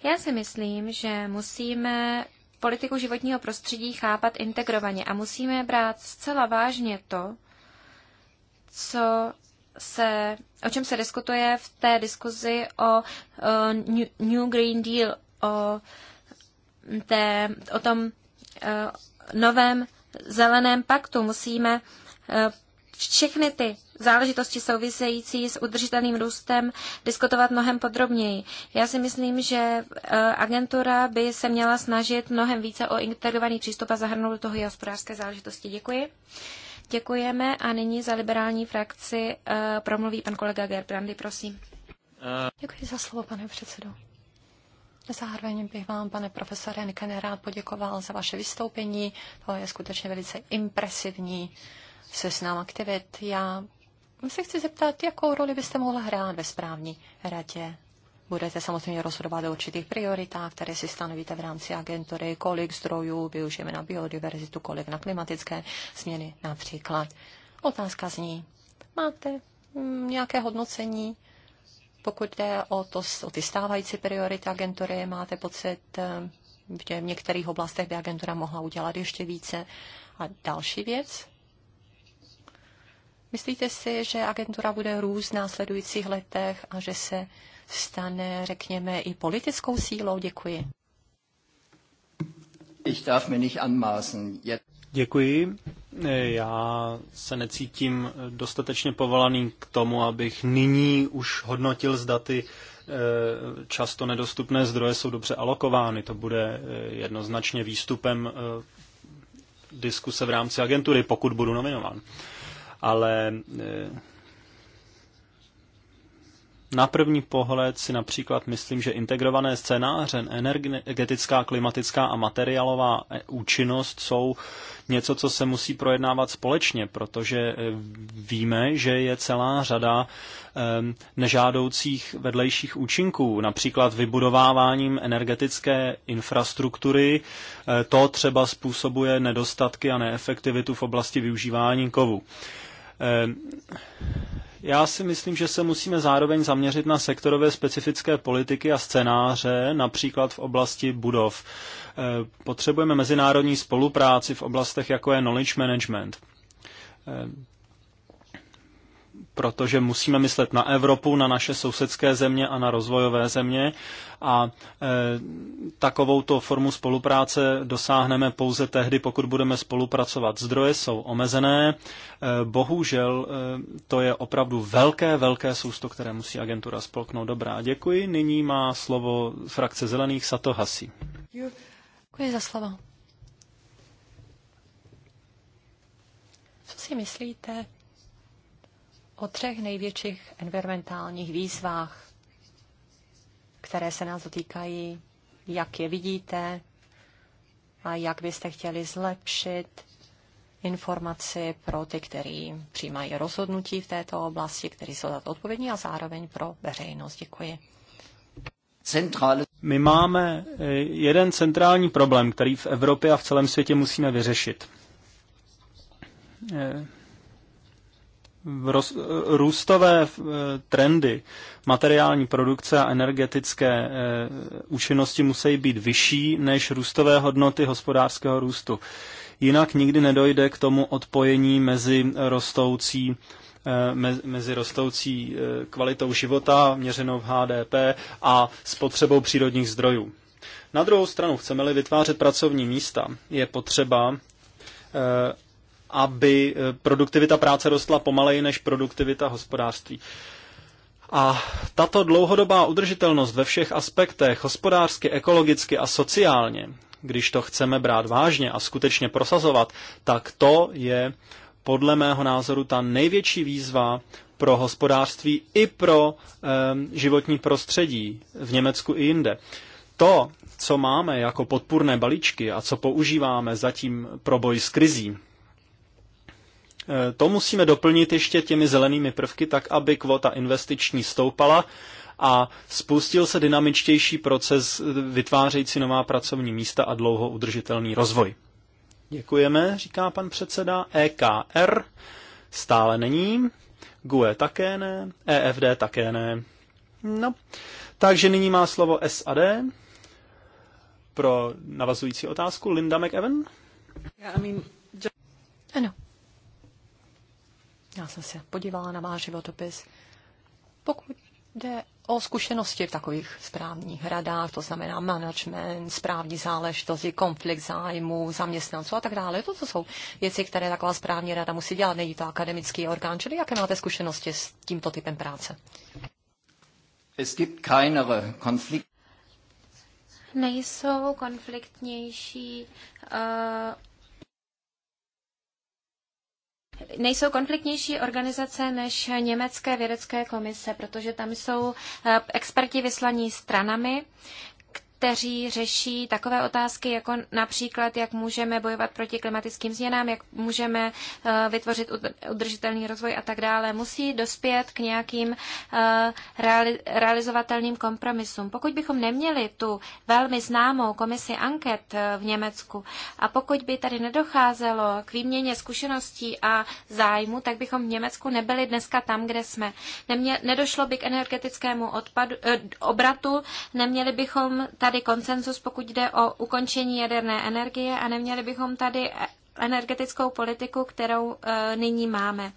Já si myslím, že musíme politiku životního prostředí chápat integrovaně a musíme brát zcela vážně to, co se, o čem se diskutuje v té diskuzi o, o New Green Deal, o té, o tom e, novém zeleném paktu. Musíme e, všechny ty záležitosti související s udržitelným růstem diskutovat mnohem podrobněji. Já si myslím, že e, agentura by se měla snažit mnohem více o integrovaný přístup a zahrnout do toho i hospodářské záležitosti. Děkuji. Děkujeme a nyní za liberální frakci promluví pan kolega Gerbrandy, prosím. Děkuji za slovo, pane předsedo. Zároveň bych vám, pane profesore Nikene, rád poděkoval za vaše vystoupení. To je skutečně velice impresivní seznam aktivit. Já se chci zeptat, jakou roli byste mohla hrát ve správní radě Budete samozřejmě rozhodovat o určitých prioritách, které si stanovíte v rámci agentury, kolik zdrojů využijeme na biodiverzitu, kolik na klimatické změny například. Otázka zní, máte mm, nějaké hodnocení pokud jde o, to, o ty stávající priority agentury, máte pocit, eh, že v některých oblastech by agentura mohla udělat ještě více. A další věc, Myslíte si, že agentura bude růst v následujících letech a že se stane, řekněme, i politickou sílou? Děkuji. Ich darf mir nicht anmaßen, jetzt Děkuji. Já se necítím dostatečně povolaný k tomu, abych nyní už hodnotil, zda ty eh, často nedostupné zdroje jsou dobře alokovány. To bude eh, jednoznačně výstupem eh, diskuse v rámci agentury, pokud budu nominován. Ale na první pohled si například myslím, že integrované scénáře, energetická, klimatická a materiálová eh, účinnost jsou něco, co se musí projednávat společně, protože eh, víme, že je celá řada ehm, nežádoucích vedlejších účinků, například vybudováváním energetické infrastruktury. Eh, to třeba způsobuje nedostatky a neefektivitu v oblasti využívání kovu ehm, já si myslím, že se musíme zároveň zaměřit na sektorové specifické politiky a scénáře, například v oblasti budov. E, potřebujeme mezinárodní spolupráci v oblastech, jako je knowledge management. E, protože musíme myslet na Evropu, na naše sousedské země a na rozvojové země a e, takovouto formu spolupráce dosáhneme pouze tehdy, pokud budeme spolupracovat. Zdroje jsou omezené, e, bohužel e, to je opravdu velké, velké sousto, které musí agentura spolknout. Dobrá, děkuji. Nyní má slovo frakce Zelených Sato Hasi. Děkuji za slovo. Co si myslíte o třech největších environmentálních výzvách, které se nás dotýkají, jak je vidíte a jak byste chtěli zlepšit informaci pro ty, kteří přijímají rozhodnutí v této oblasti, kteří jsou za to odpovědní a zároveň pro veřejnost. Děkuji. My máme eh, jeden centrální problém, který v Evropě a v celém světě musíme vyřešit. Eh, roz, růstové eh, trendy materiální produkce a energetické eh, účinnosti musí být vyšší než růstové hodnoty hospodářského růstu. Jinak nikdy nedojde k tomu odpojení mezi rostoucí eh, mezi rostoucí kvalitou života, měřenou v HDP, a spotřebou přírodních zdrojů. Na druhou stranu, chceme-li vytvářet pracovní místa, je potřeba aby eh, produktivita práce rostla pomaleji než produktivita hospodářství. A tato dlouhodobá udržitelnost ve všech aspektech, hospodářsky, ekologicky a sociálně, když to chceme brát vážně a skutečně prosazovat, tak to je podle mého názoru ta největší výzva pro hospodářství i pro e, životní prostředí v Německu i jinde. To, co máme jako podpůrné balíčky a co používáme zatím pro boj s krizí, Eh, to musíme doplnit ještě těmi zelenými prvky, tak aby kvota investiční stoupala a spustil se dynamičtější proces eh, vytvářející nová pracovní místa a dlouho udržitelný rozvoj. Děkujeme, říká pan předseda. EKR stále není, GUE také ne, EFD také ne. No, takže nyní má slovo SAD pro navazující otázku Linda McEwen. Ano, já jsem se podívala na váš životopis. Pokud jde o zkušenosti v takových správních radách, to znamená management, správní záležitosti, konflikt zájmu, zaměstnanců a tak dále. To, to jsou věci, které taková správní rada musí dělat, není to akademický orgán, čili jaké máte zkušenosti s tímto typem práce? Es gibt keinere Konflikt. Nejsou konfliktnější uh nejsou konfliktnější organizace než německé vědecké komise, protože tam jsou eh, experti vyslaní stranami, kteří řeší takové otázky, jako například, jak můžeme bojovat proti klimatickým změnám, jak můžeme eh, vytvořit udržitelný rozvoj a tak dále, musí dospět k nějakým eh, realizovatelným kompromisům. Pokud bychom neměli tu velmi známou komisi anket eh, v Německu a pokud by tady nedocházelo k výměně zkušeností a zájmu, tak bychom v Německu nebyli dneska tam, kde jsme. Nemě- nedošlo by k energetickému odpadu, eh, obratu, neměli bychom tady tady konsenzus, pokud jde o ukončení jaderné energie a neměli bychom tady energetickou politiku, kterou e, nyní máme.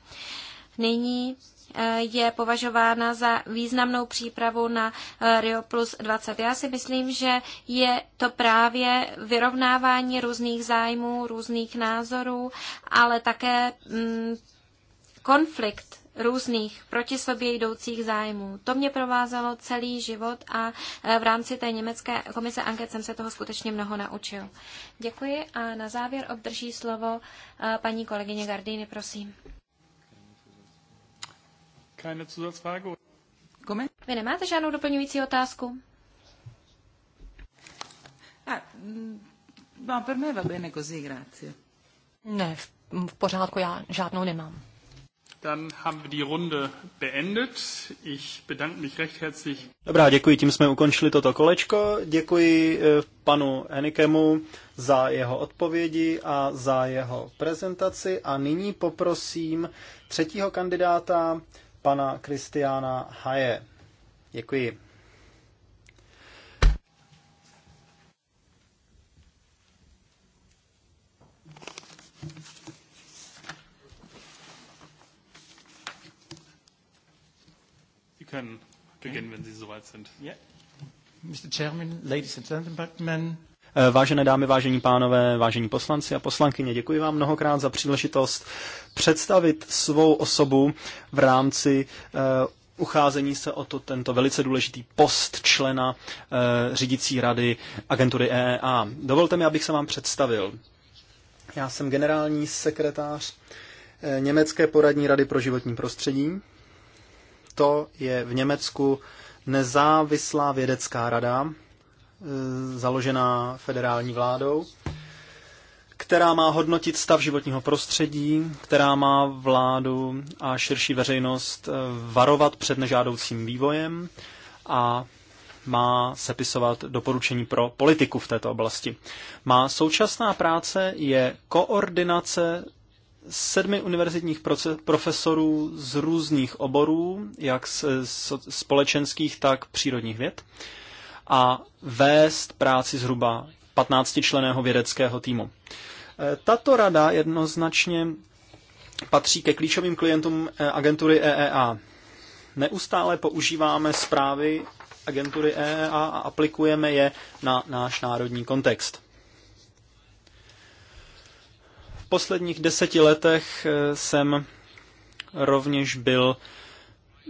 Nyní e, je považována za významnou přípravu na e, Rio plus 20. Já si myslím, že je to právě vyrovnávání různých zájmů, různých názorů, ale také mm, konflikt různých proti sobě jdoucích zájmů. To mě provázelo celý život a e, v rámci té německé komise anket jsem se toho skutečně mnoho naučil. Děkuji a na závěr obdrží slovo e, paní kolegyně Gardýny, prosím. Vy nemáte žádnou doplňující otázku? Mm, jako ne, v pořádku, já žádnou nemám. Dann haben wir die Runde beendet. Ich bedanke mich recht herzlich. Dobrá, děkuji, tím jsme ukončili toto kolečko. Děkuji eh, panu Enikemu za jeho odpovědi a za jeho prezentaci. A nyní poprosím třetího kandidáta, pana Kristiána Haje. Děkuji. können beginnen, wenn Sie soweit sind. Yeah. Mr. Chairman, ladies and gentlemen. Eh, vážené dámy, vážení pánové, vážení poslanci a poslankyně, děkuji vám mnohokrát za příležitost představit svou osobu v rámci uh, ucházení se o to, tento velice důležitý post člena uh, řídící rady agentury EEA. Dovolte mi, abych se vám představil. Já jsem generální sekretář Německé poradní rady pro životní prostředí to je v Německu nezávislá vědecká rada, e, založená federální vládou, která má hodnotit stav životního prostředí, která má vládu a širší veřejnost e, varovat před nežádoucím vývojem a má sepisovat doporučení pro politiku v této oblasti. Má současná práce je koordinace sedmi univerzitních profesorů z různých oborů, jak z společenských, tak přírodních věd, a vést práci zhruba 15-členého vědeckého týmu. E, tato rada jednoznačně patří ke klíčovým klientům e, agentury EEA. Neustále používáme zprávy agentury EEA a aplikujeme je na náš národní kontext. V posledních deseti letech eh, jsem rovněž byl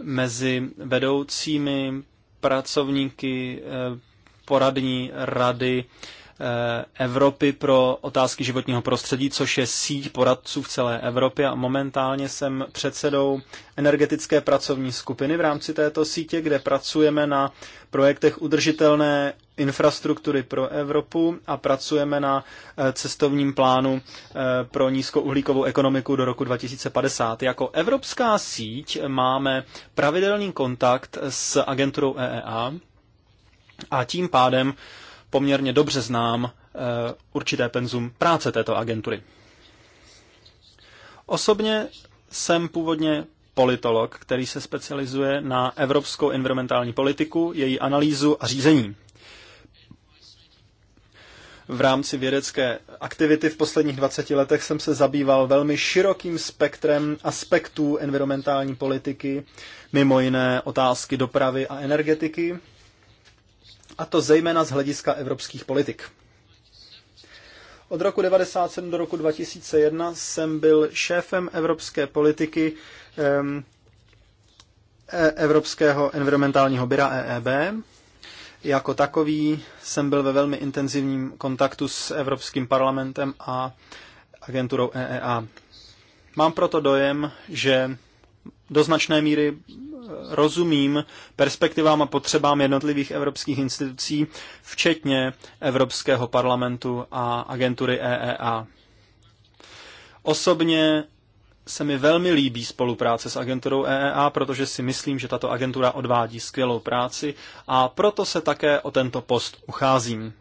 mezi vedoucími pracovníky eh, poradní rady Eh, Evropy pro otázky životního prostředí, což je síť poradců v celé Evropě a momentálně jsem předsedou energetické pracovní skupiny v rámci této sítě, kde pracujeme na projektech udržitelné infrastruktury pro Evropu a pracujeme na eh, cestovním plánu eh, pro nízkouhlíkovou ekonomiku do roku 2050. Jako evropská síť máme pravidelný kontakt s agenturou EEA a tím pádem poměrně dobře znám eh, určité penzum práce této agentury. Osobně jsem původně politolog, který se specializuje na evropskou environmentální politiku, její analýzu a řízení. V rámci vědecké aktivity v posledních 20 letech jsem se zabýval velmi širokým spektrem aspektů environmentální politiky, mimo jiné otázky dopravy a energetiky, a to zejména z hlediska evropských politik. Od roku 1997 do roku 2001 jsem byl šéfem evropské politiky e, Evropského environmentálního byra EEB. Jako takový jsem byl ve velmi intenzivním kontaktu s Evropským parlamentem a agenturou EEA. Mám proto dojem, že do značné míry eh, rozumím perspektivám a potřebám jednotlivých evropských institucí, včetně Evropského parlamentu a agentury EEA. Osobně se mi velmi líbí spolupráce s agenturou EEA, protože si myslím, že tato agentura odvádí skvělou práci a proto se také o tento post ucházím.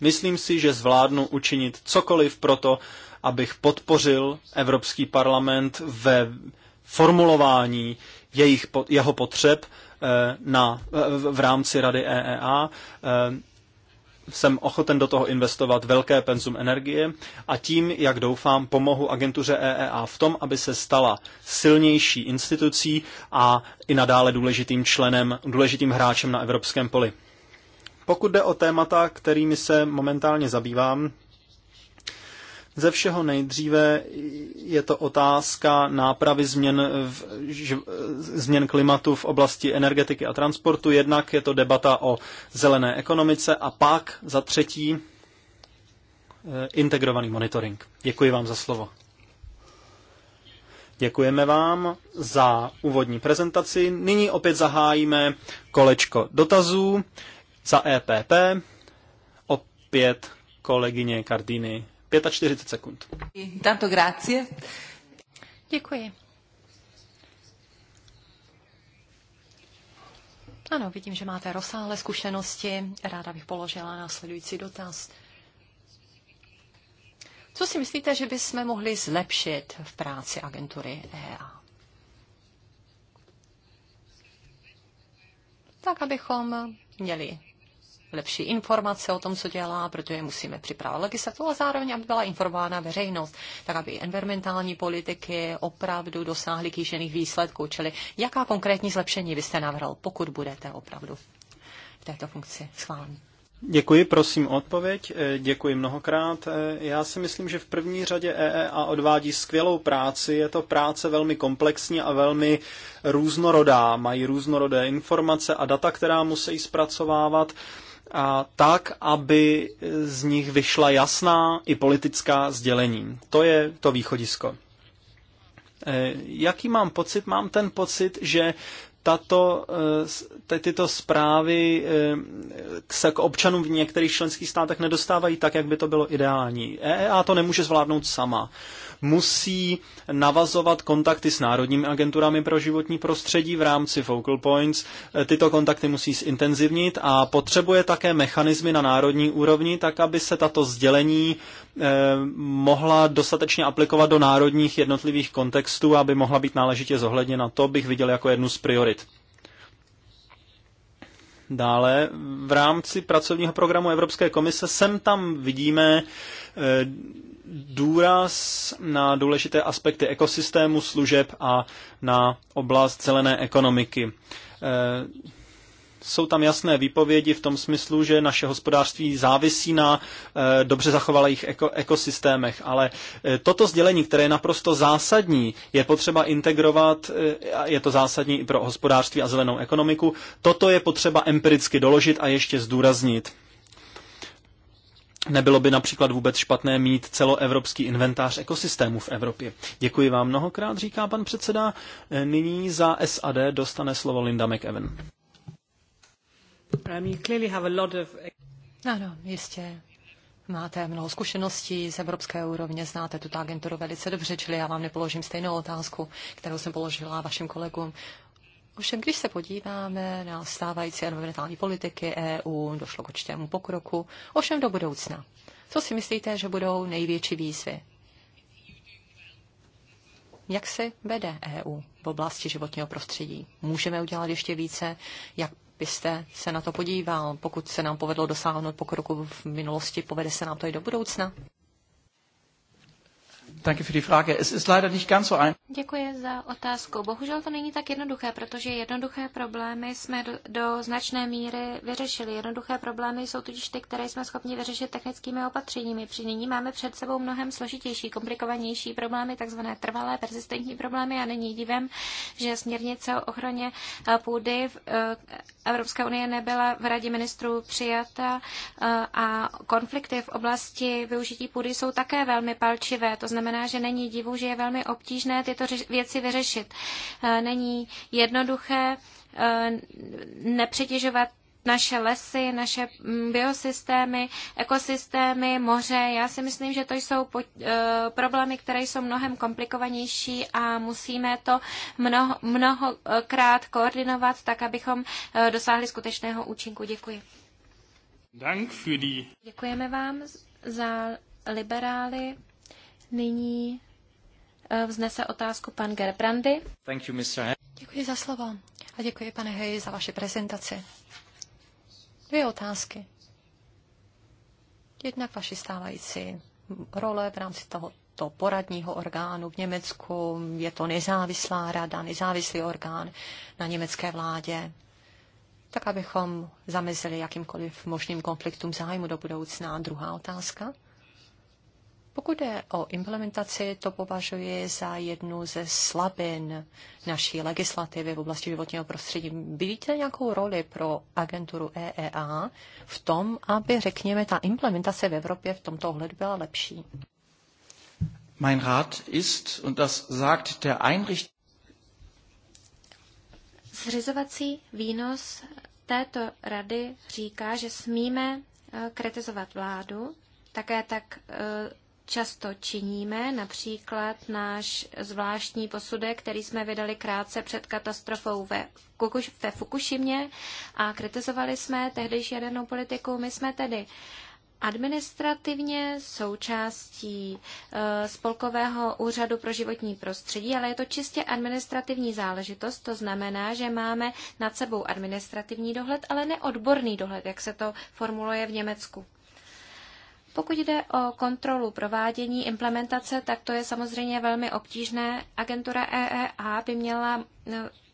Myslím si, že zvládnu učinit cokoliv proto, abych podpořil Evropský parlament ve formulování jejich, jeho potřeb eh, na, eh, v rámci Rady EEA. Eh, jsem ochoten do toho investovat velké penzum energie a tím, jak doufám, pomohu agentuře EEA v tom, aby se stala silnější institucí a i nadále důležitým členem, důležitým hráčem na evropském poli. Pokud jde o témata, kterými se momentálně zabývám, ze všeho nejdříve je to otázka nápravy změn, v, ž, změn klimatu v oblasti energetiky a transportu, jednak je to debata o zelené ekonomice a pak za třetí eh, integrovaný monitoring. Děkuji vám za slovo. Děkujeme vám za úvodní prezentaci. Nyní opět zahájíme kolečko dotazů za EPP. Opět kolegyně Kardiny 45 sekund. Tanto grazie. Děkuji. Ano, vidím, že máte rozsáhlé zkušenosti. Ráda bych položila následující dotaz. Co si myslíte, že bychom mohli zlepšit v práci agentury EA? Tak, abychom měli lepší informace o tom, co dělá, protože musíme připravit legislativu a zároveň, aby byla informována veřejnost, tak aby environmentální politiky opravdu dosáhly kýžených výsledků. Čili jaká konkrétní zlepšení byste navrhl, pokud budete opravdu v této funkci schválen? Děkuji, prosím o odpověď. Eh, děkuji mnohokrát. Eh, já si myslím, že v první řadě EEA odvádí skvělou práci. Je to práce velmi komplexní a velmi různorodá. Mají různorodé informace a data, která musí zpracovávat a tak, aby z nich vyšla jasná i politická sdělení. To je to východisko. E, jaký mám pocit? Mám ten pocit, že tato, e, tyto zprávy e, se k občanům v některých členských státech nedostávají tak, jak by to bylo ideální. EEA to nemůže zvládnout sama musí navazovat kontakty s národními agenturami pro životní prostředí v rámci Focal Points. E, tyto kontakty musí zintenzivnit a potřebuje také mechanismy na národní úrovni, tak aby se tato sdělení e, mohla dostatečně aplikovat do národních jednotlivých kontextů, aby mohla být náležitě zohledněna. To bych viděl jako jednu z priorit. Dále v rámci pracovního programu Evropské komise sem tam vidíme e, důraz na důležité aspekty ekosystému, služeb a na oblast zelené ekonomiky. E, jsou tam jasné výpovědi v tom smyslu, že naše hospodářství závisí na e, dobře zachovalých ekosystémech, ale e, toto sdělení, které je naprosto zásadní, je potřeba integrovat, je to zásadní i pro hospodářství a zelenou ekonomiku, toto je potřeba empiricky doložit a ještě zdůraznit. Nebylo by například vůbec špatné mít celoevropský inventář ekosystémů v Evropě. Děkuji vám mnohokrát, říká pan předseda. Eh, nyní za SAD dostane slovo Linda McEwen. Ano, jistě. Máte mnoho zkušeností z evropské úrovně, znáte tuto agenturu velice dobře, čili já vám nepoložím stejnou otázku, kterou jsem položila vašim kolegům. Ovšem, když se podíváme na stávající environmentální politiky EU, došlo k určitému pokroku, ovšem do budoucna. Co si myslíte, že budou největší výzvy? Jak se vede EU v oblasti životního prostředí? Můžeme udělat ještě více? Jak byste se na to podíval? Pokud se nám povedlo dosáhnout pokroku v minulosti, povede se nám to i do budoucna? Frage. leider nicht ganz so ein... Děkuji za otázku. Bohužel to není tak jednoduché, protože jednoduché problémy jsme do, do značné míry vyřešili. Jednoduché problémy jsou tudíž ty, které jsme schopni vyřešit technickými opatřeními. Při nyní máme před sebou mnohem složitější, komplikovanější problémy, takzvané trvalé, persistentní problémy a není divem, že směrnice o ochraně půdy v eh, Evropské unie nebyla v Radě ministrů přijata eh, a konflikty v oblasti využití půdy jsou také velmi palčivé. To znamená, znamená, že není divu, že je velmi obtížné tyto věci vyřešit. Eh, není jednoduché eh, nepřetěžovat naše lesy, naše mm, biosystémy, ekosystémy, moře. Já si myslím, že to jsou po, e, problémy, které jsou mnohem komplikovanější a musíme to mnoho, mnohokrát koordinovat, tak abychom e, dosáhli skutečného účinku. Děkuji. Dank für die... Děkujeme vám za liberály. Nyní eh, vznese otázku pan Gerbrandy. Thank you, Mr. Děkuji za slovo a děkuji, pane Hej, za vaši prezentaci. Dvě otázky. Jednak vaši stávající role v rámci tohoto poradního orgánu v Německu. Je to nezávislá rada, nezávislý orgán na německé vládě tak abychom zamezili jakýmkoliv možným konfliktům zájmu do budoucna. Druhá otázka. Pokud je o implementaci, to považuji za jednu ze slabin naší legislativy v oblasti životního prostředí. Vidíte nějakou roli pro agenturu EEA v tom, aby, řekněme, ta implementace v Evropě v tomto ohledu byla lepší? Mein Rat ist, und das sagt der Einricht... Zřizovací výnos této rady říká, že smíme eh, kritizovat vládu, také tak eh, často činíme, například náš zvláštní posudek, který jsme vydali krátce před katastrofou ve, Kukuš, ve Fukušimě a kritizovali jsme tehdejší jadernou politiku. My jsme tedy administrativně součástí eh, Spolkového úřadu pro životní prostředí, ale je to čistě administrativní záležitost. To znamená, že máme nad sebou administrativní dohled, ale neodborný dohled, jak se to formuluje v Německu. Pokud jde o kontrolu provádění implementace, tak to je samozřejmě velmi obtížné. Agentura EEA by měla no,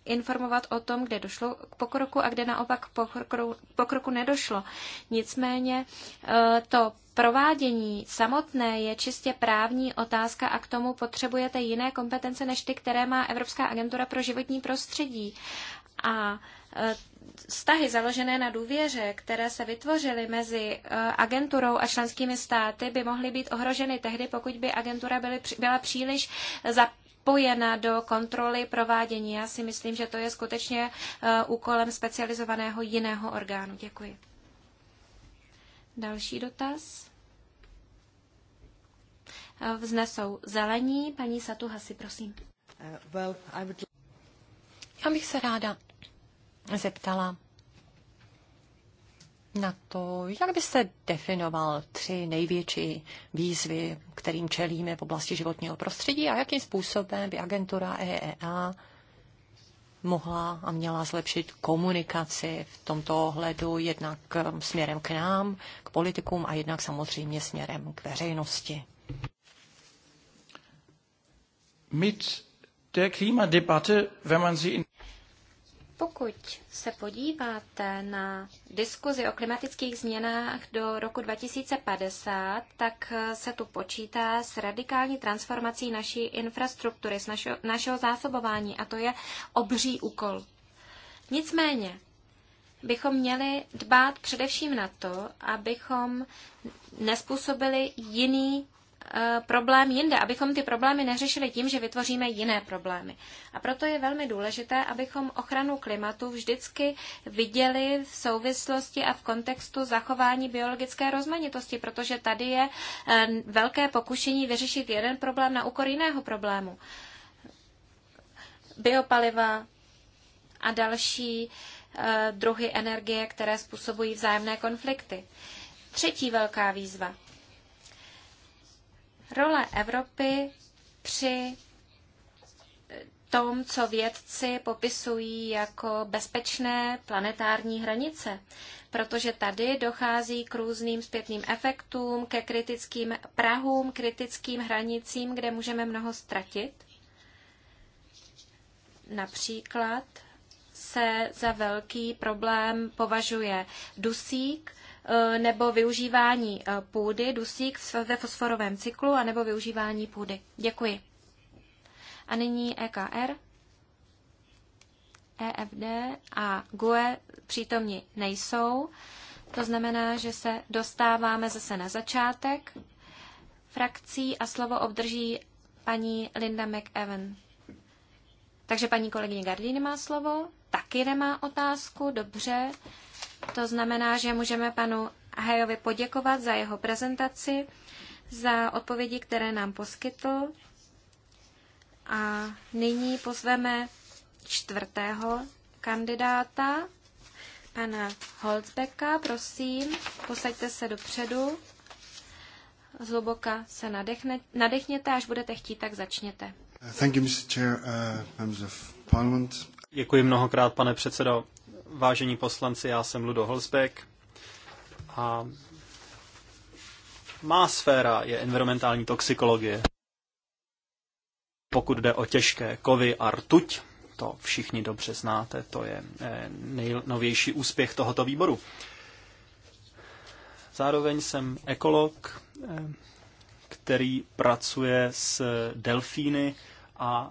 informovat o tom, kde došlo k pokroku a kde naopak pokroku, pokroku nedošlo. Nicméně e, to provádění samotné je čistě právní otázka a k tomu potřebujete jiné kompetence než ty, které má Evropská agentura pro životní prostředí. A Eh, vztahy založené na důvěře, které se vytvořily mezi eh, agenturou a členskými státy, by mohly být ohroženy tehdy, pokud by agentura byla příliš zapojena do kontroly provádění. Já si myslím, že to je skutečně eh, úkolem specializovaného jiného orgánu. Děkuji. Další dotaz. Vznesou zelení. Paní Satuhasi, prosím. Já bych se ráda zeptala na to, jak byste definoval tři největší výzvy, kterým čelíme v oblasti životního prostředí a jakým způsobem by agentura EEA mohla a měla zlepšit komunikaci v tomto ohledu jednak um, směrem k nám, k politikům a jednak samozřejmě směrem k veřejnosti. Mit der Klimadebatte, wenn man sie in pokud se podíváte na diskuzi o klimatických změnách do roku 2050, tak se tu počítá s radikální transformací naší infrastruktury, s našeho, našeho zásobování a to je obří úkol. Nicméně bychom měli dbát především na to, abychom nespůsobili jiný Eh, problém jinde, abychom ty problémy neřešili tím, že vytvoříme jiné problémy. A proto je velmi důležité, abychom ochranu klimatu vždycky viděli v souvislosti a v kontextu zachování biologické rozmanitosti, protože tady je eh, velké pokušení vyřešit jeden problém na úkor jiného problému. Biopaliva a další eh, druhy energie, které způsobují vzájemné konflikty. Třetí velká výzva Role Evropy při eh, tom, co vědci popisují jako bezpečné planetární hranice, protože tady dochází k různým zpětným efektům, ke kritickým prahům, kritickým hranicím, kde můžeme mnoho ztratit. Například se za velký problém považuje dusík, Eh, nebo využívání eh, půdy, dusík ve fosforovém cyklu, anebo využívání půdy. Děkuji. A nyní EKR, EFD a GUE přítomni nejsou. To znamená, že se dostáváme zase na začátek frakcí a slovo obdrží paní Linda McEwen. Takže paní kolegyně Gardini má slovo, taky nemá otázku, dobře. To znamená, že můžeme panu Hajovi poděkovat za jeho prezentaci, za odpovědi, které nám poskytl. A nyní pozveme čtvrtého kandidáta, pana Holzbecka. Prosím, posaďte se dopředu. Zloboka se nadechne, nadechněte, až budete chtít, tak začněte. Thank you, Mr. Chair, uh, members of Parliament. Děkuji mnohokrát, pane předsedo. Vážení poslanci, já jsem Ludo Holzbeck a má sféra je environmentální toxikologie. Pokud jde o těžké kovy a rtuť, to všichni dobře znáte, to je eh, nejnovější úspěch tohoto výboru. Zároveň jsem ekolog, eh, který pracuje s delfíny a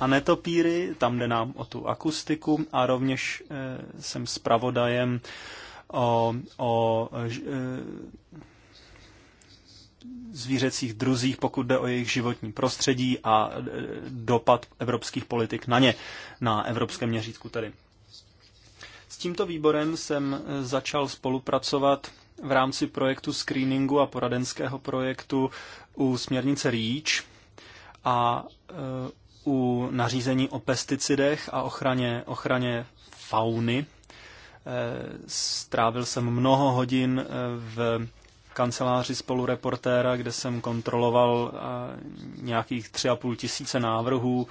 a netopíry, tam jde nám o tu akustiku a rovněž eh, jsem zpravodajem o, o eh, zvířecích druzích, pokud jde o jejich životní prostředí a eh, dopad evropských politik na ně, na evropském měřítku tedy. S tímto výborem jsem začal spolupracovat v rámci projektu screeningu a poradenského projektu u směrnice REACH a u nařízení o pesticidech a ochraně, ochraně fauny. E, strávil jsem mnoho hodin e, v kanceláři spolureportéra, kde jsem kontroloval e, nějakých tři a půl tisíce návrhů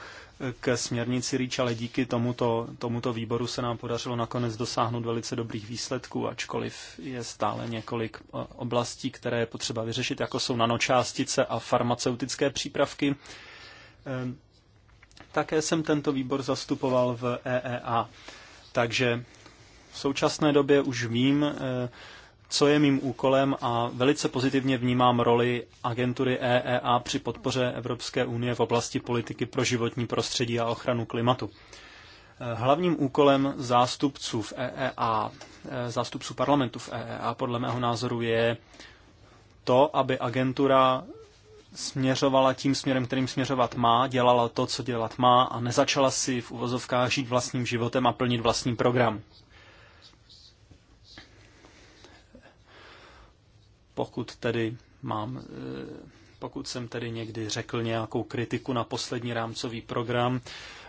k směrnici REACH, ale díky tomuto, tomuto výboru se nám podařilo nakonec dosáhnout velice dobrých výsledků, ačkoliv je stále několik oblastí, které je potřeba vyřešit, jako jsou nanočástice a farmaceutické přípravky. Také jsem tento výbor zastupoval v EEA. Takže v současné době už vím, eh, co je mým úkolem a velice pozitivně vnímám roli agentury EEA při podpoře Evropské unie v oblasti politiky pro životní prostředí a ochranu klimatu. Eh, hlavním úkolem zástupců v EEA, eh, zástupců parlamentu v EEA podle mého názoru je to, aby agentura směřovala tím směrem, kterým směřovat má, dělala to, co dělat má a nezačala si v uvozovkách žít vlastním životem a plnit vlastní program. Pokud tedy mám, eh, pokud jsem tedy někdy řekl nějakou kritiku na poslední rámcový program,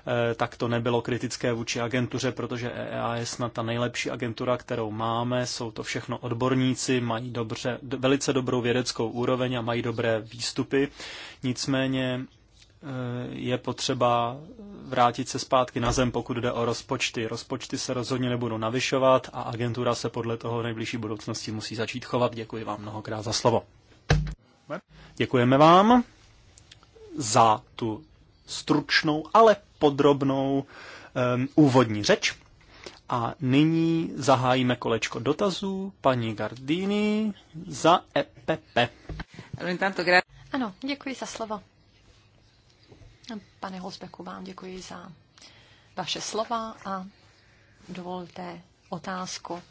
Eh, tak to nebylo kritické vůči agentuře, protože EEA je snad ta nejlepší agentura, kterou máme. Jsou to všechno odborníci, mají dobře, velice dobrou vědeckou úroveň a mají dobré výstupy. Nicméně eh, je potřeba vrátit se zpátky na zem, pokud jde o rozpočty. Rozpočty se rozhodně nebudou navyšovat a agentura se podle toho v nejbližší budoucnosti musí začít chovat. Děkuji vám mnohokrát za slovo. Děkujeme vám za tu stručnou, ale podrobnou um, úvodní řeč. A nyní zahájíme kolečko dotazů paní Gardini za EPP. Ano, děkuji za slovo. Pane Holzbeku, vám děkuji za vaše slova a dovolte otázku.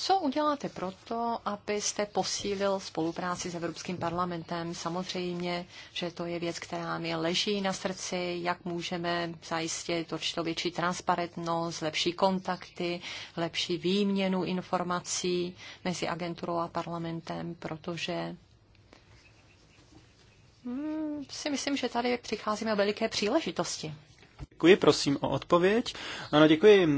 Co uděláte proto, abyste posílil spolupráci s Evropským parlamentem? Samozřejmě, že to je věc, která mi leží na srdci, jak můžeme zajistit určitou větší transparentnost, lepší kontakty, lepší výměnu informací mezi agenturou a parlamentem, protože hmm, si myslím, že tady přicházíme veliké příležitosti. Děkuji, prosím o odpověď. Ano, děkuji.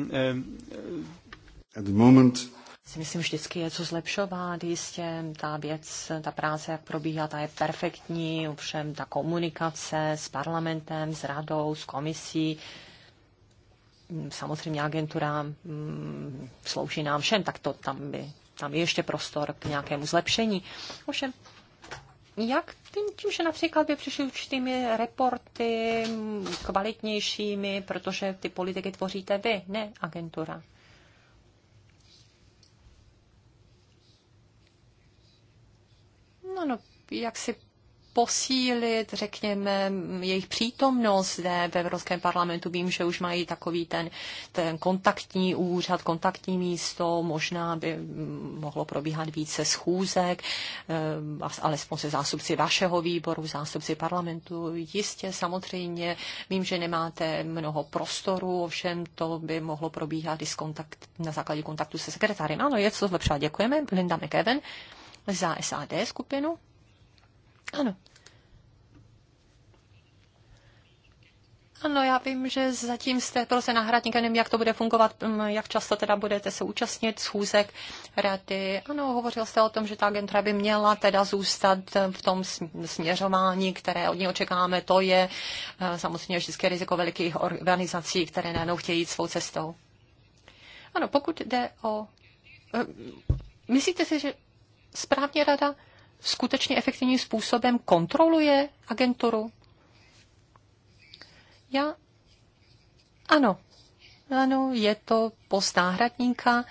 At the moment, si myslím, vždycky je co zlepšovat, jistě, ta věc, ta práce, jak probíhá, ta je perfektní, ovšem ta komunikace s parlamentem, s radou, s komisí, samozřejmě agentura mm, slouží nám všem, tak to tam by, tam je ještě prostor k nějakému zlepšení. Ovšem, jak tím, tím, že například by přišly určitými reporty mm, kvalitnějšími, protože ty politiky tvoříte vy, ne agentura. no, no, jak si posílit, řekněme, jejich přítomnost zde v Evropském parlamentu. Vím, že už mají takový ten, ten kontaktní úřad, kontaktní místo, možná by mm, mohlo probíhat více schůzek, eh, alespoň se zástupci vašeho výboru, zástupci parlamentu. Jistě, samozřejmě, vím, že nemáte mnoho prostoru, ovšem to by mohlo probíhat i z kontakt, na základě kontaktu se sekretářem. Ano, je co zlepšovat. Děkujeme. Linda McEwen za SAD skupinu? Ano. Ano, já vím, že zatím jste se náhradníkem, nevím, jak to bude fungovat, mm, jak často teda budete se účastnit schůzek rady. Ano, hovořil jste o tom, že ta agentura by měla teda zůstat v tom směřování, které od ní očekáme. To je eh, samozřejmě vždycky riziko velikých organizací, které najednou chtějí jít svou cestou. Ano, pokud jde o... Eh, myslíte si, že správně rada skutečně efektivním způsobem kontroluje agenturu? Já? Ano. Ano, je to post náhradníka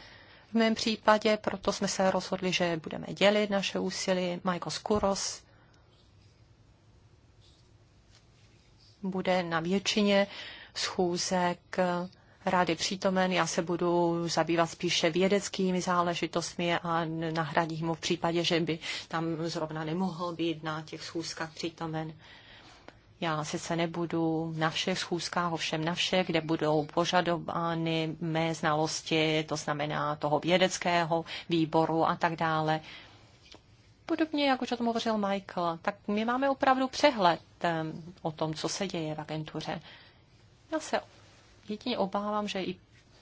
v mém případě, proto jsme se rozhodli, že budeme dělit naše úsilí. Michael Skuros bude na většině schůzek rády přítomen, já se budu zabývat spíše vědeckými záležitostmi a nahradím mu v případě, že by tam zrovna nemohl být na těch schůzkách přítomen. Já sice nebudu na všech schůzkách, ovšem na všech, kde budou požadovány mé znalosti, to znamená toho vědeckého výboru a tak dále. Podobně, jak už o tom hovořil Michael, tak my máme opravdu přehled ehm, o tom, co se děje v agentuře. Já se jedině obávám, že i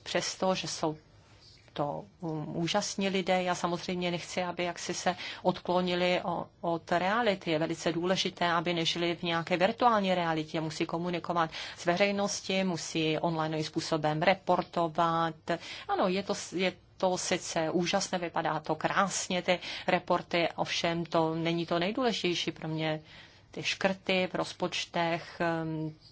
přesto, že jsou to um, úžasní lidé. Já samozřejmě nechci, aby jaksi se odklonili od reality. Je velice důležité, aby nežili v nějaké virtuální realitě. Musí komunikovat s veřejností, musí online způsobem reportovat. Ano, je to, je to sice úžasné, vypadá to krásně, ty reporty, ovšem to není to nejdůležitější pro mě ty škrty v rozpočtech,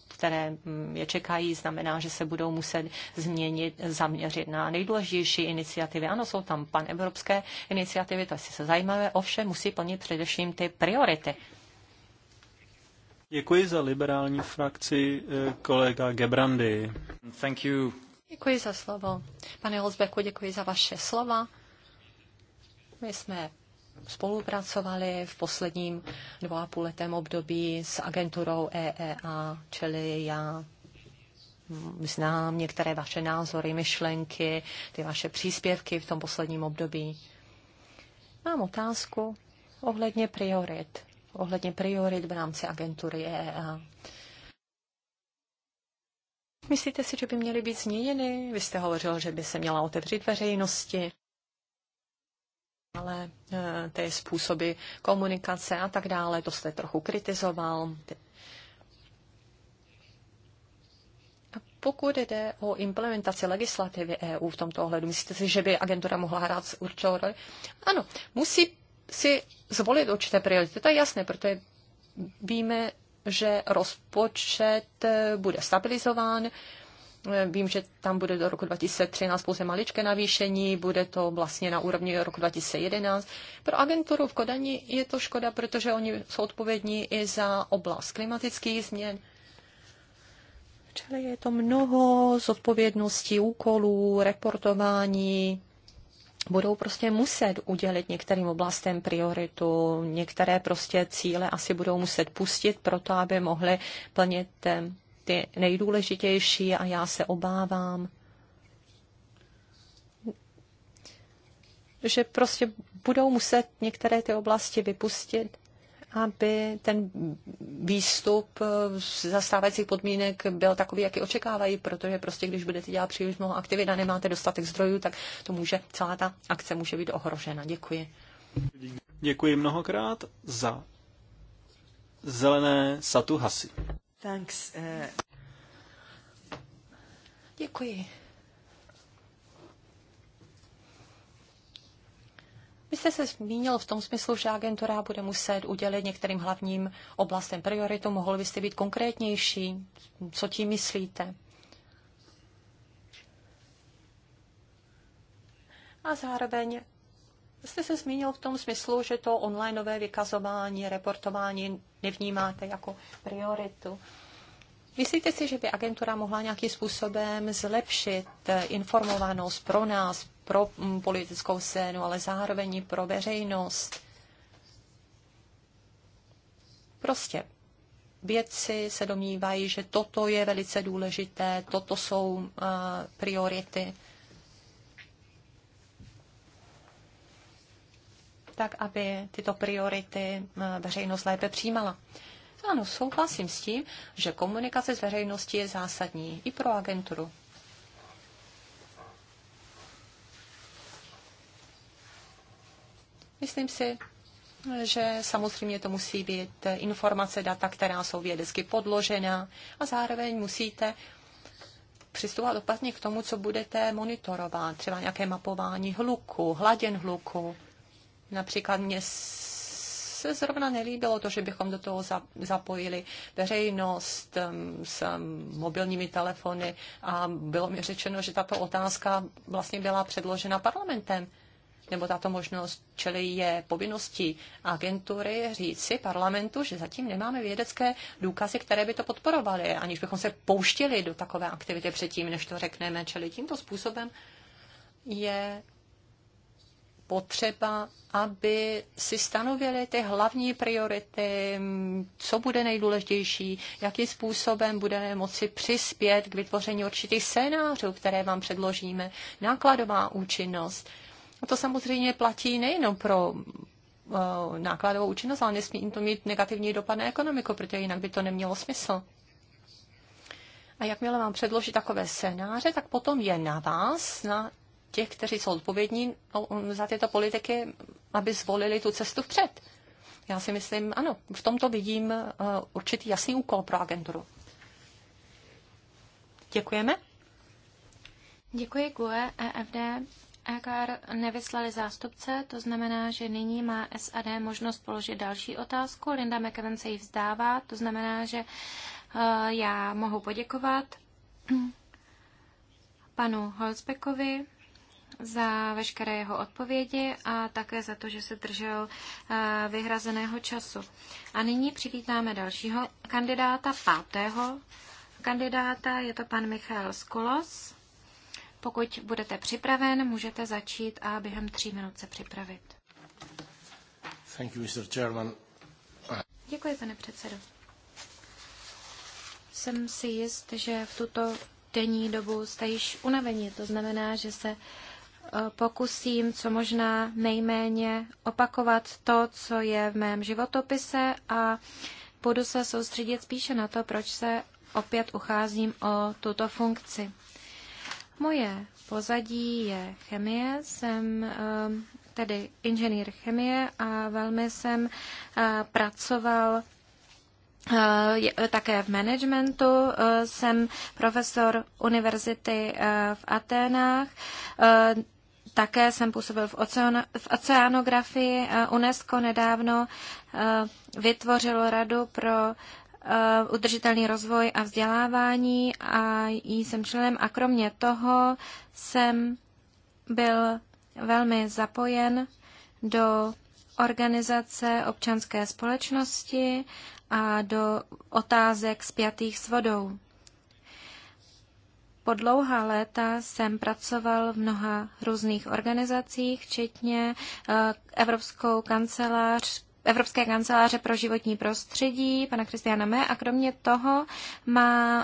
které je čekají, znamená, že se budou muset změnit, zaměřit na nejdůležitější iniciativy. Ano, jsou tam panevropské iniciativy, to je se zajímavé, ovšem musí plnit především ty priority. Děkuji za liberální frakci eh, kolega Gebrandy. Thank you. Děkuji za slovo. Pane Holzbeku, děkuji za vaše slova. My jsme spolupracovali v posledním dva a půl letém období s agenturou EEA, čili já znám některé vaše názory, myšlenky, ty vaše příspěvky v tom posledním období. Mám otázku ohledně priorit. Ohledně priorit v rámci agentury EEA. Myslíte si, že by měly být změněny? Vy jste hovořil, že by se měla otevřít veřejnosti ale eh, ty způsoby komunikace a tak dále, to jste trochu kritizoval. A pokud jde o implementaci legislativy EU v tomto ohledu, myslíte si, že by agentura mohla hrát určitou roli? Ano, musí si zvolit určité priority, to je jasné, protože víme, že rozpočet eh, bude stabilizován, Vím, že tam bude do roku 2013 pouze maličké navýšení, bude to vlastně na úrovni roku 2011. Pro agenturu v Kodani je to škoda, protože oni jsou odpovědní i za oblast klimatických změn. Čili je to mnoho zodpovědností, úkolů, reportování, budou prostě muset udělit některým oblastem prioritu, některé prostě cíle asi budou muset pustit proto, aby mohly plnit ty nejdůležitější a já se obávám, že prostě budou muset některé ty oblasti vypustit, aby ten výstup z zastávajících podmínek byl takový, jaký očekávají, protože prostě když budete dělat příliš mnoho aktivit a nemáte dostatek zdrojů, tak to může, celá ta akce může být ohrožena. Děkuji. Děkuji mnohokrát za zelené satuhasy. Thanks. Uh... Děkuji. Vy jste se zmínil v tom smyslu, že agentura bude muset udělit některým hlavním oblastem prioritu. Mohl byste být konkrétnější? Co tím myslíte? A zároveň jste se zmínil v tom smyslu, že to onlineové vykazování, reportování nevnímáte jako prioritu. Myslíte si, že by agentura mohla nějakým způsobem zlepšit eh, informovanost pro nás, pro mm, politickou scénu, ale zároveň i pro veřejnost? Prostě vědci se domnívají, že toto je velice důležité, toto jsou uh, priority. tak aby tyto priority eh, veřejnost lépe přijímala. Ano, souhlasím s tím, že komunikace s veřejností je zásadní i pro agenturu. Myslím si, že samozřejmě to musí být informace, data, která jsou vědecky podložená a zároveň musíte přistupovat opatrně k tomu, co budete monitorovat, třeba nějaké mapování hluku, hladin hluku, Například mě se zrovna nelíbilo to, že bychom do toho zapojili veřejnost s mobilními telefony a bylo mi řečeno, že tato otázka vlastně byla předložena parlamentem nebo tato možnost, čili je povinností agentury říci parlamentu, že zatím nemáme vědecké důkazy, které by to podporovaly, aniž bychom se pouštili do takové aktivity předtím, než to řekneme. Čili tímto způsobem je potřeba, aby si stanovili ty hlavní priority, co bude nejdůležitější, jakým způsobem budeme moci přispět k vytvoření určitých scénářů, které vám předložíme, nákladová účinnost. A to samozřejmě platí nejenom pro uh, nákladovou účinnost, ale nesmí to mít negativní dopad na ekonomiku, protože jinak by to nemělo smysl. A jakmile vám předloží takové scénáře, tak potom je na vás, na těch, kteří jsou odpovědní no, mm, za tyto politiky, aby zvolili tu cestu vpřed. Já si myslím, ano, v tomto vidím eh, určitý jasný úkol pro agenturu. Děkujeme. Děkuji GUE, EFD, EKR nevyslali zástupce, to znamená, že nyní má SAD možnost položit další otázku. Linda McEwen se ji vzdává, to znamená, že eh, já mohu poděkovat panu Holzbeckovi za veškeré jeho odpovědi a také za to, že se držel eh, vyhrazeného času. A nyní přivítáme dalšího kandidáta, pátého kandidáta, je to pan Michal Skolos. Pokud budete připraven, můžete začít a během tří minut se připravit. Thank you, Mr. Chairman. Děkuji, pane předsedo. Jsem si jist, že v tuto denní dobu jste již unaveni. To znamená, že se Eh, pokusím co možná nejméně opakovat to, co je v mém životopise a budu se soustředit spíše na to, proč se opět ucházím o tuto funkci. Moje pozadí je chemie, jsem eh, tedy inženýr chemie a velmi jsem eh, pracoval také v managementu. Jsem profesor univerzity v Aténách. Také jsem působil v, oceánografii. v oceanografii. Eh, UNESCO nedávno eh, vytvořilo radu pro eh, udržitelný rozvoj a vzdělávání a jí jsem členem a kromě toho jsem byl velmi zapojen do organizace občanské společnosti a do otázek spjatých s vodou. Po dlouhá léta jsem pracoval v mnoha různých organizacích, včetně eh, Evropskou kancelář Evropské kanceláře pro životní prostředí, pana Kristiana Mé. A kromě toho mám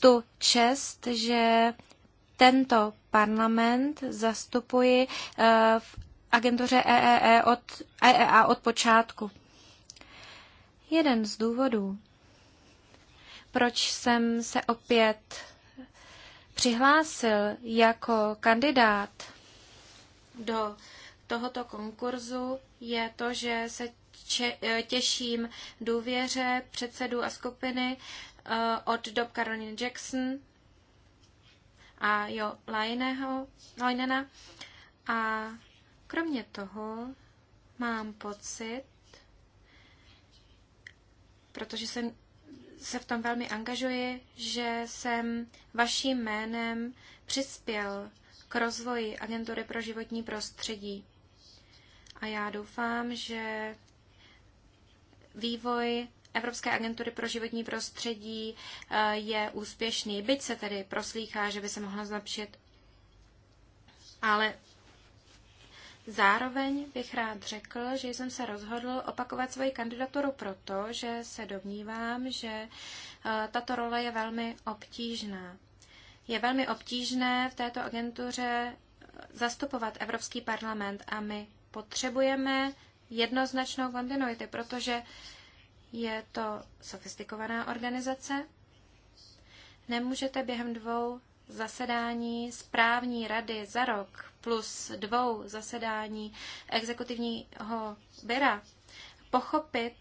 tu čest, že tento parlament zastupuji eh, v agentuře EEE e e od, EEA od počátku. Jeden z důvodů, proč jsem se opět přihlásil jako kandidát do tohoto konkurzu, je to, že se eh, těším důvěře předsedu a skupiny eh, od dob Caroline Jackson a Jo Laineho, Lainena. A kromě toho mám pocit, protože jsem se v tom velmi angažuji, že jsem vaším jménem přispěl k rozvoji Agentury pro životní prostředí. A já doufám, že vývoj Evropské agentury pro životní prostředí eh, je úspěšný, byť se tedy proslýchá, že by se mohla zlepšit. Ale Zároveň bych rád řekl, že jsem se rozhodl opakovat svoji kandidaturu proto, že se domnívám, že e, tato role je velmi obtížná. Je velmi obtížné v této agentuře e, zastupovat Evropský parlament a my potřebujeme jednoznačnou kontinuity, protože je to sofistikovaná organizace. Nemůžete během dvou zasedání správní rady za rok plus dvou zasedání exekutivního byra pochopit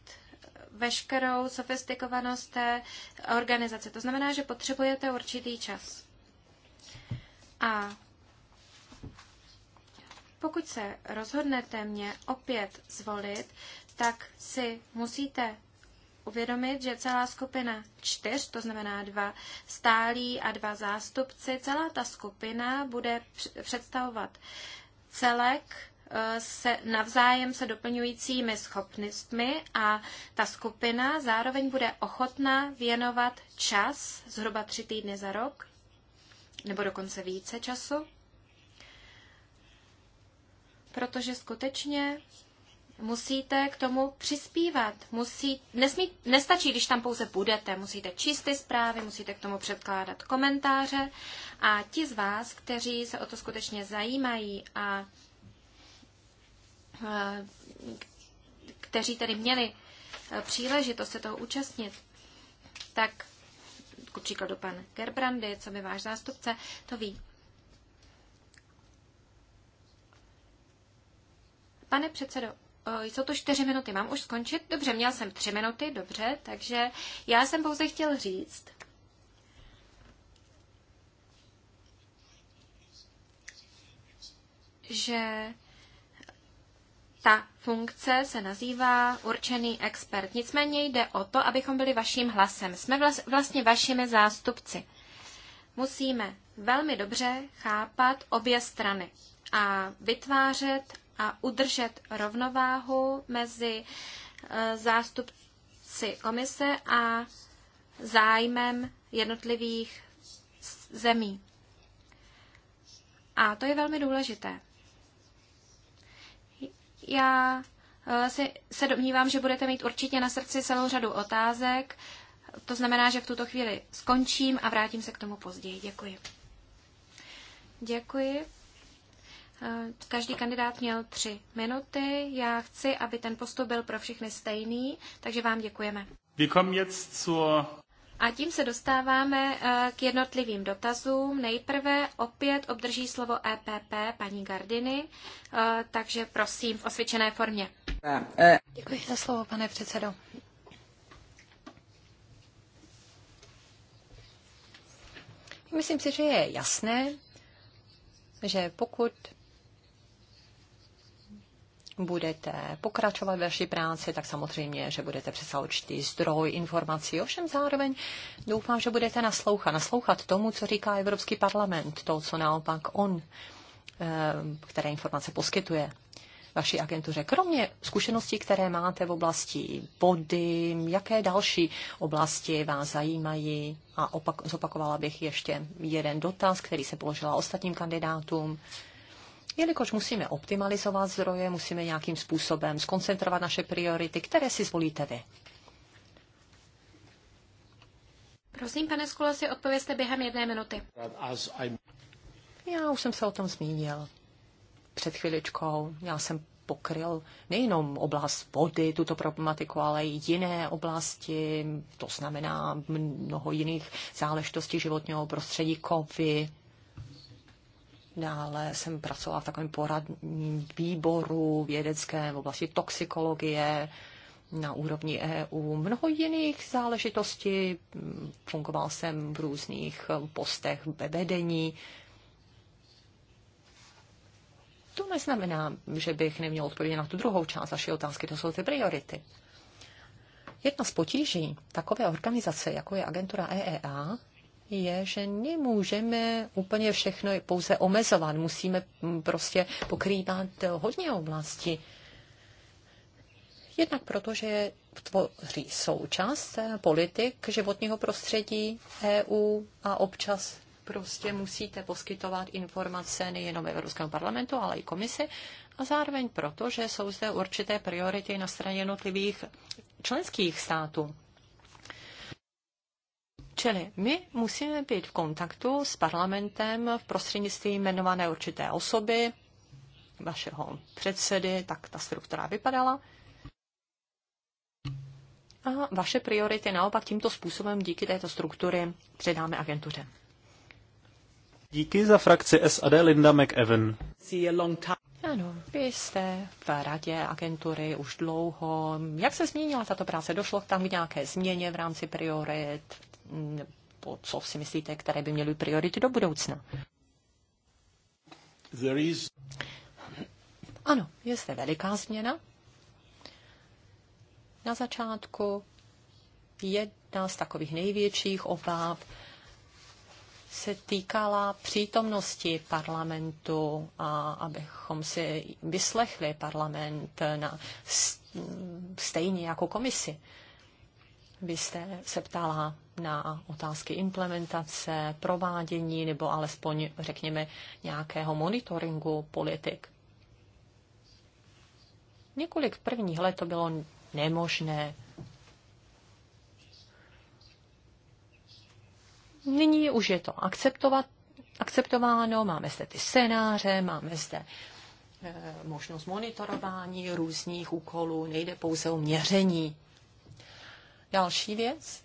veškerou sofistikovanost té organizace. To znamená, že potřebujete určitý čas. A pokud se rozhodnete mě opět zvolit, tak si musíte uvědomit, že celá skupina čtyř, to znamená dva stálí a dva zástupci, celá ta skupina bude představovat celek eh, se navzájem se doplňujícími schopnostmi a ta skupina zároveň bude ochotná věnovat čas, zhruba tři týdny za rok, nebo dokonce více času, protože skutečně musíte k tomu přispívat. Musí, nesmí, nestačí, když tam pouze budete. Musíte číst ty zprávy, musíte k tomu předkládat komentáře a ti z vás, kteří se o to skutečně zajímají a eh, kteří tedy měli eh, příležitost se toho účastnit, tak ku příkladu pan Gerbrandy, co by váš zástupce, to ví. Pane předsedo, Eh, jsou to čtyři minuty. Mám už skončit? Dobře, měl jsem tři minuty, dobře, takže já jsem pouze chtěl říct, že ta funkce se nazývá určený expert. Nicméně jde o to, abychom byli vaším hlasem. Jsme vlastně vašimi zástupci. Musíme velmi dobře chápat obě strany a vytvářet a udržet rovnováhu mezi e, zástupci komise a zájmem jednotlivých zemí. A to je velmi důležité. Já e, si, se domnívám, že budete mít určitě na srdci celou řadu otázek. To znamená, že v tuto chvíli skončím a vrátím se k tomu později. Děkuji. Děkuji. Eh, každý kandidát měl tři minuty. Já chci, aby ten postup byl pro všechny stejný, takže vám děkujeme. A tím se dostáváme eh, k jednotlivým dotazům. Nejprve opět obdrží slovo EPP paní Gardiny, eh, takže prosím v osvědčené formě. Děkuji za slovo, pane předsedo. Myslím si, že je jasné, že pokud budete pokračovat ve vaší práci, tak samozřejmě, že budete přesal určitý zdroj informací. Ovšem zároveň doufám, že budete naslouchat. Naslouchat tomu, co říká Evropský parlament, to, co naopak on, eh, které informace poskytuje vaší agentuře. Kromě zkušeností, které máte v oblasti body, jaké další oblasti vás zajímají? A opak, zopakovala bych ještě jeden dotaz, který se položila ostatním kandidátům. Uh, Jelikož musíme optimalizovat zdroje, musíme nějakým způsobem skoncentrovat naše priority, které si zvolíte vy. Prosím, pane Skule, si odpověste během jedné minuty. Já už jsem se o tom zmínil před chviličkou. Já jsem pokryl nejenom oblast vody, tuto problematiku, ale i jiné oblasti, to znamená mnoho jiných záležitostí životního prostředí, kovy, Dále jsem pracovala v takovém poradním výboru vědeckém v oblasti toxikologie na úrovni EU. Mnoho jiných záležitostí. Fungoval jsem v různých postech ve vedení. To neznamená, že bych neměl odpovědět na tu druhou část vaší otázky. To jsou ty priority. Jedna z potíží takové organizace, jako je agentura EEA, je, že nemůžeme úplně všechno pouze omezovat. Musíme prostě pokrývat hodně oblasti. Jednak proto, že tvoří součást politik životního prostředí EU a občas prostě musíte poskytovat informace nejenom Evropskému parlamentu, ale i komisi a zároveň proto, že jsou zde určité priority na straně jednotlivých členských států. Čili my musíme být v kontaktu s parlamentem v prostřednictvím jmenované určité osoby, vašeho předsedy, tak ta struktura vypadala. A vaše priority naopak tímto způsobem díky této struktury předáme agentuře. Díky za frakci SAD Linda McEwen. Ano, vy jste v radě agentury už dlouho. Jak se změnila tato práce? Došlo tam k nějaké změně v rámci priorit? nebo co si myslíte, které by měly priority do budoucna? There is... Ano, je zde veliká změna. Na začátku jedna z takových největších obáv se týkala přítomnosti parlamentu a abychom si vyslechli parlament na stejně jako komisi. Vy jste se ptala na otázky implementace, provádění nebo alespoň, řekněme, nějakého monitoringu politik. Několik prvních let to bylo nemožné. Nyní už je to akceptovat, akceptováno, máme zde ty scénáře, máme zde e, možnost monitorování různých úkolů, nejde pouze o měření Další věc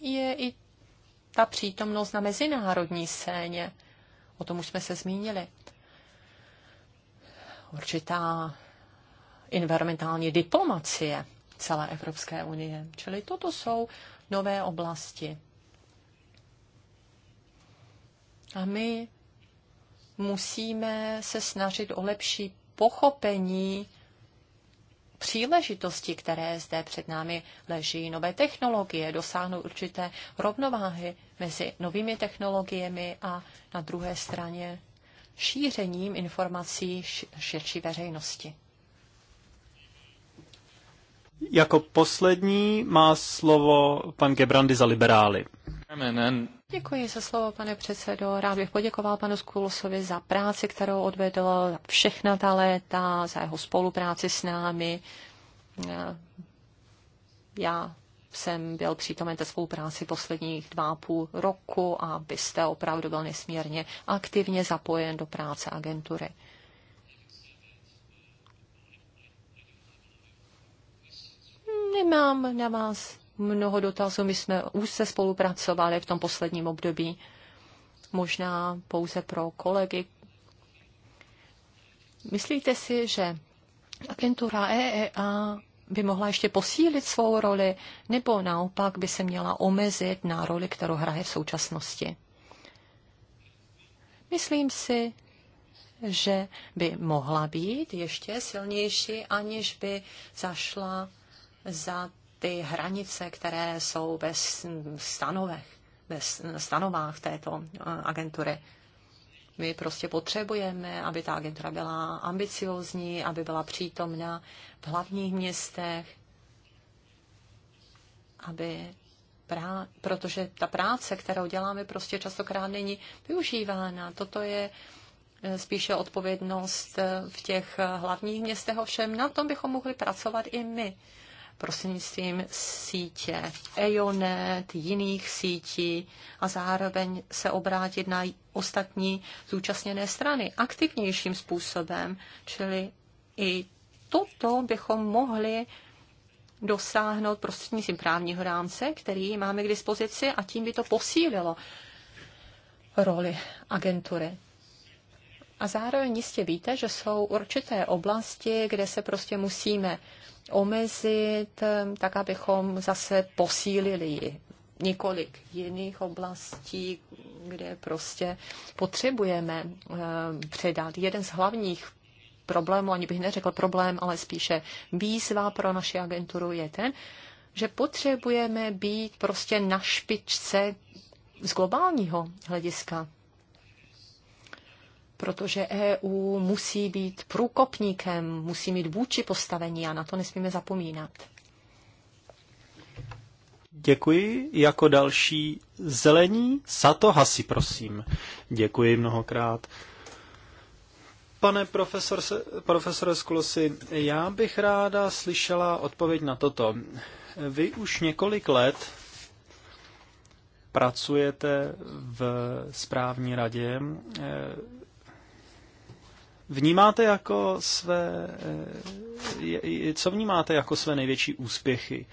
je i ta přítomnost na mezinárodní scéně. O tom už jsme se zmínili. Určitá environmentální diplomacie celé Evropské unie. Čili toto jsou nové oblasti. A my musíme se snažit o lepší pochopení příležitosti, které zde před námi leží, nové technologie, dosáhnout určité rovnováhy mezi novými technologiemi a na druhé straně šířením informací širší veřejnosti. Jako poslední má slovo pan Gebrandy za liberály. Děkuji za slovo, pane předsedo. Rád bych poděkoval panu Skulosovi za práci, kterou odvedl všechna ta léta, za jeho spolupráci s námi. Já jsem byl přítomen té spolupráci posledních dva a půl roku a byste opravdu byl nesmírně aktivně zapojen do práce agentury. Nemám na vás mnoho dotazů. My jsme úzce spolupracovali v tom posledním období. Možná pouze pro kolegy. Myslíte si, že agentura EEA by mohla ještě posílit svou roli, nebo naopak by se měla omezit na roli, kterou hraje v současnosti? Myslím si, že by mohla být ještě silnější, aniž by zašla za ty hranice, které jsou ve stanovech, ve stanovách této eh, agentury. My prostě potřebujeme, aby ta agentura byla ambiciozní, aby byla přítomna v hlavních městech, aby prá- protože ta práce, kterou děláme, prostě častokrát není využívána. Toto je eh, spíše odpovědnost eh, v těch hlavních městech, ovšem na tom bychom mohli pracovat i my prostřednictvím sítě EONET, jiných sítí a zároveň se obrátit na ostatní zúčastněné strany aktivnějším způsobem, čili i toto bychom mohli dosáhnout prostřednictvím právního rámce, který máme k dispozici a tím by to posílilo roli agentury. A zároveň jistě víte, že jsou určité oblasti, kde se prostě musíme omezit, eh, tak abychom zase posílili ji. Několik jiných oblastí, kde prostě potřebujeme eh, předat jeden z hlavních problémů, ani bych neřekl problém, ale spíše výzva pro naši agenturu je ten, že potřebujeme být prostě na špičce z globálního hlediska protože EU musí být průkopníkem, musí mít vůči postavení a na to nesmíme zapomínat. Děkuji. Jako další zelení Sato Hasi, prosím. Děkuji mnohokrát. Pane profesor, profesore Skulosi, já bych ráda slyšela odpověď na toto. Vy už několik let pracujete v správní radě eh, vnímáte jako své, eh, co vnímáte jako své největší úspěchy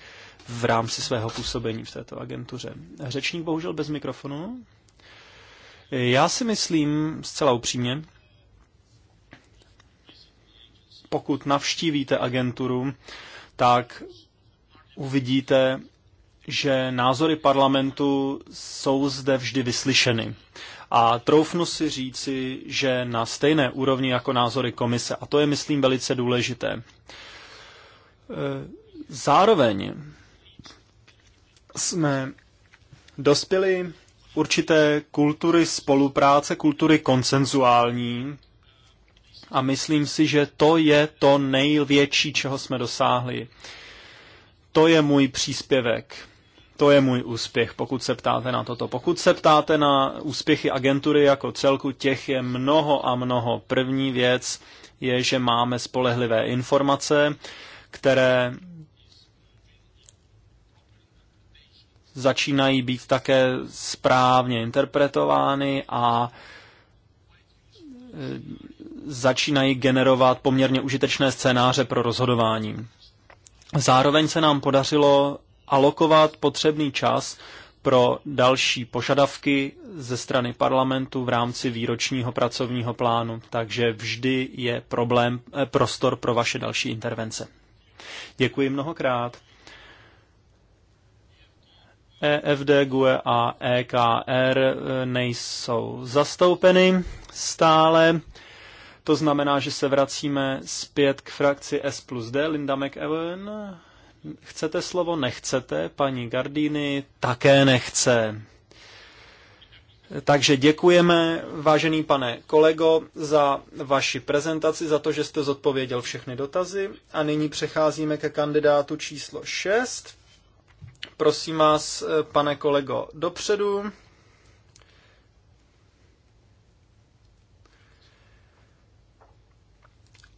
v rámci svého působení v této agentuře? Řečník bohužel bez mikrofonu. Já si myslím zcela upřímně, pokud navštívíte agenturu, tak uvidíte, že názory parlamentu jsou zde vždy vyslyšeny a troufnu si říci, že na stejné úrovni jako názory komise. A to je, myslím, velice důležité. E, zároveň jsme dospěli určité kultury spolupráce, kultury konsenzuální a myslím si, že to je to největší, čeho jsme dosáhli. To je můj příspěvek to je můj úspěch, pokud se ptáte na toto. Pokud se ptáte na úspěchy agentury jako celku, těch je mnoho a mnoho. První věc je, že máme spolehlivé informace, které začínají být také správně interpretovány a e, začínají generovat poměrně užitečné scénáře pro rozhodování. Zároveň se nám podařilo alokovat potřebný čas pro další požadavky ze strany parlamentu v rámci výročního pracovního plánu, takže vždy je problém, eh, prostor pro vaše další intervence. Děkuji mnohokrát. EFD, GUE a EKR eh, nejsou zastoupeny stále. To znamená, že se vracíme zpět k frakci S plus D. Linda McEwen Chcete slovo? Nechcete. Paní Gardíny také nechce. Takže děkujeme, vážený pane kolego, za vaši prezentaci, za to, že jste zodpověděl všechny dotazy. A nyní přecházíme ke kandidátu číslo 6. Prosím vás, pane kolego, dopředu.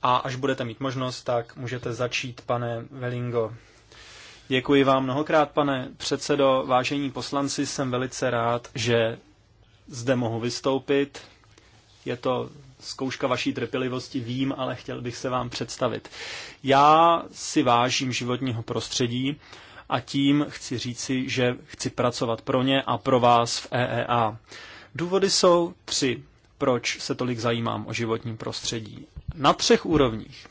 A až budete mít možnost, tak můžete začít, pane Velingo. Děkuji vám mnohokrát, pane předsedo. Vážení poslanci, jsem velice rád, že zde mohu vystoupit. Je to zkouška vaší trpělivosti, vím, ale chtěl bych se vám představit. Já si vážím životního prostředí a tím chci říci, že chci pracovat pro ně a pro vás v EEA. Důvody jsou tři, proč se tolik zajímám o životní prostředí. Na třech úrovních.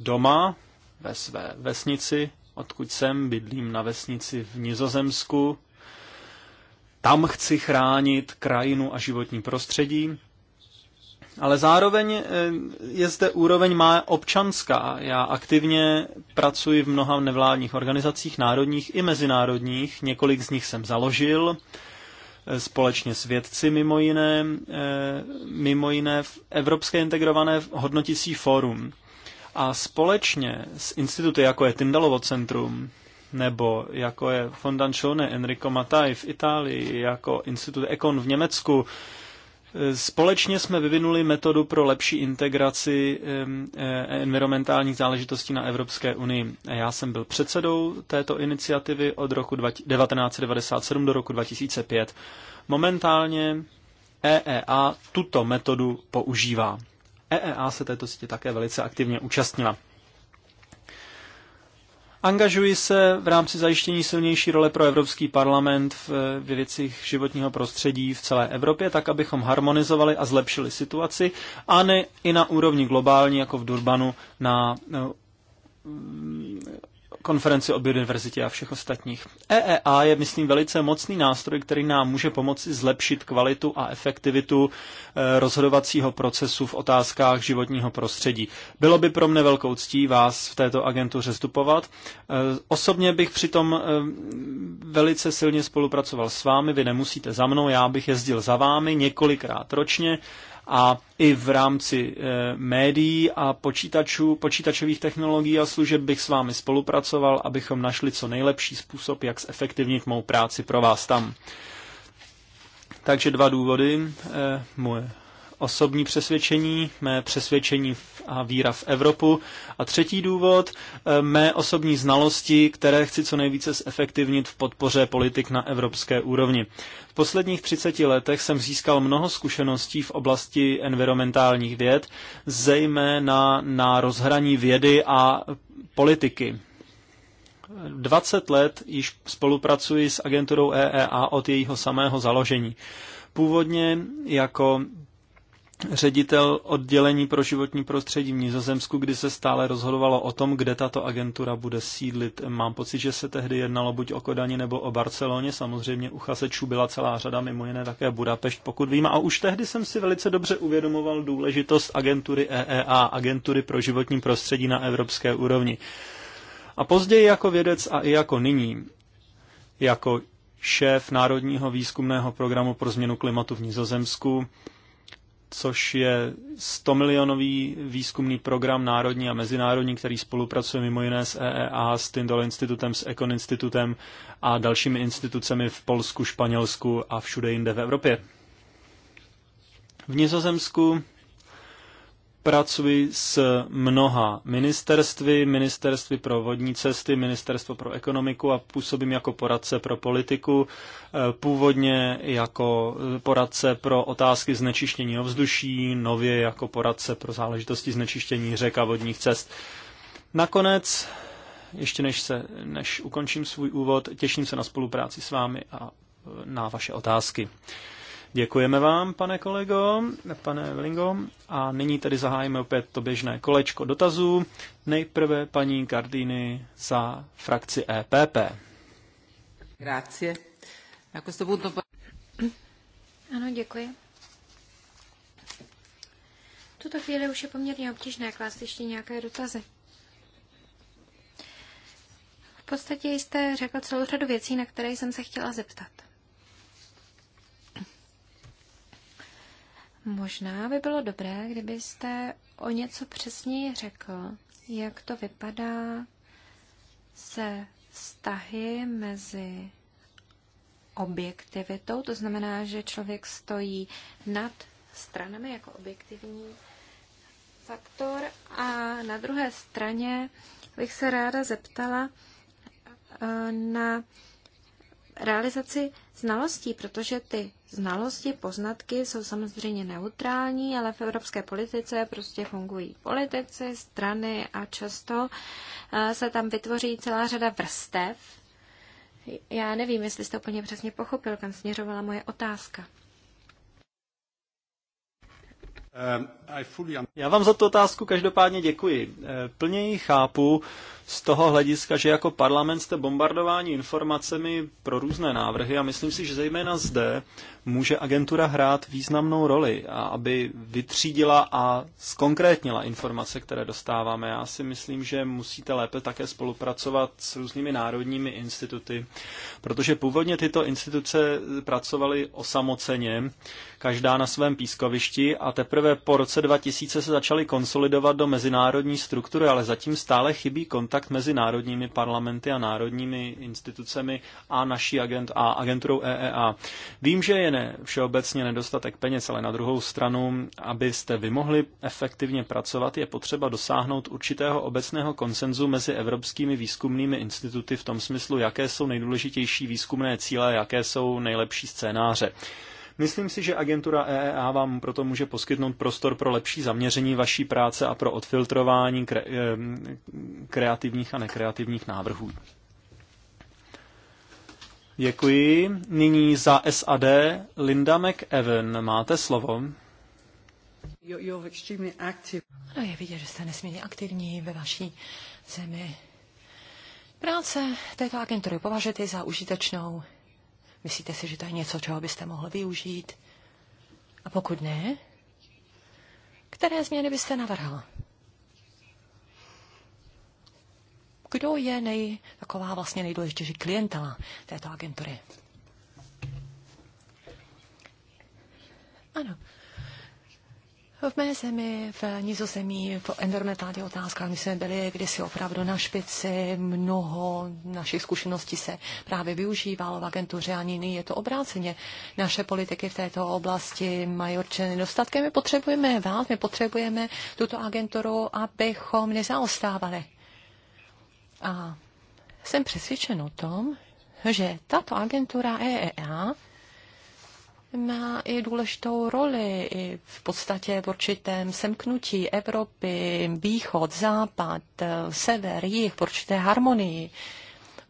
Doma, ve své vesnici, odkud jsem, bydlím na vesnici v Nizozemsku. Tam chci chránit krajinu a životní prostředí, ale zároveň eh, je zde úroveň má občanská. Já aktivně pracuji v mnoha nevládních organizacích, národních i mezinárodních. Několik z nich jsem založil eh, společně s vědci mimo jiné, eh, mimo jiné v Evropské integrované hodnotící fórum. A společně s instituty, jako je Tyndalovo centrum, nebo jako je Fondancione Enrico Mattai v Itálii, jako Institut Econ v Německu, eh, Společně jsme vyvinuli metodu pro lepší integraci eh, environmentálních záležitostí na Evropské unii. Já jsem byl předsedou této iniciativy od roku 1997 do roku 2005. Momentálně EEA tuto metodu používá. EEA se této sítě také velice aktivně účastnila. Angažuji se v rámci zajištění silnější role pro Evropský parlament v, ve věcích životního prostředí v celé Evropě, tak abychom harmonizovali a zlepšili situaci, a ne i na úrovni globální, jako v Durbanu, na no, konferenci o biodiverzitě a všech ostatních. EEA je, myslím, velice mocný nástroj, který nám může pomoci zlepšit kvalitu a efektivitu e, rozhodovacího procesu v otázkách životního prostředí. Bylo by pro mne velkou ctí vás v této agentuře vstupovat. E, osobně bych přitom e, velice silně spolupracoval s vámi, vy nemusíte za mnou, já bych jezdil za vámi několikrát ročně a i v rámci eh, médií a počítačů, počítačových technologií a služeb bych s vámi spolupracoval, abychom našli co nejlepší způsob, jak zefektivnit mou práci pro vás tam. Takže dva důvody. Eh, moje osobní přesvědčení, mé přesvědčení a víra v Evropu. A třetí důvod, eh, mé osobní znalosti, které chci co nejvíce zefektivnit v podpoře politik na evropské úrovni. V posledních 30 letech jsem získal mnoho zkušeností v oblasti environmentálních věd, zejména na rozhraní vědy a politiky. 20 let již spolupracuji s agenturou EEA od jejího samého založení. Původně jako ředitel oddělení pro životní prostředí v Nizozemsku, kdy se stále rozhodovalo o tom, kde tato agentura bude sídlit. Mám pocit, že se tehdy jednalo buď o Kodani nebo o Barceloně. Samozřejmě chasečů byla celá řada, mimo jiné také Budapešť, pokud vím. A už tehdy jsem si velice dobře uvědomoval důležitost agentury EEA, agentury pro životní prostředí na evropské úrovni. A později jako vědec a i jako nyní, jako šéf Národního výzkumného programu pro změnu klimatu v Nizozemsku, což je 100 milionový výzkumný program národní a mezinárodní, který spolupracuje mimo jiné s EEA, s Tyndall institutem, s Econ institutem a dalšími institucemi v Polsku, Španělsku a všude jinde v Evropě. V Nizozemsku spolupracuji s mnoha ministerstvy, ministerství pro vodní cesty, ministerstvo pro ekonomiku a působím jako poradce pro politiku, eh, původně jako poradce pro otázky znečištění ovzduší, nově jako poradce pro záležitosti znečištění řek a vodních cest. Nakonec, ještě než, se, než ukončím svůj úvod, těším se na spolupráci s vámi a eh, na vaše otázky. Děkujeme vám, pane kolego, pane Vlingo. A nyní tedy zahájíme opět to běžné kolečko dotazů. Nejprve paní Gardini za frakci EPP. Grazie. Jako jste budu... Ano, děkuji. V tuto chvíli už je poměrně obtížné klást ještě nějaké dotazy. V podstatě jste řekl celou řadu věcí, na které jsem se chtěla zeptat. Možná by bylo dobré, kdybyste o něco přesněji řekl, jak to vypadá se vztahy mezi objektivitou, to znamená, že člověk stojí nad stranami jako objektivní faktor a na druhé straně bych se ráda zeptala eh, na realizaci znalostí, protože ty Znalosti, poznatky jsou samozřejmě neutrální, ale v evropské politice prostě fungují politici, strany a často eh, se tam vytvoří celá řada vrstev. Já nevím, jestli jste úplně přesně pochopil, kam směřovala moje otázka. Um, já vám za tu otázku každopádně děkuji. Eh, plně ji chápu z toho hlediska, že jako parlament jste bombardováni informacemi pro různé návrhy a myslím si, že zejména zde může agentura hrát významnou roli, a aby vytřídila a zkonkrétnila informace, které dostáváme. Já si myslím, že musíte lépe také spolupracovat s různými národními instituty, protože původně tyto instituce pracovaly osamoceně, každá na svém pískovišti a teprve po roce roce 2000 se začaly konsolidovat do mezinárodní struktury, ale zatím stále chybí kontakt mezi národními parlamenty a národními institucemi a naší agent a agenturou EEA. Vím, že je ne, všeobecně nedostatek peněz, ale na druhou stranu, abyste vy mohli efektivně pracovat, je potřeba dosáhnout určitého obecného konsenzu mezi evropskými výzkumnými instituty v tom smyslu, jaké jsou nejdůležitější výzkumné cíle, jaké jsou nejlepší scénáře. Myslím si, že agentura EEA vám proto může poskytnout prostor pro lepší zaměření vaší práce a pro odfiltrování kre- kreativních a nekreativních návrhů. Děkuji. Nyní za SAD Linda McEwen. Máte slovo. No je vidět, že jste nesmírně aktivní ve vaší zemi. Práce této agentury považujete za užitečnou, Myslíte si, že to je něco, čeho byste mohl využít? A pokud ne, které změny byste navrhl? Kdo je nej, taková vlastně nejdůležitější klientela této agentury? Ano, v mé zemi, v Nizozemí, v environmentální otázkách, my jsme byli kdysi opravdu na špici, mnoho našich zkušeností se právě využívalo v agentuře a nyní je to obráceně. Naše politiky v této oblasti mají určitě nedostatky. My potřebujeme vás, my potřebujeme tuto agenturu, abychom nezaostávali. A jsem přesvědčen o tom, že tato agentura EEA má i důležitou roli i v podstatě v určitém semknutí Evropy, východ, západ, sever, jih, v určité harmonii.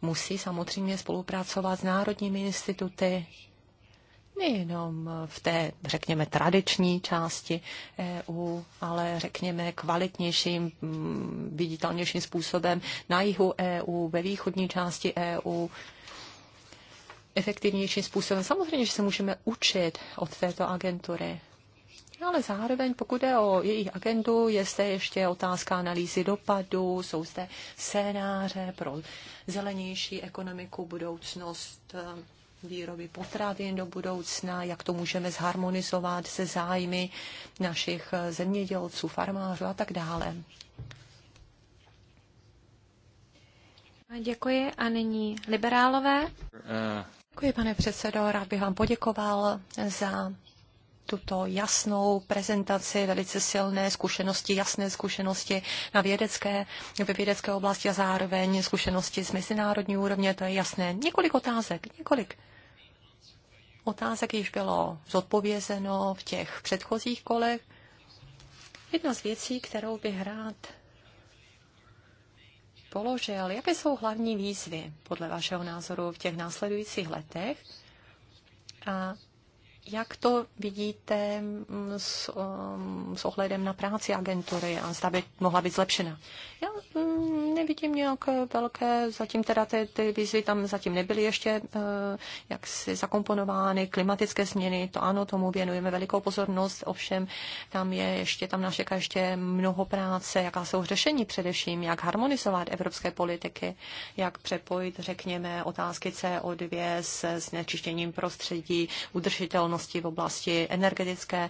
Musí samozřejmě spolupracovat s národními instituty, nejenom v té, řekněme, tradiční části EU, ale řekněme kvalitnějším, mm, viditelnějším způsobem na jihu EU, ve východní části EU, efektivnějším způsobem. Samozřejmě, že se můžeme učit od této agentury. Ale zároveň, pokud je o jejich agendu, je zde ještě otázka analýzy dopadu, jsou zde scénáře pro zelenější ekonomiku, budoucnost eh, výroby potravin do budoucna, jak to můžeme zharmonizovat se zájmy našich eh, zemědělců, farmářů a tak dále. Děkuji a nyní liberálové. Uh. Děkuji, pane předsedo. Rád bych vám poděkoval za tuto jasnou prezentaci, velice silné zkušenosti, jasné zkušenosti na vědecké, ve vědecké oblasti a zároveň zkušenosti z mezinárodní úrovně, to je jasné. Několik otázek, několik otázek již bylo zodpovězeno v těch předchozích kolech. Jedna z věcí, kterou bych rád položil, jaké jsou hlavní výzvy podle vašeho názoru v těch následujících letech a jak to vidíte mm, s, mm, s ohledem na práci agentury a zda by mohla být zlepšena? Já mm, nevidím nějak velké, zatím teda ty, ty výzvy tam zatím nebyly ještě eh, jak si zakomponovány, klimatické změny, to ano, tomu věnujeme velikou pozornost, ovšem tam je ještě, tam nás čeká ještě mnoho práce, jaká jsou řešení především, jak harmonizovat evropské politiky, jak přepojit, řekněme, otázky CO2 s znečištěním prostředí, udržitelnost udržitelnosti v oblasti energetické eh,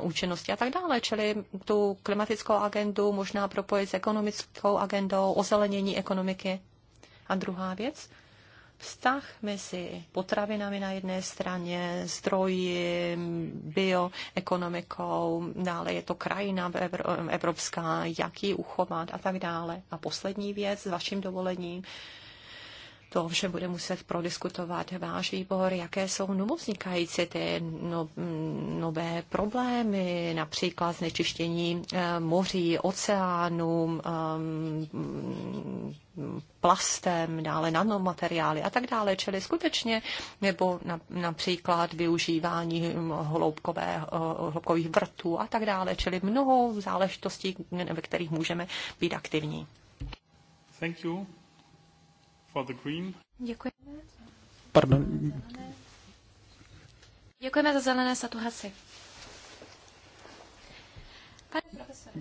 účinnosti a tak dále. Čili tu klimatickou agendu možná propojit s ekonomickou agendou, ozelenění ekonomiky. A druhá věc, vztah mezi potravinami na jedné straně, zdroji, bioekonomikou, dále je to krajina evropská, jak ji uchovat a tak dále. A poslední věc s vaším dovolením, to ovšem bude muset prodiskutovat váš výbor, jaké jsou vznikající ty no, mm, nové problémy, například znečištění eh, moří, oceánů, eh, mm, plastem, dále nanomateriály a tak dále, čili skutečně, nebo na, například využívání hm, hloubkové, eh, hloubkových vrtů a tak dále, čili mnoho záležitostí, ve kterých můžeme být aktivní. Thank you for green. Děkujeme. Pardon. Děkujeme za zelené satuhasy. Pane profesore.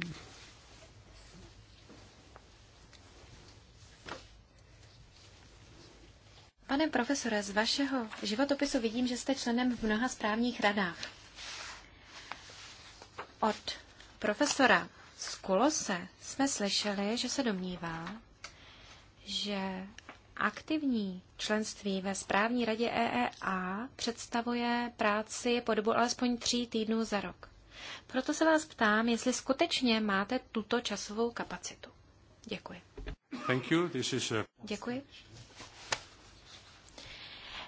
Pane profesore, z vašeho životopisu vidím, že jste členem v mnoha správních radách. Od profesora Skulose jsme slyšeli, že se domnívá, že Aktivní členství ve správní radě EEA představuje práci po dobu alespoň tří týdnů za rok. Proto se vás ptám, jestli skutečně máte tuto časovou kapacitu. Děkuji. Thank you. This is a... Děkuji.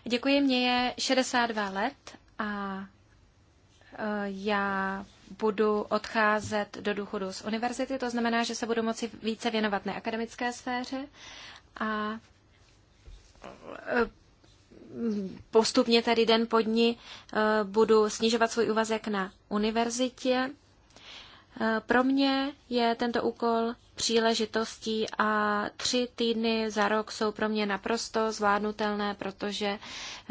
Děkuji, mě je 62 let a e, já budu odcházet do důchodu z univerzity, to znamená, že se budu moci více věnovat neakademické sféře a postupně tady den po dni eh, budu snižovat svůj úvazek na univerzitě. Eh, pro mě je tento úkol příležitostí a tři týdny za rok jsou pro mě naprosto zvládnutelné, protože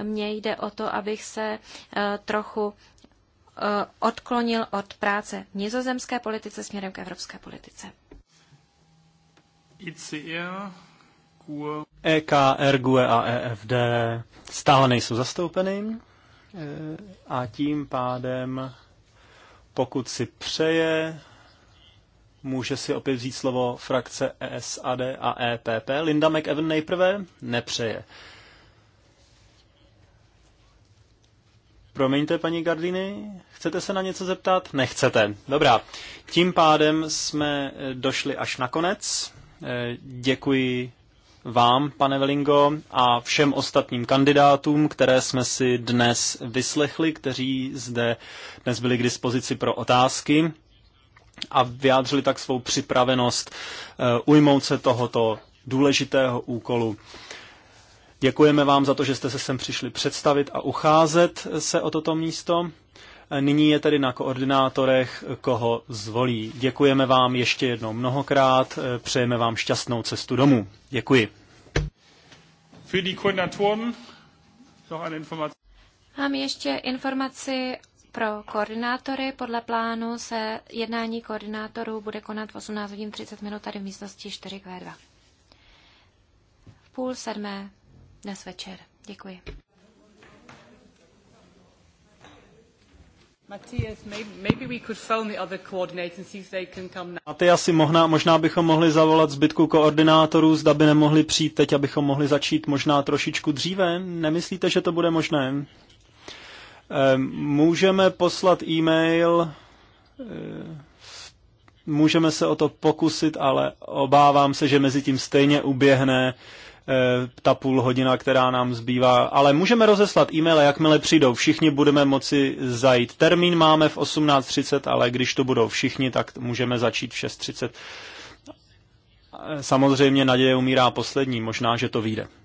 mně jde o to, abych se eh, trochu odklonil od práce v nizozemské politice směrem k evropské politice. ICR, kur... E, EKR, GUE a EFD stále nejsou zastoupeny eh, a tím pádem, pokud si přeje, může si opět vzít slovo frakce ESAD a EPP. Linda McEwen nejprve nepřeje. Promiňte, paní Gardiny, chcete se na něco zeptat? Nechcete. Dobrá. Tím pádem jsme eh, došli až na konec. Eh, děkuji vám, pane Velingo, a všem ostatním kandidátům, které jsme si dnes vyslechli, kteří zde dnes byli k dispozici pro otázky a vyjádřili tak svou připravenost eh, ujmout se tohoto důležitého úkolu. Děkujeme vám za to, že jste se sem přišli představit a ucházet se o toto místo. Nyní je tedy na koordinátorech, koho zvolí. Děkujeme vám ještě jednou mnohokrát, eh, přejeme vám šťastnou cestu domů. Děkuji. Mám ještě informaci pro koordinátory. Podle plánu se jednání koordinátorů bude konat v 18 hodin 30 minut tady v místnosti 4 k 2 V půl sedmé dnes večer. Děkuji. Matiasi, možná, možná bychom mohli zavolat zbytku koordinátorů, zda by nemohli přijít teď, abychom mohli začít možná trošičku dříve. Nemyslíte, že to bude možné? Ehm, můžeme poslat e-mail, eh, můžeme se o to pokusit, ale obávám se, že mezi tím stejně uběhne Eh, ta půl hodina, která nám zbývá, ale můžeme rozeslat e-maily, jakmile přijdou všichni, budeme moci zajít. Termín máme v 18.30, ale když to budou všichni, tak můžeme začít v 6.30. Eh, samozřejmě naděje umírá poslední, možná, že to vyjde.